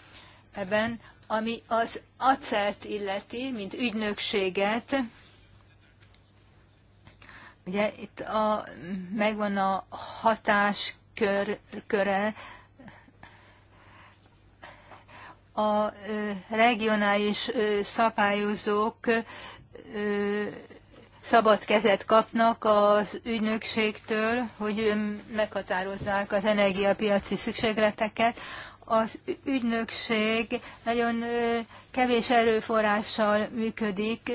ebben, ami az acelt illeti, mint ügynökséget, Ugye itt a, megvan a hatáskör, köre, a regionális szabályozók szabad kezet kapnak az ügynökségtől, hogy meghatározzák az energiapiaci szükségleteket. Az ügynökség nagyon kevés erőforrással működik,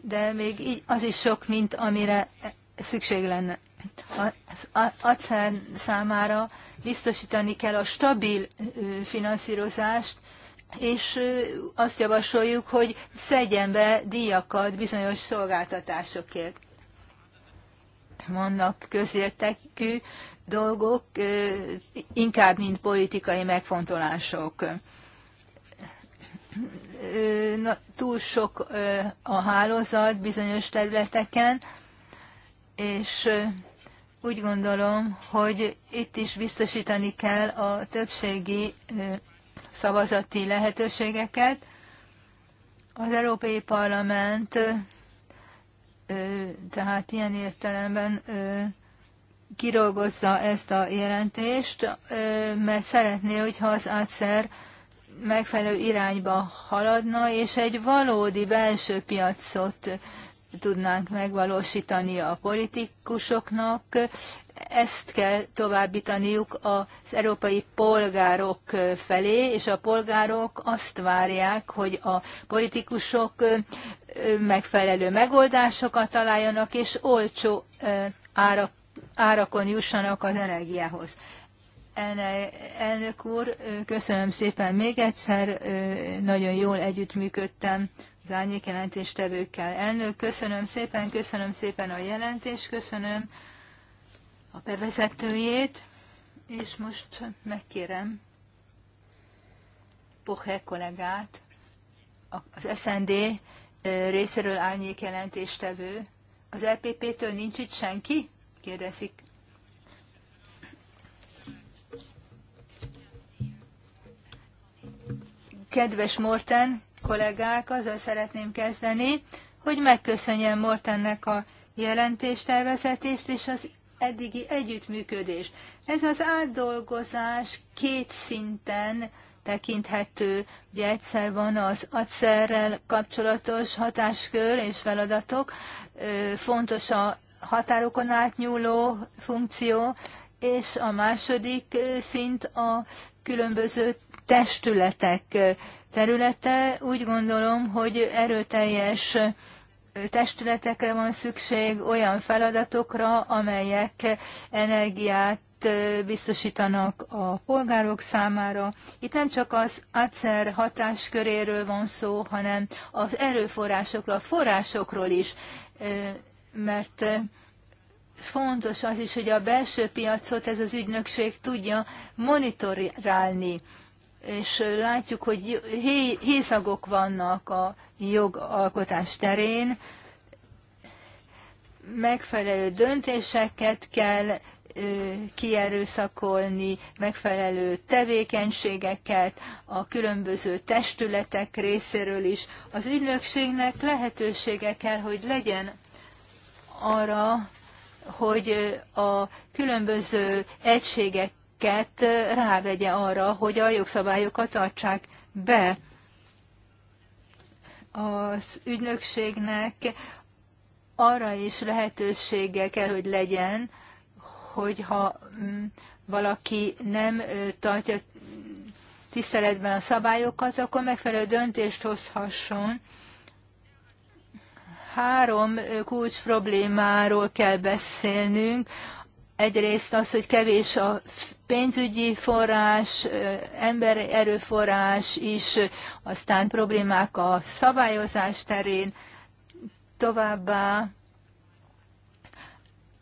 de még így az is sok, mint amire szükség lenne. Az ACEN számára biztosítani kell a stabil finanszírozást, és azt javasoljuk, hogy szedjen be díjakat bizonyos szolgáltatásokért. Vannak közértekű dolgok, inkább, mint politikai megfontolások. Túl sok a hálózat bizonyos területeken, és úgy gondolom, hogy itt is biztosítani kell a többségi szavazati lehetőségeket. Az Európai Parlament tehát ilyen értelemben kirolgozza ezt a jelentést, mert szeretné, hogyha az átszer megfelelő irányba haladna, és egy valódi belső piacot tudnánk megvalósítani a politikusoknak, ezt kell továbbítaniuk az európai polgárok felé, és a polgárok azt várják, hogy a politikusok megfelelő megoldásokat találjanak, és olcsó árak, árakon jussanak az energiához. Elnök úr, köszönöm szépen még egyszer, nagyon jól együttműködtem az árnyék jelentéstevőkkel. Elnök, köszönöm szépen, köszönöm szépen a jelentést, köszönöm a bevezetőjét, és most megkérem Poche kollégát, az SND részéről árnyék jelentéstevő. Az LPP-től nincs itt senki? kérdezik. Kedves Morten, kollégák, azzal szeretném kezdeni, hogy megköszönjem Mortennek a jelentéstervezetést és az eddigi együttműködést. Ez az átdolgozás két szinten tekinthető. Ugye egyszer van az agyszerrel kapcsolatos hatáskör és feladatok, fontos a határokon átnyúló funkció, és a második szint a különböző testületek területe. Úgy gondolom, hogy erőteljes testületekre van szükség, olyan feladatokra, amelyek energiát biztosítanak a polgárok számára. Itt nem csak az ACER hatásköréről van szó, hanem az erőforrásokról, a forrásokról is, mert fontos az is, hogy a belső piacot ez az ügynökség tudja monitorálni és látjuk, hogy hészagok vannak a jogalkotás terén, megfelelő döntéseket kell kierőszakolni, megfelelő tevékenységeket a különböző testületek részéről is. Az ügynökségnek lehetősége kell, hogy legyen arra, hogy a különböző egységek őket rávegye arra, hogy a jogszabályokat tartsák be. Az ügynökségnek arra is lehetősége kell, hogy legyen, hogyha mm, valaki nem tartja tiszteletben a szabályokat, akkor megfelelő döntést hozhasson. Három kulcs problémáról kell beszélnünk. Egyrészt az, hogy kevés a pénzügyi forrás, emberi erőforrás is, aztán problémák a szabályozás terén, továbbá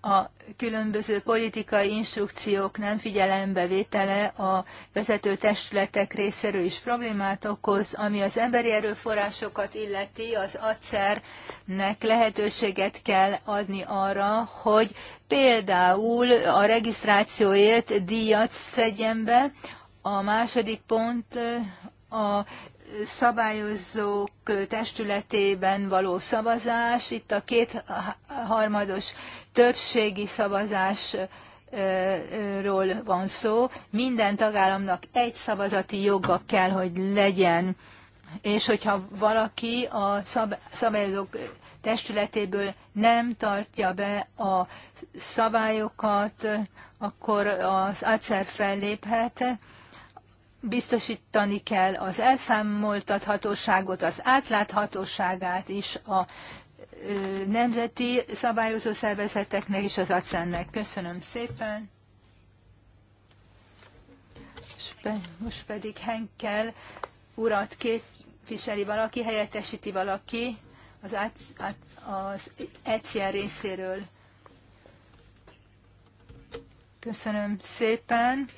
a különböző politikai instrukciók nem figyelembevétele a vezető testületek részéről is problémát okoz, ami az emberi erőforrásokat illeti, az acernek lehetőséget kell adni arra, hogy például a regisztrációért díjat szedjen be. A második pont a szabályozók testületében való szavazás, itt a kétharmados többségi szavazásról van szó. Minden tagállamnak egy szavazati joga kell, hogy legyen, és hogyha valaki a szabályozók testületéből nem tartja be a szabályokat, akkor az ACER felléphet, biztosítani kell az elszámoltathatóságot, az átláthatóságát is a nemzeti szabályozó szervezeteknek és az ACEN-nek. Köszönöm szépen. Most pedig Henkel urat képviseli valaki, helyettesíti valaki az, az ECR részéről. Köszönöm szépen.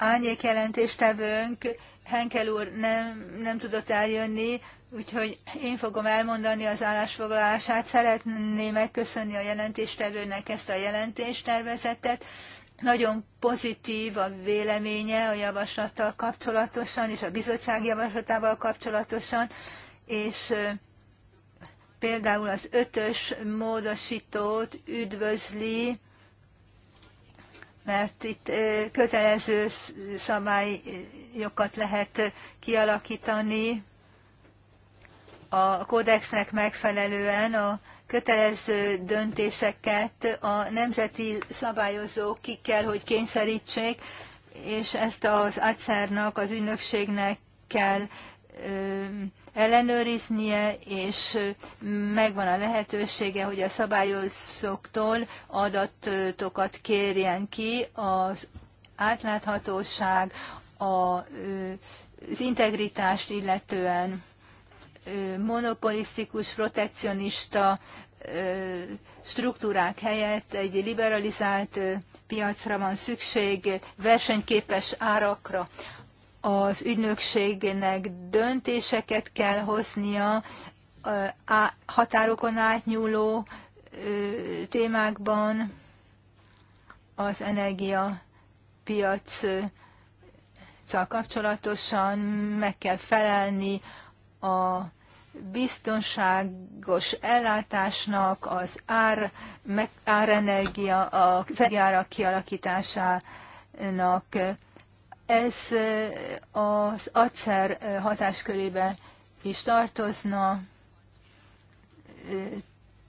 árnyék jelentéstevőnk, Henkel úr nem, nem tudott eljönni, úgyhogy én fogom elmondani az állásfoglalását. Szeretném megköszönni a jelentéstevőnek ezt a jelentéstervezetet. Nagyon pozitív a véleménye a javaslattal kapcsolatosan, és a bizottság javaslatával kapcsolatosan, és például az ötös módosítót üdvözli, mert itt kötelező szabályokat lehet kialakítani a kódexnek megfelelően a kötelező döntéseket a nemzeti szabályozók ki kell, hogy kényszerítsék, és ezt az acer az ügynökségnek kell ellenőriznie, és megvan a lehetősége, hogy a szabályozóktól adatokat kérjen ki az átláthatóság, az integritást illetően monopolisztikus, protekcionista struktúrák helyett egy liberalizált piacra van szükség, versenyképes árakra az ügynökségnek döntéseket kell hoznia határokon átnyúló témákban az energiapiacsal kapcsolatosan meg kell felelni a biztonságos ellátásnak, az ár, meg, árenergia, az energiára kialakításának, ez az acer hatáskörébe is tartozna,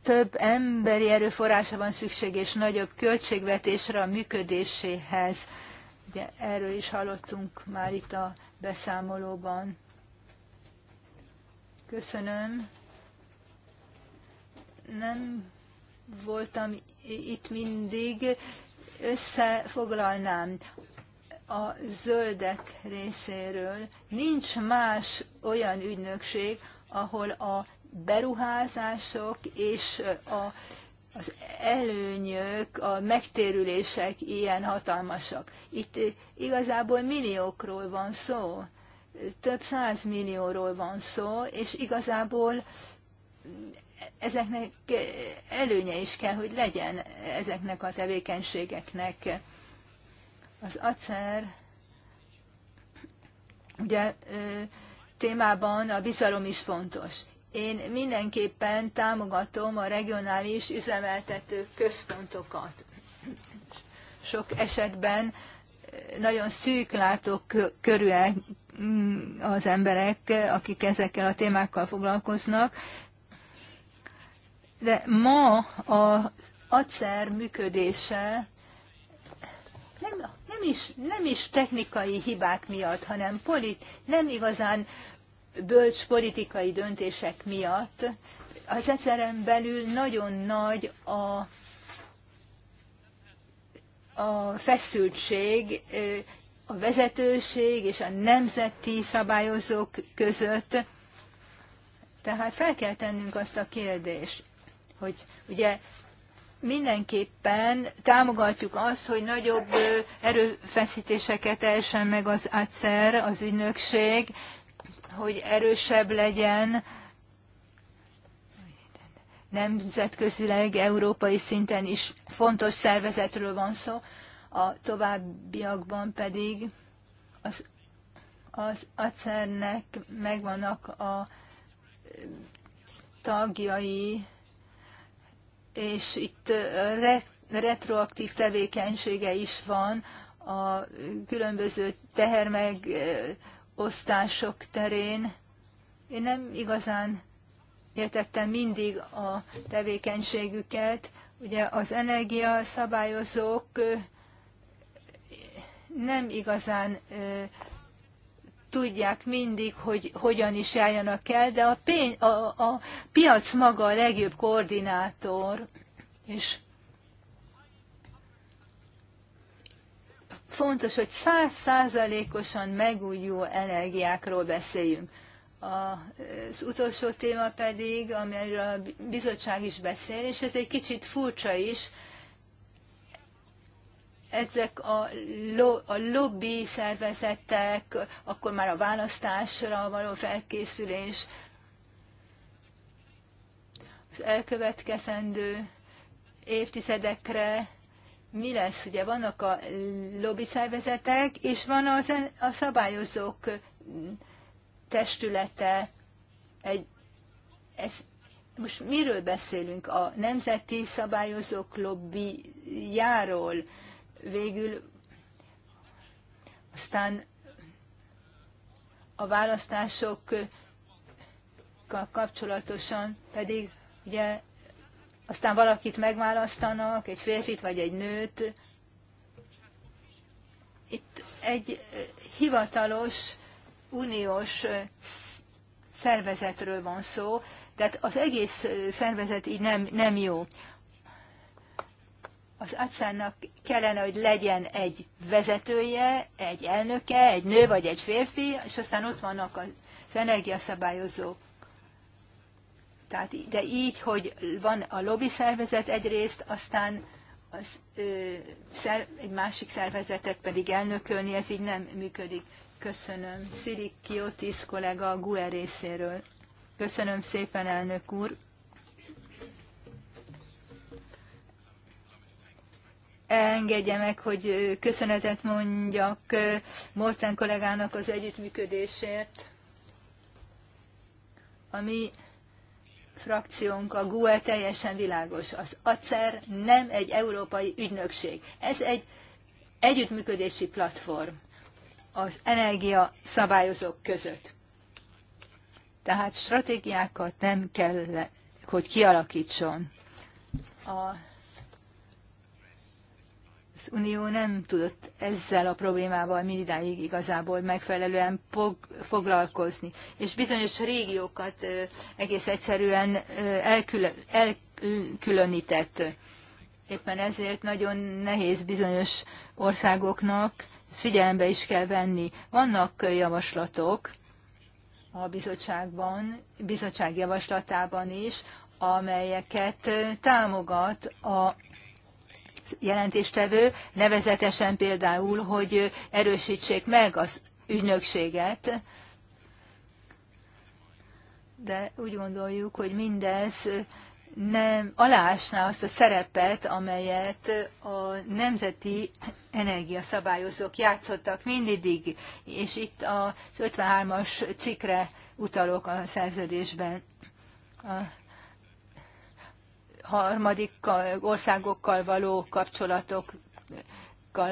több emberi erőforrása van szükség, és nagyobb költségvetésre a működéséhez. Ugye erről is hallottunk már itt a beszámolóban. Köszönöm. Nem voltam itt mindig. Összefoglalnám a zöldek részéről nincs más olyan ügynökség, ahol a beruházások és a, az előnyök, a megtérülések ilyen hatalmasak. Itt igazából milliókról van szó, több száz millióról van szó, és igazából ezeknek előnye is kell, hogy legyen ezeknek a tevékenységeknek. Az acer ugye témában a bizalom is fontos. Én mindenképpen támogatom a regionális üzemeltető központokat. Sok esetben nagyon szűk látok körülök mm, az emberek, akik ezekkel a témákkal foglalkoznak, de ma az acer működése nem nem is, nem is technikai hibák miatt, hanem polit, nem igazán bölcs politikai döntések miatt. Az ezeren belül nagyon nagy a, a feszültség, a vezetőség és a nemzeti szabályozók között. Tehát fel kell tennünk azt a kérdést, hogy ugye mindenképpen támogatjuk azt, hogy nagyobb erőfeszítéseket elsen meg az ACER, az ügynökség, hogy erősebb legyen nemzetközileg, európai szinten is fontos szervezetről van szó, a továbbiakban pedig az, az ACER-nek megvannak a tagjai, és itt retroaktív tevékenysége is van a különböző tehermegosztások terén. Én nem igazán értettem mindig a tevékenységüket. Ugye az energiaszabályozók nem igazán tudják mindig, hogy hogyan is járjanak el, de a, pénz, a, a piac maga a legjobb koordinátor, és fontos, hogy száz százalékosan megújuló energiákról beszéljünk. Az utolsó téma pedig, amiről a bizottság is beszél, és ez egy kicsit furcsa is, ezek a, lo, a lobby szervezetek, akkor már a választásra való felkészülés, az elkövetkezendő évtizedekre mi lesz? Ugye vannak a lobby szervezetek, és van az, a szabályozók testülete. Egy, ez, most miről beszélünk? A nemzeti szabályozók lobbyjáról, végül aztán a választásokkal kapcsolatosan pedig ugye aztán valakit megválasztanak, egy férfit vagy egy nőt. Itt egy eh, hivatalos, uniós eh, szervezetről van szó, tehát az egész eh, szervezet így nem, nem jó az ACSZ-nak kellene, hogy legyen egy vezetője, egy elnöke, egy nő vagy egy férfi, és aztán ott vannak az energiaszabályozók. Tehát, de így, hogy van a lobby szervezet egyrészt, aztán az, ö, szer, egy másik szervezetet pedig elnökölni, ez így nem működik. Köszönöm. Szirik Kiotis kollega a GUE részéről. Köszönöm szépen, elnök úr. engedje meg, hogy köszönetet mondjak Morten kollégának az együttműködésért. A mi frakciónk, a GUE teljesen világos. Az ACER nem egy európai ügynökség. Ez egy együttműködési platform az energia szabályozók között. Tehát stratégiákat nem kell, hogy kialakítson. A az Unió nem tudott ezzel a problémával mindidáig igazából megfelelően foglalkozni, és bizonyos régiókat egész egyszerűen elkülönített. Éppen ezért nagyon nehéz bizonyos országoknak, ezt figyelembe is kell venni. Vannak javaslatok a bizottságban, bizottság javaslatában is, amelyeket támogat a jelentéstevő, nevezetesen például, hogy erősítsék meg az ügynökséget, de úgy gondoljuk, hogy mindez nem alásná azt a szerepet, amelyet a nemzeti energiaszabályozók játszottak mindig, és itt az 53-as cikre utalok a szerződésben. A harmadik országokkal való kapcsolatokkal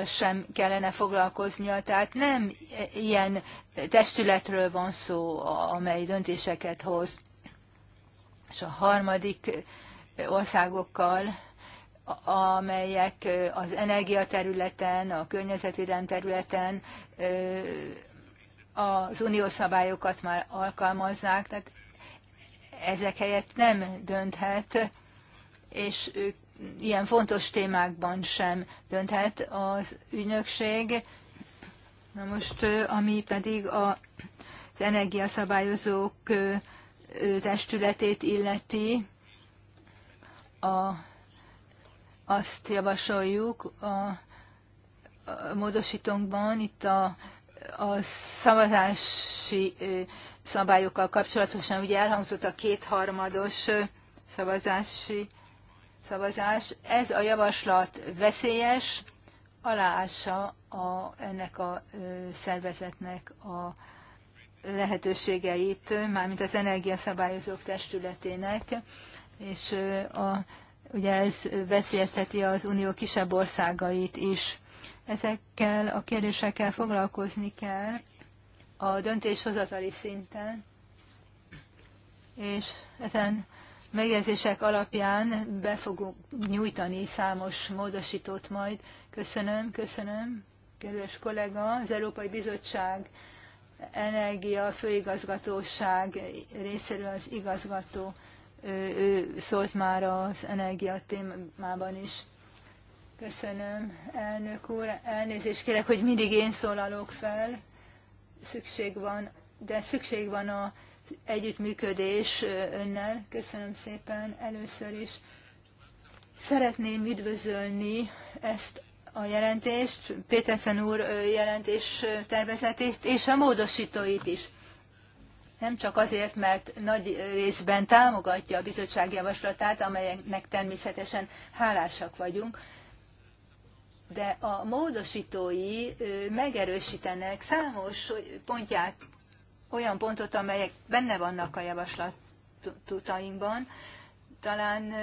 sem kellene foglalkoznia. Tehát nem ilyen testületről van szó, amely döntéseket hoz. És a harmadik országokkal, amelyek az energiaterületen, a környezetvédelem területen az unió szabályokat már alkalmazzák, tehát ezek helyett nem dönthet és ők ilyen fontos témákban sem dönthet az ügynökség. Na most, ami pedig a, az energiaszabályozók testületét illeti, a, azt javasoljuk a, a módosítónkban, itt a, a szavazási szabályokkal kapcsolatosan ugye elhangzott a kétharmados szavazási szavazás. Ez a javaslat veszélyes, aláássa a, ennek a szervezetnek a lehetőségeit, mármint az energiaszabályozók testületének, és a, ugye ez veszélyezteti az unió kisebb országait is. Ezekkel a kérdésekkel foglalkozni kell a döntéshozatali szinten, és ezen megjegyzések alapján be fogunk nyújtani számos módosítót majd. Köszönöm, köszönöm, kedves kollega. Az Európai Bizottság Energia Főigazgatóság részéről az igazgató ő, ő szólt már az energia témában is. Köszönöm, elnök úr. Elnézést kérek, hogy mindig én szólalok fel. Szükség van, de szükség van a együttműködés önnel. Köszönöm szépen először is. Szeretném üdvözölni ezt a jelentést, Péterszen úr jelentés tervezetét és a módosítóit is. Nem csak azért, mert nagy részben támogatja a bizottság javaslatát, amelyeknek természetesen hálásak vagyunk, de a módosítói megerősítenek számos pontját olyan pontot, amelyek benne vannak a javaslatutainkban, talán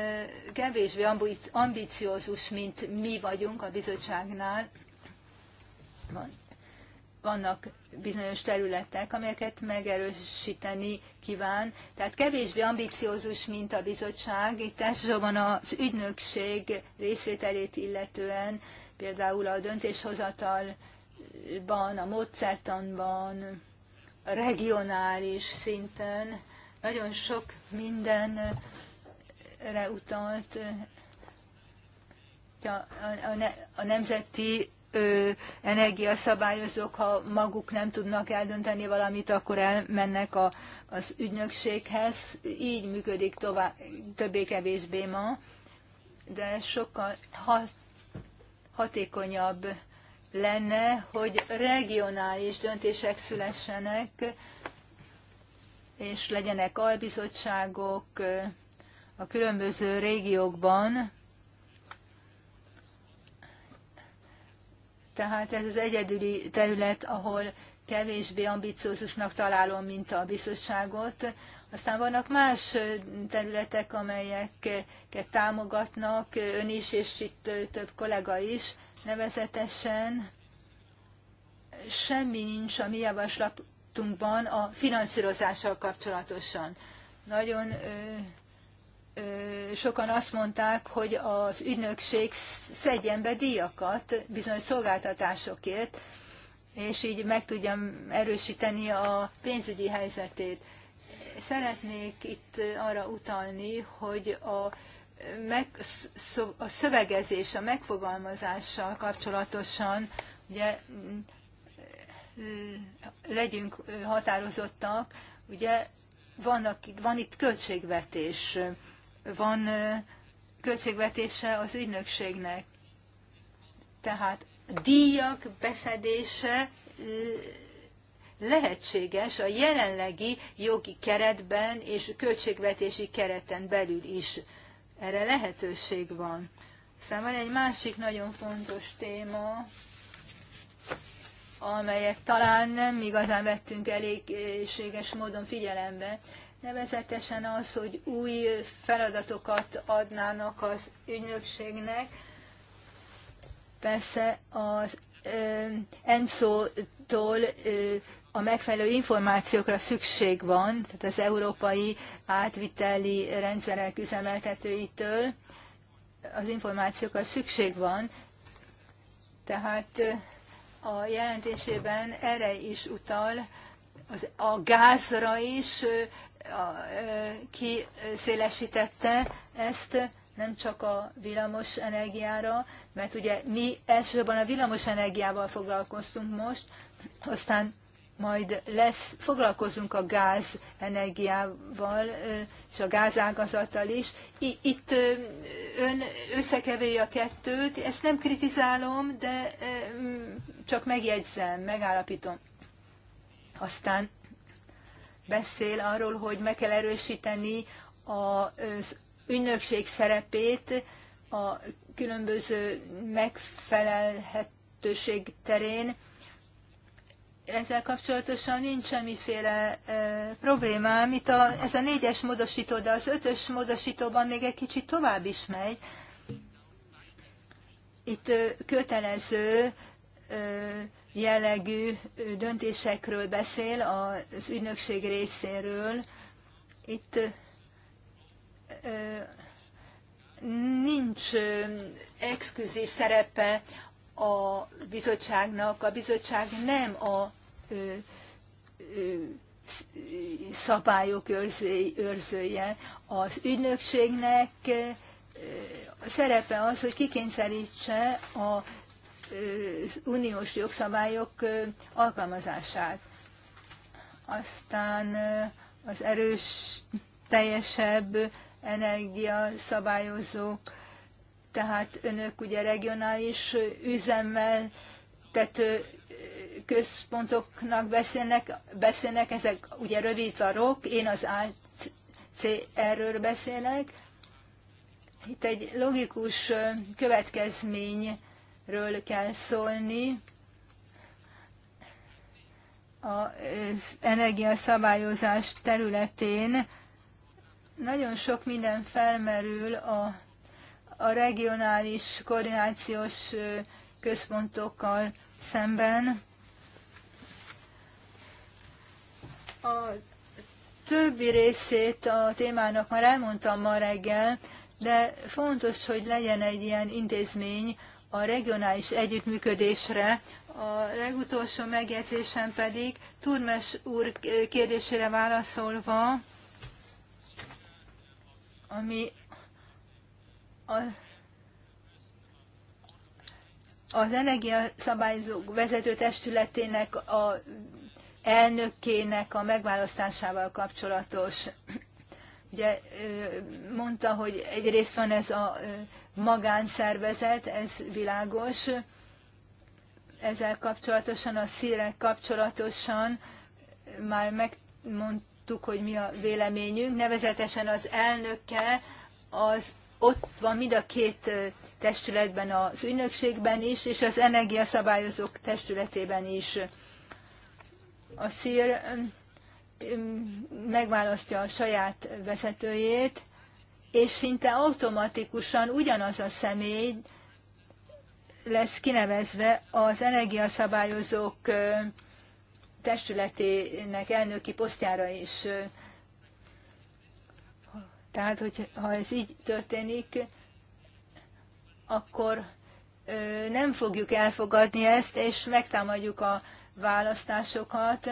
kevésbé ambiciózus, mint mi vagyunk a bizottságnál. Vannak bizonyos területek, amelyeket megerősíteni kíván. Tehát kevésbé ambiciózus, mint a bizottság. Itt elsősorban az ügynökség részvételét illetően, például a döntéshozatalban, a módszertanban, regionális szinten nagyon sok mindenre utalt a, a, a nemzeti ö, energiaszabályozók, ha maguk nem tudnak eldönteni valamit, akkor elmennek a, az ügynökséghez. Így működik tovább, többé-kevésbé ma, de sokkal hat, hatékonyabb lenne, hogy regionális döntések szülessenek, és legyenek albizottságok a különböző régiókban. Tehát ez az egyedüli terület, ahol kevésbé ambiciózusnak találom, mint a bizottságot. Aztán vannak más területek, amelyeket támogatnak ön is, és itt több kollega is. Nevezetesen semmi nincs a mi javaslatunkban a finanszírozással kapcsolatosan. Nagyon ö, ö, sokan azt mondták, hogy az ügynökség szedjen be díjakat bizonyos szolgáltatásokért, és így meg tudjam erősíteni a pénzügyi helyzetét. Szeretnék itt arra utalni, hogy a meg, a szövegezés, a megfogalmazással kapcsolatosan ugye mm, legyünk határozottak, ugye vannak, van itt költségvetés, van költségvetése az ügynökségnek. Tehát díjak beszedése lehetséges a jelenlegi jogi keretben és költségvetési kereten belül is erre lehetőség van. Aztán van szóval egy másik nagyon fontos téma, amelyet talán nem igazán vettünk elégséges módon figyelembe, nevezetesen az, hogy új feladatokat adnának az ügynökségnek. Persze az ENSZO-tól a megfelelő információkra szükség van, tehát az európai átviteli rendszerek üzemeltetőitől az információkra szükség van, tehát a jelentésében erre is utal, az, a gázra is a, kiszélesítette ezt, nem csak a villamos energiára, mert ugye mi elsősorban a villamos energiával foglalkoztunk most, aztán majd lesz, foglalkozunk a gáz energiával és a gázágazattal is. Itt ön összekeveri a kettőt, ezt nem kritizálom, de csak megjegyzem, megállapítom. Aztán beszél arról, hogy meg kell erősíteni az ünnökség szerepét a különböző megfelelhetőség terén ezzel kapcsolatosan nincs semmiféle e, problémám. Itt a, ez a négyes módosító, de az ötös módosítóban még egy kicsit tovább is megy. Itt e, kötelező e, jellegű döntésekről beszél az ügynökség részéről. Itt e, nincs exkluzív szerepe a bizottságnak, a bizottság nem a ö, ö, szabályok őrző, őrzője, az ügynökségnek a szerepe az, hogy kikényszerítse a uniós jogszabályok alkalmazását. Aztán az erős, teljesebb energiaszabályozók tehát önök ugye regionális üzemmel tető központoknak beszélnek, beszélnek, ezek ugye rövid a ROK, én az ACR-ről beszélek. Itt egy logikus következményről kell szólni. Az energiaszabályozás területén nagyon sok minden felmerül a a regionális koordinációs központokkal szemben. A többi részét a témának már elmondtam ma reggel, de fontos, hogy legyen egy ilyen intézmény a regionális együttműködésre. A legutolsó megjegyzésem pedig Turmes úr kérdésére válaszolva, ami az energiaszabályzók vezető testületének a elnökének a megválasztásával kapcsolatos. Ugye mondta, hogy egyrészt van ez a magánszervezet, ez világos, ezzel kapcsolatosan, a szírek kapcsolatosan már megmondtuk, hogy mi a véleményünk, nevezetesen az elnöke az ott van mind a két testületben, az ügynökségben is, és az energiaszabályozók testületében is. A szír megválasztja a saját vezetőjét, és szinte automatikusan ugyanaz a személy lesz kinevezve az energiaszabályozók testületének elnöki posztjára is. Tehát, hogy ha ez így történik, akkor nem fogjuk elfogadni ezt, és megtámadjuk a választásokat.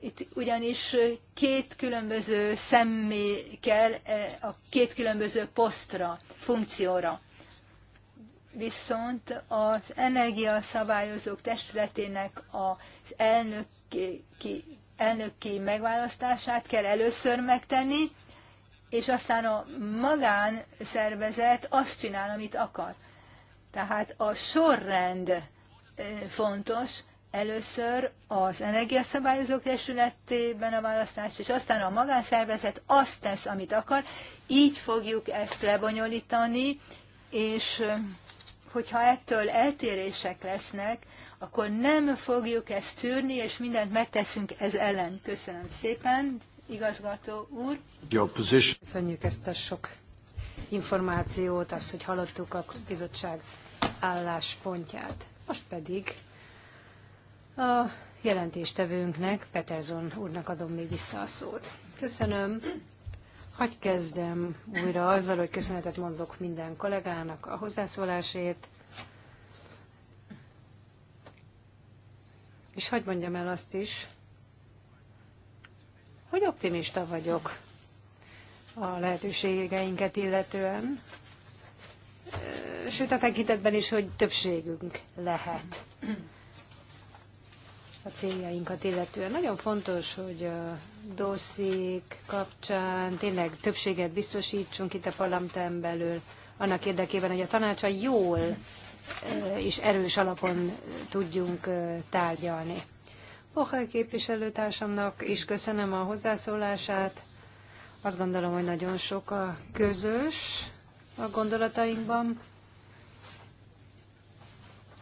Itt ugyanis két különböző szemmé kell a két különböző posztra, funkcióra. Viszont az energiaszabályozók testületének az elnöki, elnöki megválasztását kell először megtenni, és aztán a magán szervezet azt csinál, amit akar. Tehát a sorrend fontos, először az energiaszabályozók testületében a választás, és aztán a magánszervezet azt tesz, amit akar. Így fogjuk ezt lebonyolítani, és hogyha ettől eltérések lesznek, akkor nem fogjuk ezt tűrni, és mindent megteszünk ez ellen. Köszönöm szépen igazgató úr. Köszönjük ezt a sok információt, azt, hogy hallottuk a bizottság álláspontját. Most pedig a jelentéstevőnknek, Peterson úrnak adom még vissza a szót. Köszönöm. Hagy kezdem újra azzal, hogy köszönetet mondok minden kollégának a hozzászólásért. És hagyd mondjam el azt is, hogy optimista vagyok a lehetőségeinket illetően, sőt a tekintetben is, hogy többségünk lehet a céljainkat illetően. Nagyon fontos, hogy a dossziék kapcsán tényleg többséget biztosítsunk itt a parlamenten belül, annak érdekében, hogy a tanácsa jól eh, és erős alapon tudjunk eh, tárgyalni. Pohaj képviselőtársamnak is köszönöm a hozzászólását. Azt gondolom, hogy nagyon sok a közös a gondolatainkban.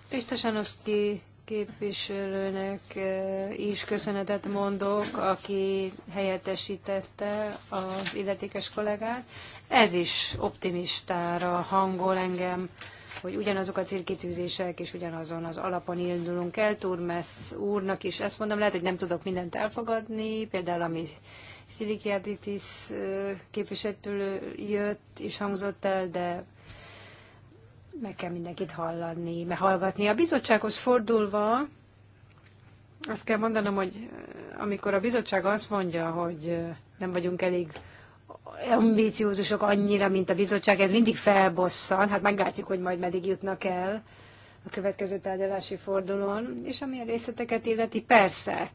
És Tosanoszki képviselőnek eh, is köszönetet mondok, aki helyettesítette az illetékes kollégát. Ez is optimistára hangol engem hogy ugyanazok a célkitűzések és ugyanazon az alapon indulunk el. Turmes úrnak is ezt mondom, lehet, hogy nem tudok mindent elfogadni, például ami Szilikiaditis képviselőtől jött és hangzott el, de meg kell mindenkit hallani, meg hallgatni. A bizottsághoz fordulva azt kell mondanom, hogy amikor a bizottság azt mondja, hogy nem vagyunk elég ambíciózusok annyira, mint a bizottság, ez mindig felbosszan, hát meglátjuk, hogy majd meddig jutnak el a következő tárgyalási fordulón, és ami a részleteket illeti, persze,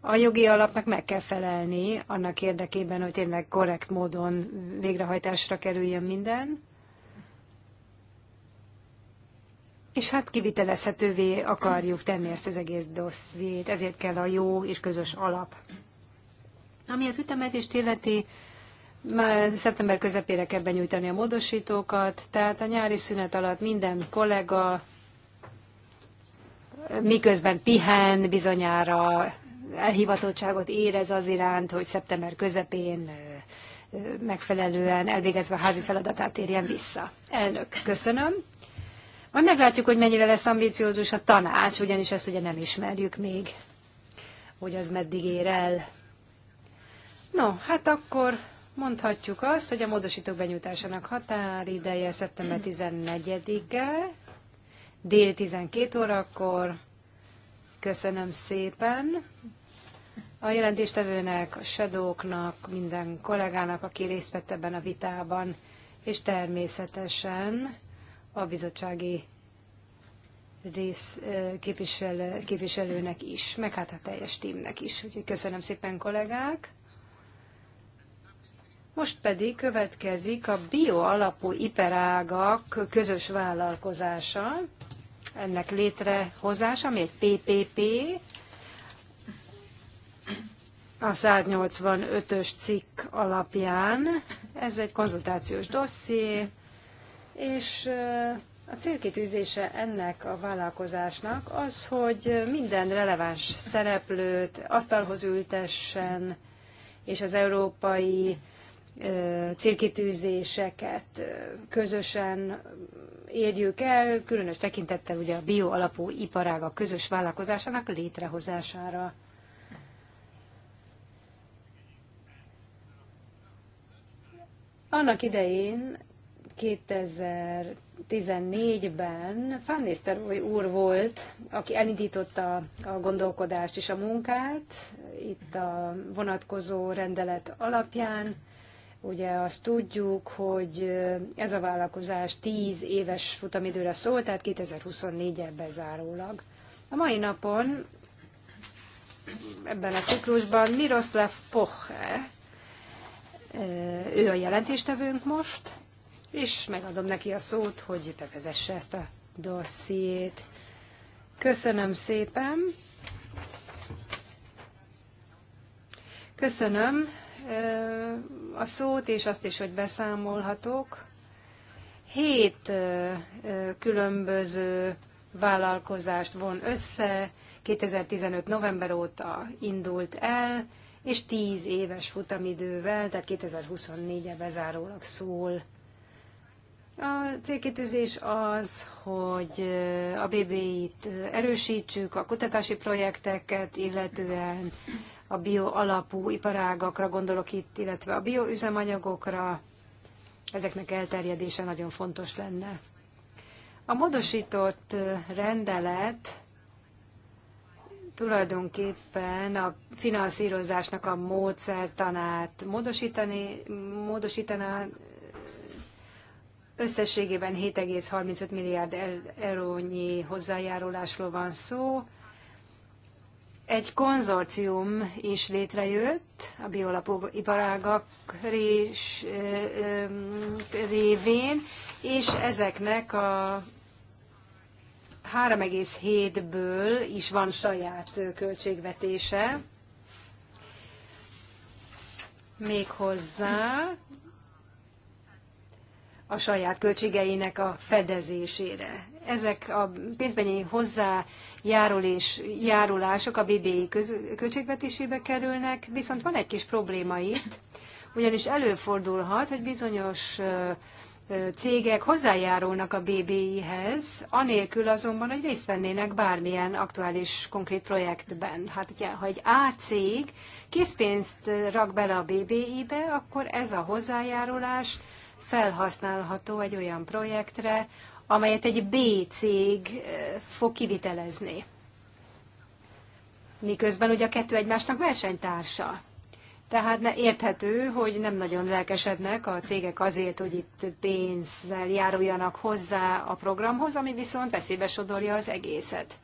a jogi alapnak meg kell felelni annak érdekében, hogy tényleg korrekt módon végrehajtásra kerüljön minden, és hát kivitelezhetővé akarjuk tenni ezt az egész dossziét, ezért kell a jó és közös alap. Ami az ütemezést illeti, már szeptember közepére kell benyújtani a módosítókat, tehát a nyári szünet alatt minden kollega miközben pihen, bizonyára elhivatottságot érez az iránt, hogy szeptember közepén megfelelően elvégezve a házi feladatát érjen vissza. Elnök, köszönöm. Majd meglátjuk, hogy mennyire lesz ambiciózus a tanács, ugyanis ezt ugye nem ismerjük még, hogy az meddig ér el. No, hát akkor Mondhatjuk azt, hogy a módosítók benyújtásának határideje szeptember 14-e, dél 12 órakor. Köszönöm szépen a jelentéstevőnek, a sedóknak, minden kollégának, aki részt vett ebben a vitában, és természetesen a bizottsági rész képviselő, képviselőnek is, meg hát a teljes tímnek is. Úgyhogy köszönöm szépen kollégák! Most pedig következik a bioalapú iperágak közös vállalkozása, ennek létrehozása, ami egy PPP, a 185-ös cikk alapján. Ez egy konzultációs dosszié, és a célkitűzése ennek a vállalkozásnak az, hogy minden releváns szereplőt asztalhoz ültessen, és az európai célkitűzéseket közösen érjük el, különös tekintettel ugye a bio alapú iparága közös vállalkozásának létrehozására. Annak idején 2014-ben Van úr volt, aki elindította a gondolkodást és a munkát itt a vonatkozó rendelet alapján Ugye azt tudjuk, hogy ez a vállalkozás 10 éves futamidőre szól, tehát 2024 ben bezárólag. A mai napon ebben a ciklusban Miroslav Poche, ő a jelentéstevőnk most, és megadom neki a szót, hogy bevezesse ezt a dossziét. Köszönöm szépen! Köszönöm a szót, és azt is, hogy beszámolhatok. Hét különböző vállalkozást von össze, 2015. november óta indult el, és 10 éves futamidővel, tehát 2024 e bezárólag szól. A célkitűzés az, hogy a BB-t erősítsük, a kutatási projekteket, illetően a bioalapú iparágakra gondolok itt, illetve a bioüzemanyagokra, ezeknek elterjedése nagyon fontos lenne. A módosított rendelet tulajdonképpen a finanszírozásnak a módszertanát módosítani, módosítaná összességében 7,35 milliárd eurónyi hozzájárulásról van szó, egy konzorcium is létrejött a biolapú iparágak rés, révén, és ezeknek a 3,7-ből is van saját költségvetése, méghozzá a saját költségeinek a fedezésére ezek a pénzbeni hozzájárulás, járulások a BBI költségvetésébe kerülnek, viszont van egy kis probléma itt, ugyanis előfordulhat, hogy bizonyos cégek hozzájárulnak a BBI-hez, anélkül azonban, hogy részt vennének bármilyen aktuális konkrét projektben. Hát, ha egy A cég készpénzt rak bele a BBI-be, akkor ez a hozzájárulás felhasználható egy olyan projektre, amelyet egy B cég eh, fog kivitelezni. Miközben ugye a kettő egymásnak versenytársa. Tehát ne érthető, hogy nem nagyon lelkesednek a cégek azért, hogy itt pénzzel járuljanak hozzá a programhoz, ami viszont veszélybe sodorja az egészet.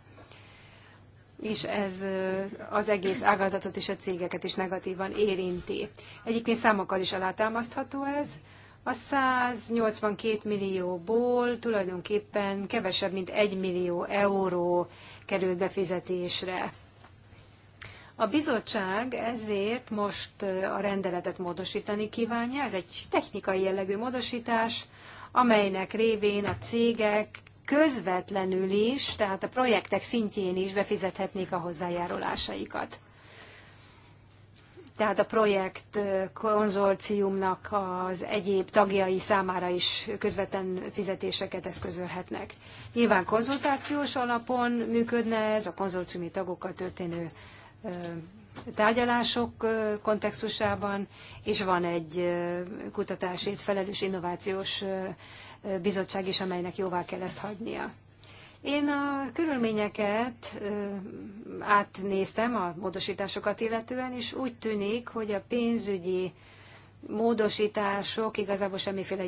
És ez eh, az egész ágazatot és a cégeket is negatívan érinti. Egyébként számokkal is alátámasztható ez. A 182 millióból tulajdonképpen kevesebb, mint 1 millió euró került befizetésre. A bizottság ezért most a rendeletet módosítani kívánja. Ez egy technikai jellegű módosítás, amelynek révén a cégek közvetlenül is, tehát a projektek szintjén is befizethetnék a hozzájárulásaikat tehát a projekt konzorciumnak az egyéb tagjai számára is közvetlen fizetéseket eszközölhetnek. Nyilván konzultációs alapon működne ez a konzorciumi tagokkal történő tárgyalások kontextusában, és van egy kutatásért felelős innovációs bizottság is, amelynek jóvá kell ezt hagynia. Én a körülményeket átnéztem a módosításokat illetően, és úgy tűnik, hogy a pénzügyi módosítások igazából semmiféle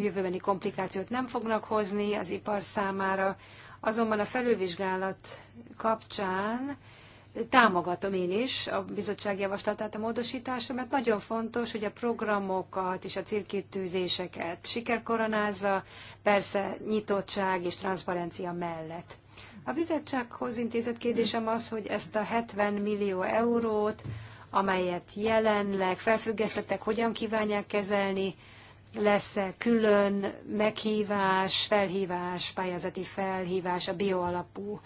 jövőbeni komplikációt nem fognak hozni az ipar számára, azonban a felülvizsgálat kapcsán Támogatom én is a bizottság javaslatát a módosításra, mert nagyon fontos, hogy a programokat és a célkitűzéseket sikerkoronázza, persze nyitottság és transzparencia mellett. A bizottsághoz intézett kérdésem az, hogy ezt a 70 millió eurót, amelyet jelenleg felfüggesztettek, hogyan kívánják kezelni, lesz-e külön meghívás, felhívás, pályázati felhívás a bioalapú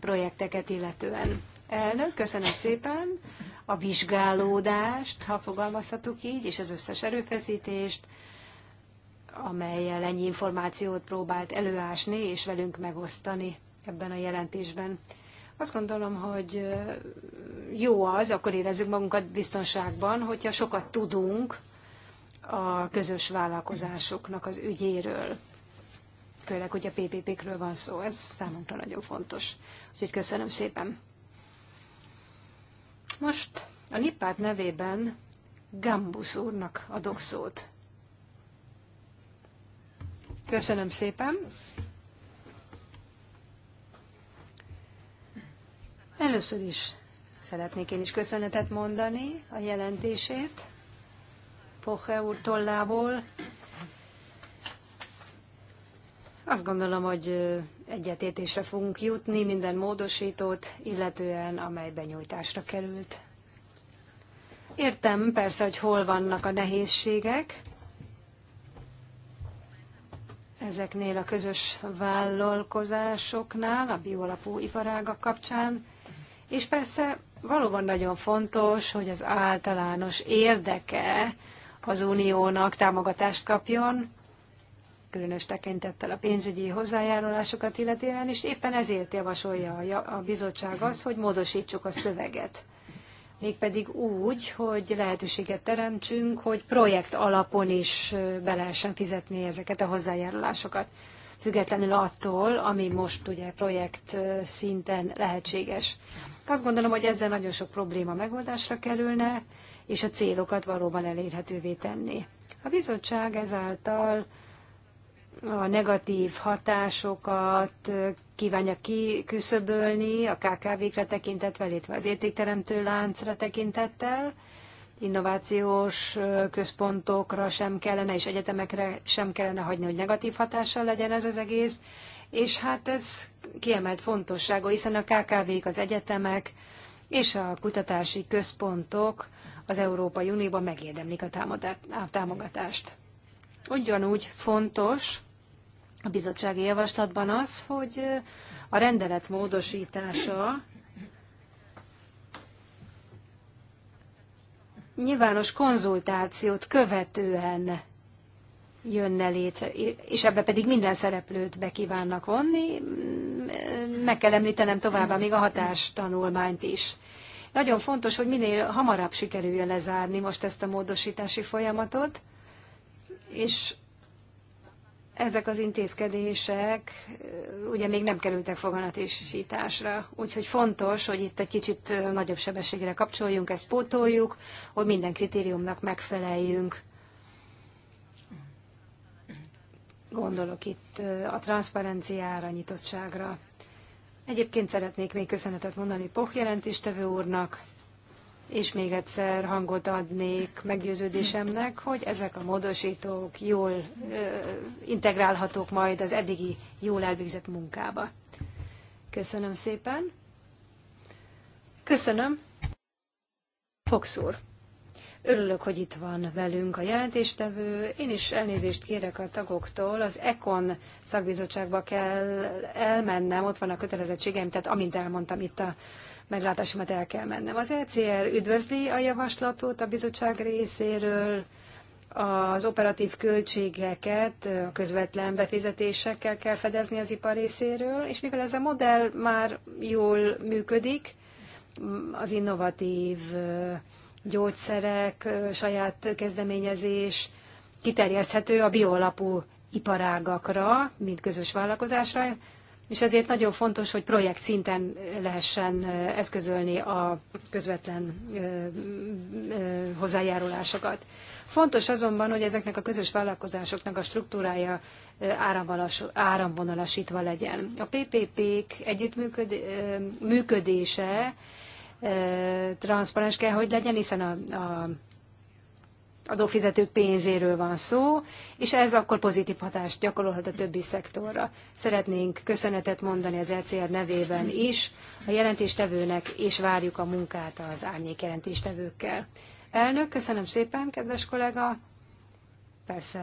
projekteket illetően. Elnök, köszönöm szépen a vizsgálódást, ha fogalmazhatok így, és az összes erőfeszítést, amelyel ennyi információt próbált előásni és velünk megosztani ebben a jelentésben. Azt gondolom, hogy jó az, akkor érezzük magunkat biztonságban, hogyha sokat tudunk a közös vállalkozásoknak az ügyéről főleg, hogy a PPP-kről van szó, ez számunkra nagyon fontos. Úgyhogy köszönöm szépen. Most a nippárt nevében Gambus úrnak adok szót. Köszönöm szépen. Először is szeretnék én is köszönetet mondani a jelentését Poche úr tollából, azt gondolom, hogy egyetértésre fogunk jutni minden módosítót, illetően amely benyújtásra került. Értem persze, hogy hol vannak a nehézségek. Ezeknél a közös vállalkozásoknál, a bioalapú iparágak kapcsán. És persze valóban nagyon fontos, hogy az általános érdeke az uniónak támogatást kapjon, különös tekintettel a pénzügyi hozzájárulásokat illetően, és éppen ezért javasolja a bizottság az, hogy módosítsuk a szöveget. Mégpedig úgy, hogy lehetőséget teremtsünk, hogy projekt alapon is be lehessen fizetni ezeket a hozzájárulásokat, függetlenül attól, ami most ugye projekt szinten lehetséges. Azt gondolom, hogy ezzel nagyon sok probléma megoldásra kerülne, és a célokat valóban elérhetővé tenni. A bizottság ezáltal a negatív hatásokat kívánja kiküszöbölni a KKV-kre tekintettel, illetve az értékteremtő láncra tekintettel, innovációs központokra sem kellene, és egyetemekre sem kellene hagyni, hogy negatív hatással legyen ez az egész, és hát ez kiemelt fontosságú, hiszen a KKV-k, az egyetemek és a kutatási központok az Európai Unióban megérdemlik a támogatást. Ugyanúgy fontos a bizottsági javaslatban az, hogy a rendelet módosítása nyilvános konzultációt követően jönne létre, és ebbe pedig minden szereplőt be kívánnak vonni. Meg kell említenem továbbá még a hatástanulmányt is. Nagyon fontos, hogy minél hamarabb sikerüljön lezárni most ezt a módosítási folyamatot, és ezek az intézkedések ugye még nem kerültek foganatisításra, úgyhogy fontos, hogy itt egy kicsit nagyobb sebességre kapcsoljunk, ezt pótoljuk, hogy minden kritériumnak megfeleljünk. Gondolok itt a transzparenciára, nyitottságra. Egyébként szeretnék még köszönetet mondani Poch jelentéstevő úrnak, és még egyszer hangot adnék meggyőződésemnek, hogy ezek a módosítók jól integrálhatók majd az eddigi jól elvégzett munkába. Köszönöm szépen. Köszönöm. Fox úr. Örülök, hogy itt van velünk a jelentéstevő. Én is elnézést kérek a tagoktól. Az ECON szakbizottságba kell elmennem, ott van a kötelezettségem, tehát amint elmondtam itt a meglátásomat el kell mennem. Az ECR üdvözli a javaslatot a bizottság részéről, az operatív költségeket a közvetlen befizetésekkel kell fedezni az ipar részéről, és mivel ez a modell már jól működik, az innovatív gyógyszerek, saját kezdeményezés kiterjeszthető a bioalapú iparágakra, mint közös vállalkozásra, és ezért nagyon fontos, hogy projekt szinten lehessen eszközölni a közvetlen hozzájárulásokat. Fontos azonban, hogy ezeknek a közös vállalkozásoknak a struktúrája áramvonalasítva legyen. A PPP-k együttműködése transzparens kell, hogy legyen, hiszen a, a adófizetők pénzéről van szó, és ez akkor pozitív hatást gyakorolhat a többi szektorra. Szeretnénk köszönetet mondani az ECR nevében is a jelentéstevőnek, és várjuk a munkát az árnyék jelentéstevőkkel. Elnök, köszönöm szépen, kedves kollega. Persze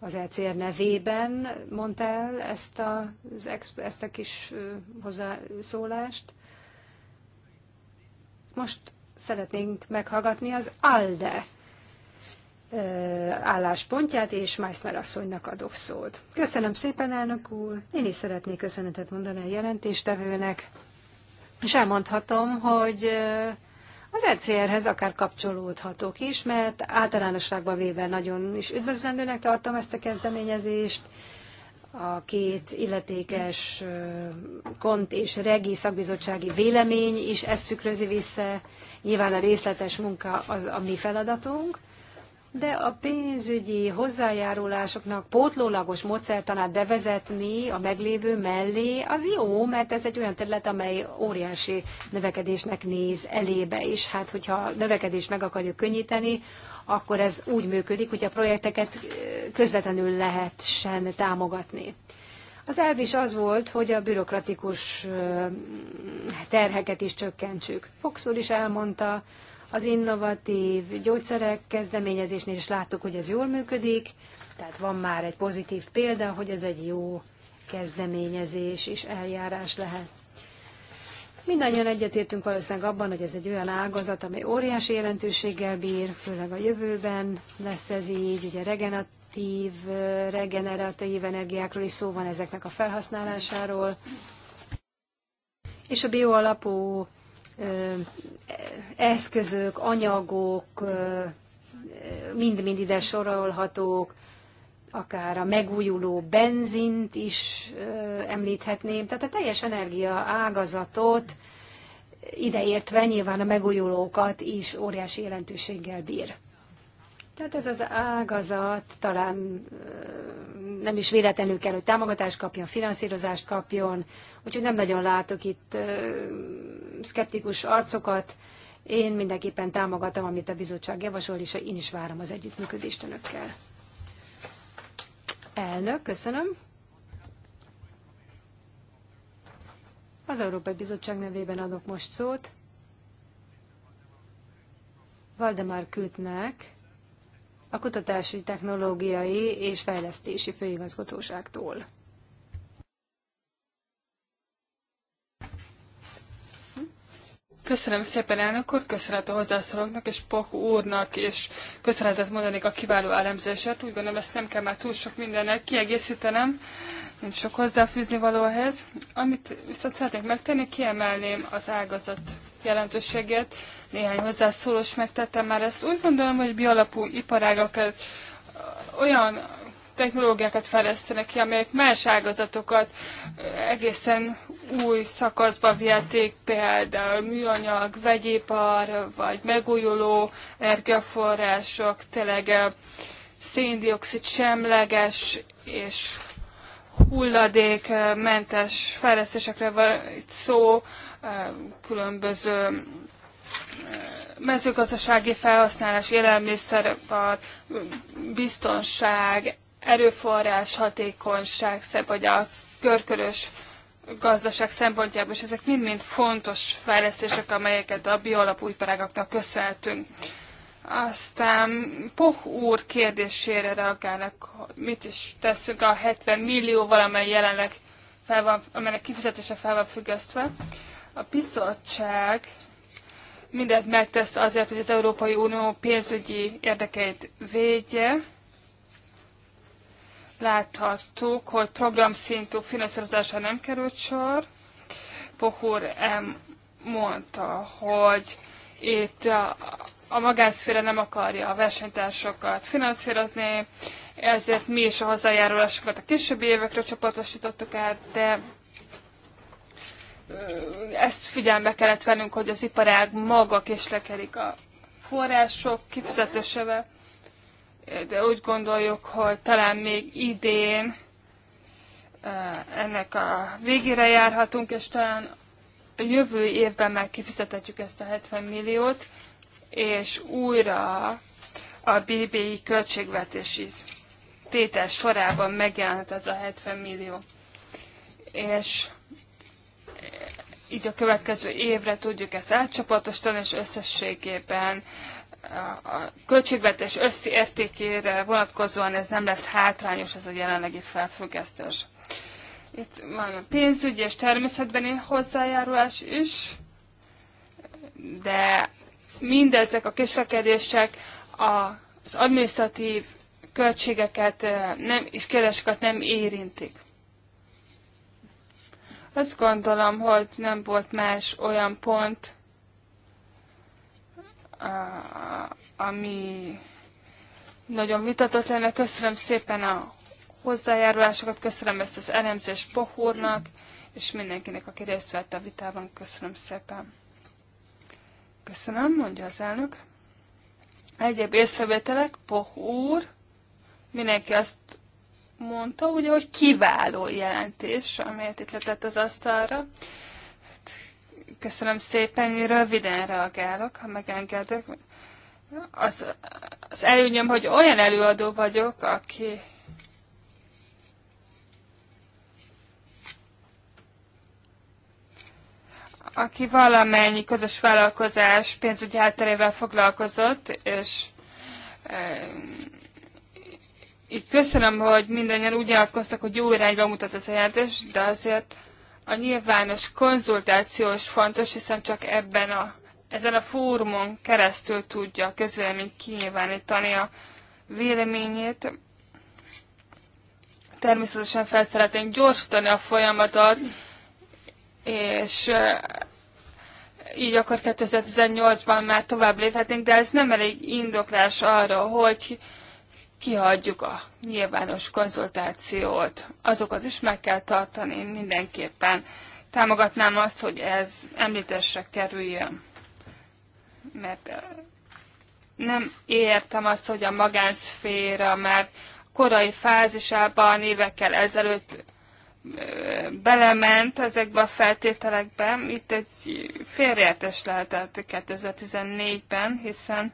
az ECR nevében mondta el ezt a, ezt a kis hozzászólást. Most szeretnénk meghallgatni az ALDE álláspontját, és Meissner asszonynak adok szót. Köszönöm szépen, elnök úr! Én is szeretnék köszönetet mondani a jelentéstevőnek, és elmondhatom, hogy az ECR-hez akár kapcsolódhatok is, mert általánosságban véve nagyon is üdvözlendőnek tartom ezt a kezdeményezést, a két illetékes kont és regi szakbizottsági vélemény is ezt tükrözi vissza. Nyilván a részletes munka az a mi feladatunk, de a pénzügyi hozzájárulásoknak pótlólagos módszertanát bevezetni a meglévő mellé, az jó, mert ez egy olyan terület, amely óriási növekedésnek néz elébe, és hát hogyha a növekedést meg akarjuk könnyíteni, akkor ez úgy működik, hogy a projekteket közvetlenül lehessen támogatni. Az elv is az volt, hogy a bürokratikus terheket is csökkentsük. Foxul is elmondta, az innovatív gyógyszerek kezdeményezésnél is láttuk, hogy ez jól működik, tehát van már egy pozitív példa, hogy ez egy jó kezdeményezés és eljárás lehet. Mindannyian egyetértünk valószínűleg abban, hogy ez egy olyan ágazat, amely óriási jelentőséggel bír, főleg a jövőben lesz ez így, ugye regeneratív, regeneratív energiákról is szó van ezeknek a felhasználásáról. És a bioalapú eszközök, anyagok, mind-mind ide sorolhatók, akár a megújuló benzint is említhetném, tehát a teljes energia ágazatot ideértve nyilván a megújulókat is óriási jelentőséggel bír. Tehát ez az ágazat talán nem is véletlenül kell, hogy támogatást kapjon, finanszírozást kapjon, úgyhogy nem nagyon látok itt szkeptikus arcokat. Én mindenképpen támogatom, amit a bizottság javasol, és én is várom az együttműködést önökkel. Elnök, köszönöm. Az Európai Bizottság nevében adok most szót. Valdemar Kütnek a Kutatási Technológiai és Fejlesztési Főigazgatóságtól. Köszönöm szépen, elnök úr, köszönet a hozzászólóknak és Pok úrnak, és köszönetet mondanék a kiváló elemzésért. Úgy gondolom, ezt nem kell már túl sok mindennek kiegészítenem, nincs sok hozzáfűzni valóhez. Amit viszont szeretnék megtenni, kiemelném az ágazat jelentőségét. Néhány hozzászólós megtettem már ezt. Úgy gondolom, hogy bialapú iparágakat olyan technológiákat fejlesztenek ki, amelyek más ágazatokat egészen új szakaszba vihették, például műanyag, vegyipar, vagy megújuló energiaforrások, tényleg széndiokszid semleges és hulladékmentes fejlesztésekre van itt szó, különböző eh, mezőgazdasági felhasználás, élelmiszeripar, biztonság, erőforrás, hatékonyság, vagy a körkörös gazdaság szempontjából, és ezek mind-mind fontos fejlesztések, amelyeket a biolapú iparágaknak köszönhetünk. Aztán Poch úr kérdésére reagálnak, hogy mit is teszünk a 70 millió valamely jelenleg fel van, amelynek kifizetése fel van függesztve. A bizottság mindent megtesz azért, hogy az Európai Unió pénzügyi érdekeit védje. Láthattuk, hogy programszintű finanszírozása nem került sor. Pohur mondta, hogy itt a, a magánszféra nem akarja a versenytársakat finanszírozni, ezért mi is a hozzájárulásokat a későbbi évekre csoportosítottuk át, de ezt figyelme kellett vennünk, hogy az iparág maga késlekedik a források kifizetésevel. de úgy gondoljuk, hogy talán még idén ennek a végére járhatunk, és talán a jövő évben már kifizetetjük ezt a 70 milliót, és újra a BBI költségvetési tétel sorában megjelenhet ez a 70 millió. És így a következő évre tudjuk ezt átcsoportosítani, és összességében a költségvetés összértékére vonatkozóan ez nem lesz hátrányos, ez a jelenlegi felfüggesztés. Itt van a pénzügyi és természetbeni hozzájárulás is, de mindezek a kislekedések az administratív költségeket eh, nem, és kérdéseket nem érintik. Azt gondolom, hogy nem volt más olyan pont, ami nagyon vitatott lenne. Köszönöm szépen a hozzájárulásokat, köszönöm ezt az elemzés Pohúrnak, és mindenkinek, aki részt vett a vitában, köszönöm szépen. Köszönöm, mondja az elnök. Egyéb észrevételek, Pohúr, mindenki azt mondta, ugye, hogy kiváló jelentés, amelyet itt letett az asztalra. Köszönöm szépen, röviden reagálok, ha megengedek. Az, az előnyöm, hogy olyan előadó vagyok, aki aki valamennyi közös vállalkozás pénzügyi hátterével foglalkozott, és eh, így köszönöm, hogy mindannyian úgy nyilatkoztak, hogy jó irányba mutat az a de azért a nyilvános konzultáció is fontos, hiszen csak ebben a, ezen a fórumon keresztül tudja a közvélemény kinyilvánítani a véleményét. Természetesen fel szeretnénk gyorsítani a folyamatot, és eh, így akkor 2018-ban már tovább léphetnénk, de ez nem elég indoklás arra, hogy kihagyjuk a nyilvános konzultációt. Azokat is meg kell tartani mindenképpen. Támogatnám azt, hogy ez említésre kerüljön, mert nem értem azt, hogy a magánszféra már korai fázisában évekkel ezelőtt belement ezekbe a feltételekbe. Itt egy félreértés lehetett 2014-ben, hiszen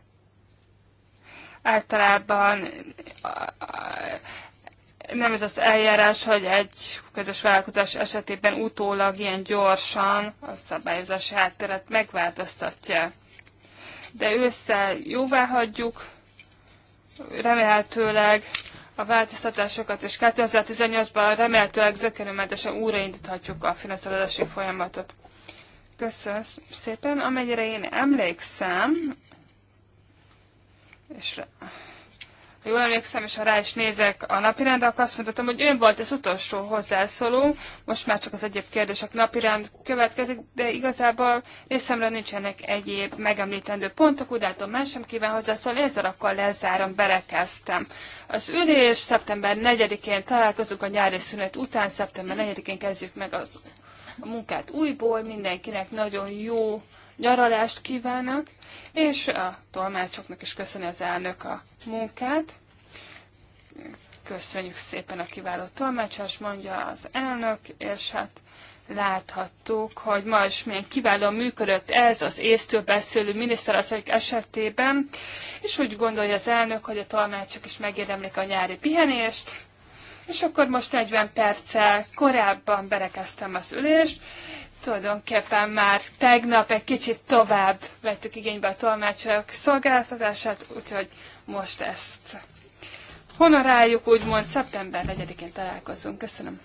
általában nem ez az eljárás, hogy egy közös vállalkozás esetében utólag ilyen gyorsan a szabályozási hátteret megváltoztatja. De össze jóvá hagyjuk, remélhetőleg a változtatásokat, és 2018-ban remélhetőleg zökkenőmentesen újraindíthatjuk a finanszírozási folyamatot. Köszönöm szépen. Amennyire én emlékszem, és ha jól emlékszem, és ha rá is nézek a napirendre, akkor azt mondhatom, hogy ön volt az utolsó hozzászóló, most már csak az egyéb kérdések napirend következik, de igazából részemre nincsenek egyéb megemlítendő pontok, úgy látom, más sem kíván hozzászólni, ezzel akkor lezárom, berekeztem. Az ülés szeptember 4-én találkozunk a nyári szünet után, szeptember 4-én kezdjük meg az, a munkát újból, mindenkinek nagyon jó nyaralást kívánok, és a tolmácsoknak is köszöni az elnök a munkát. Köszönjük szépen a kiváló tolmácsás, mondja az elnök, és hát láthattuk, hogy ma is milyen kiválóan működött ez az észtől beszélő miniszterasszonyok esetében, és úgy gondolja az elnök, hogy a tolmácsok is megérdemlik a nyári pihenést, és akkor most 40 perccel korábban berekeztem az ülést, tulajdonképpen már tegnap egy kicsit tovább vettük igénybe a tolmácsok szolgáltatását, úgyhogy most ezt honoráljuk, úgymond szeptember 4-én találkozunk. Köszönöm.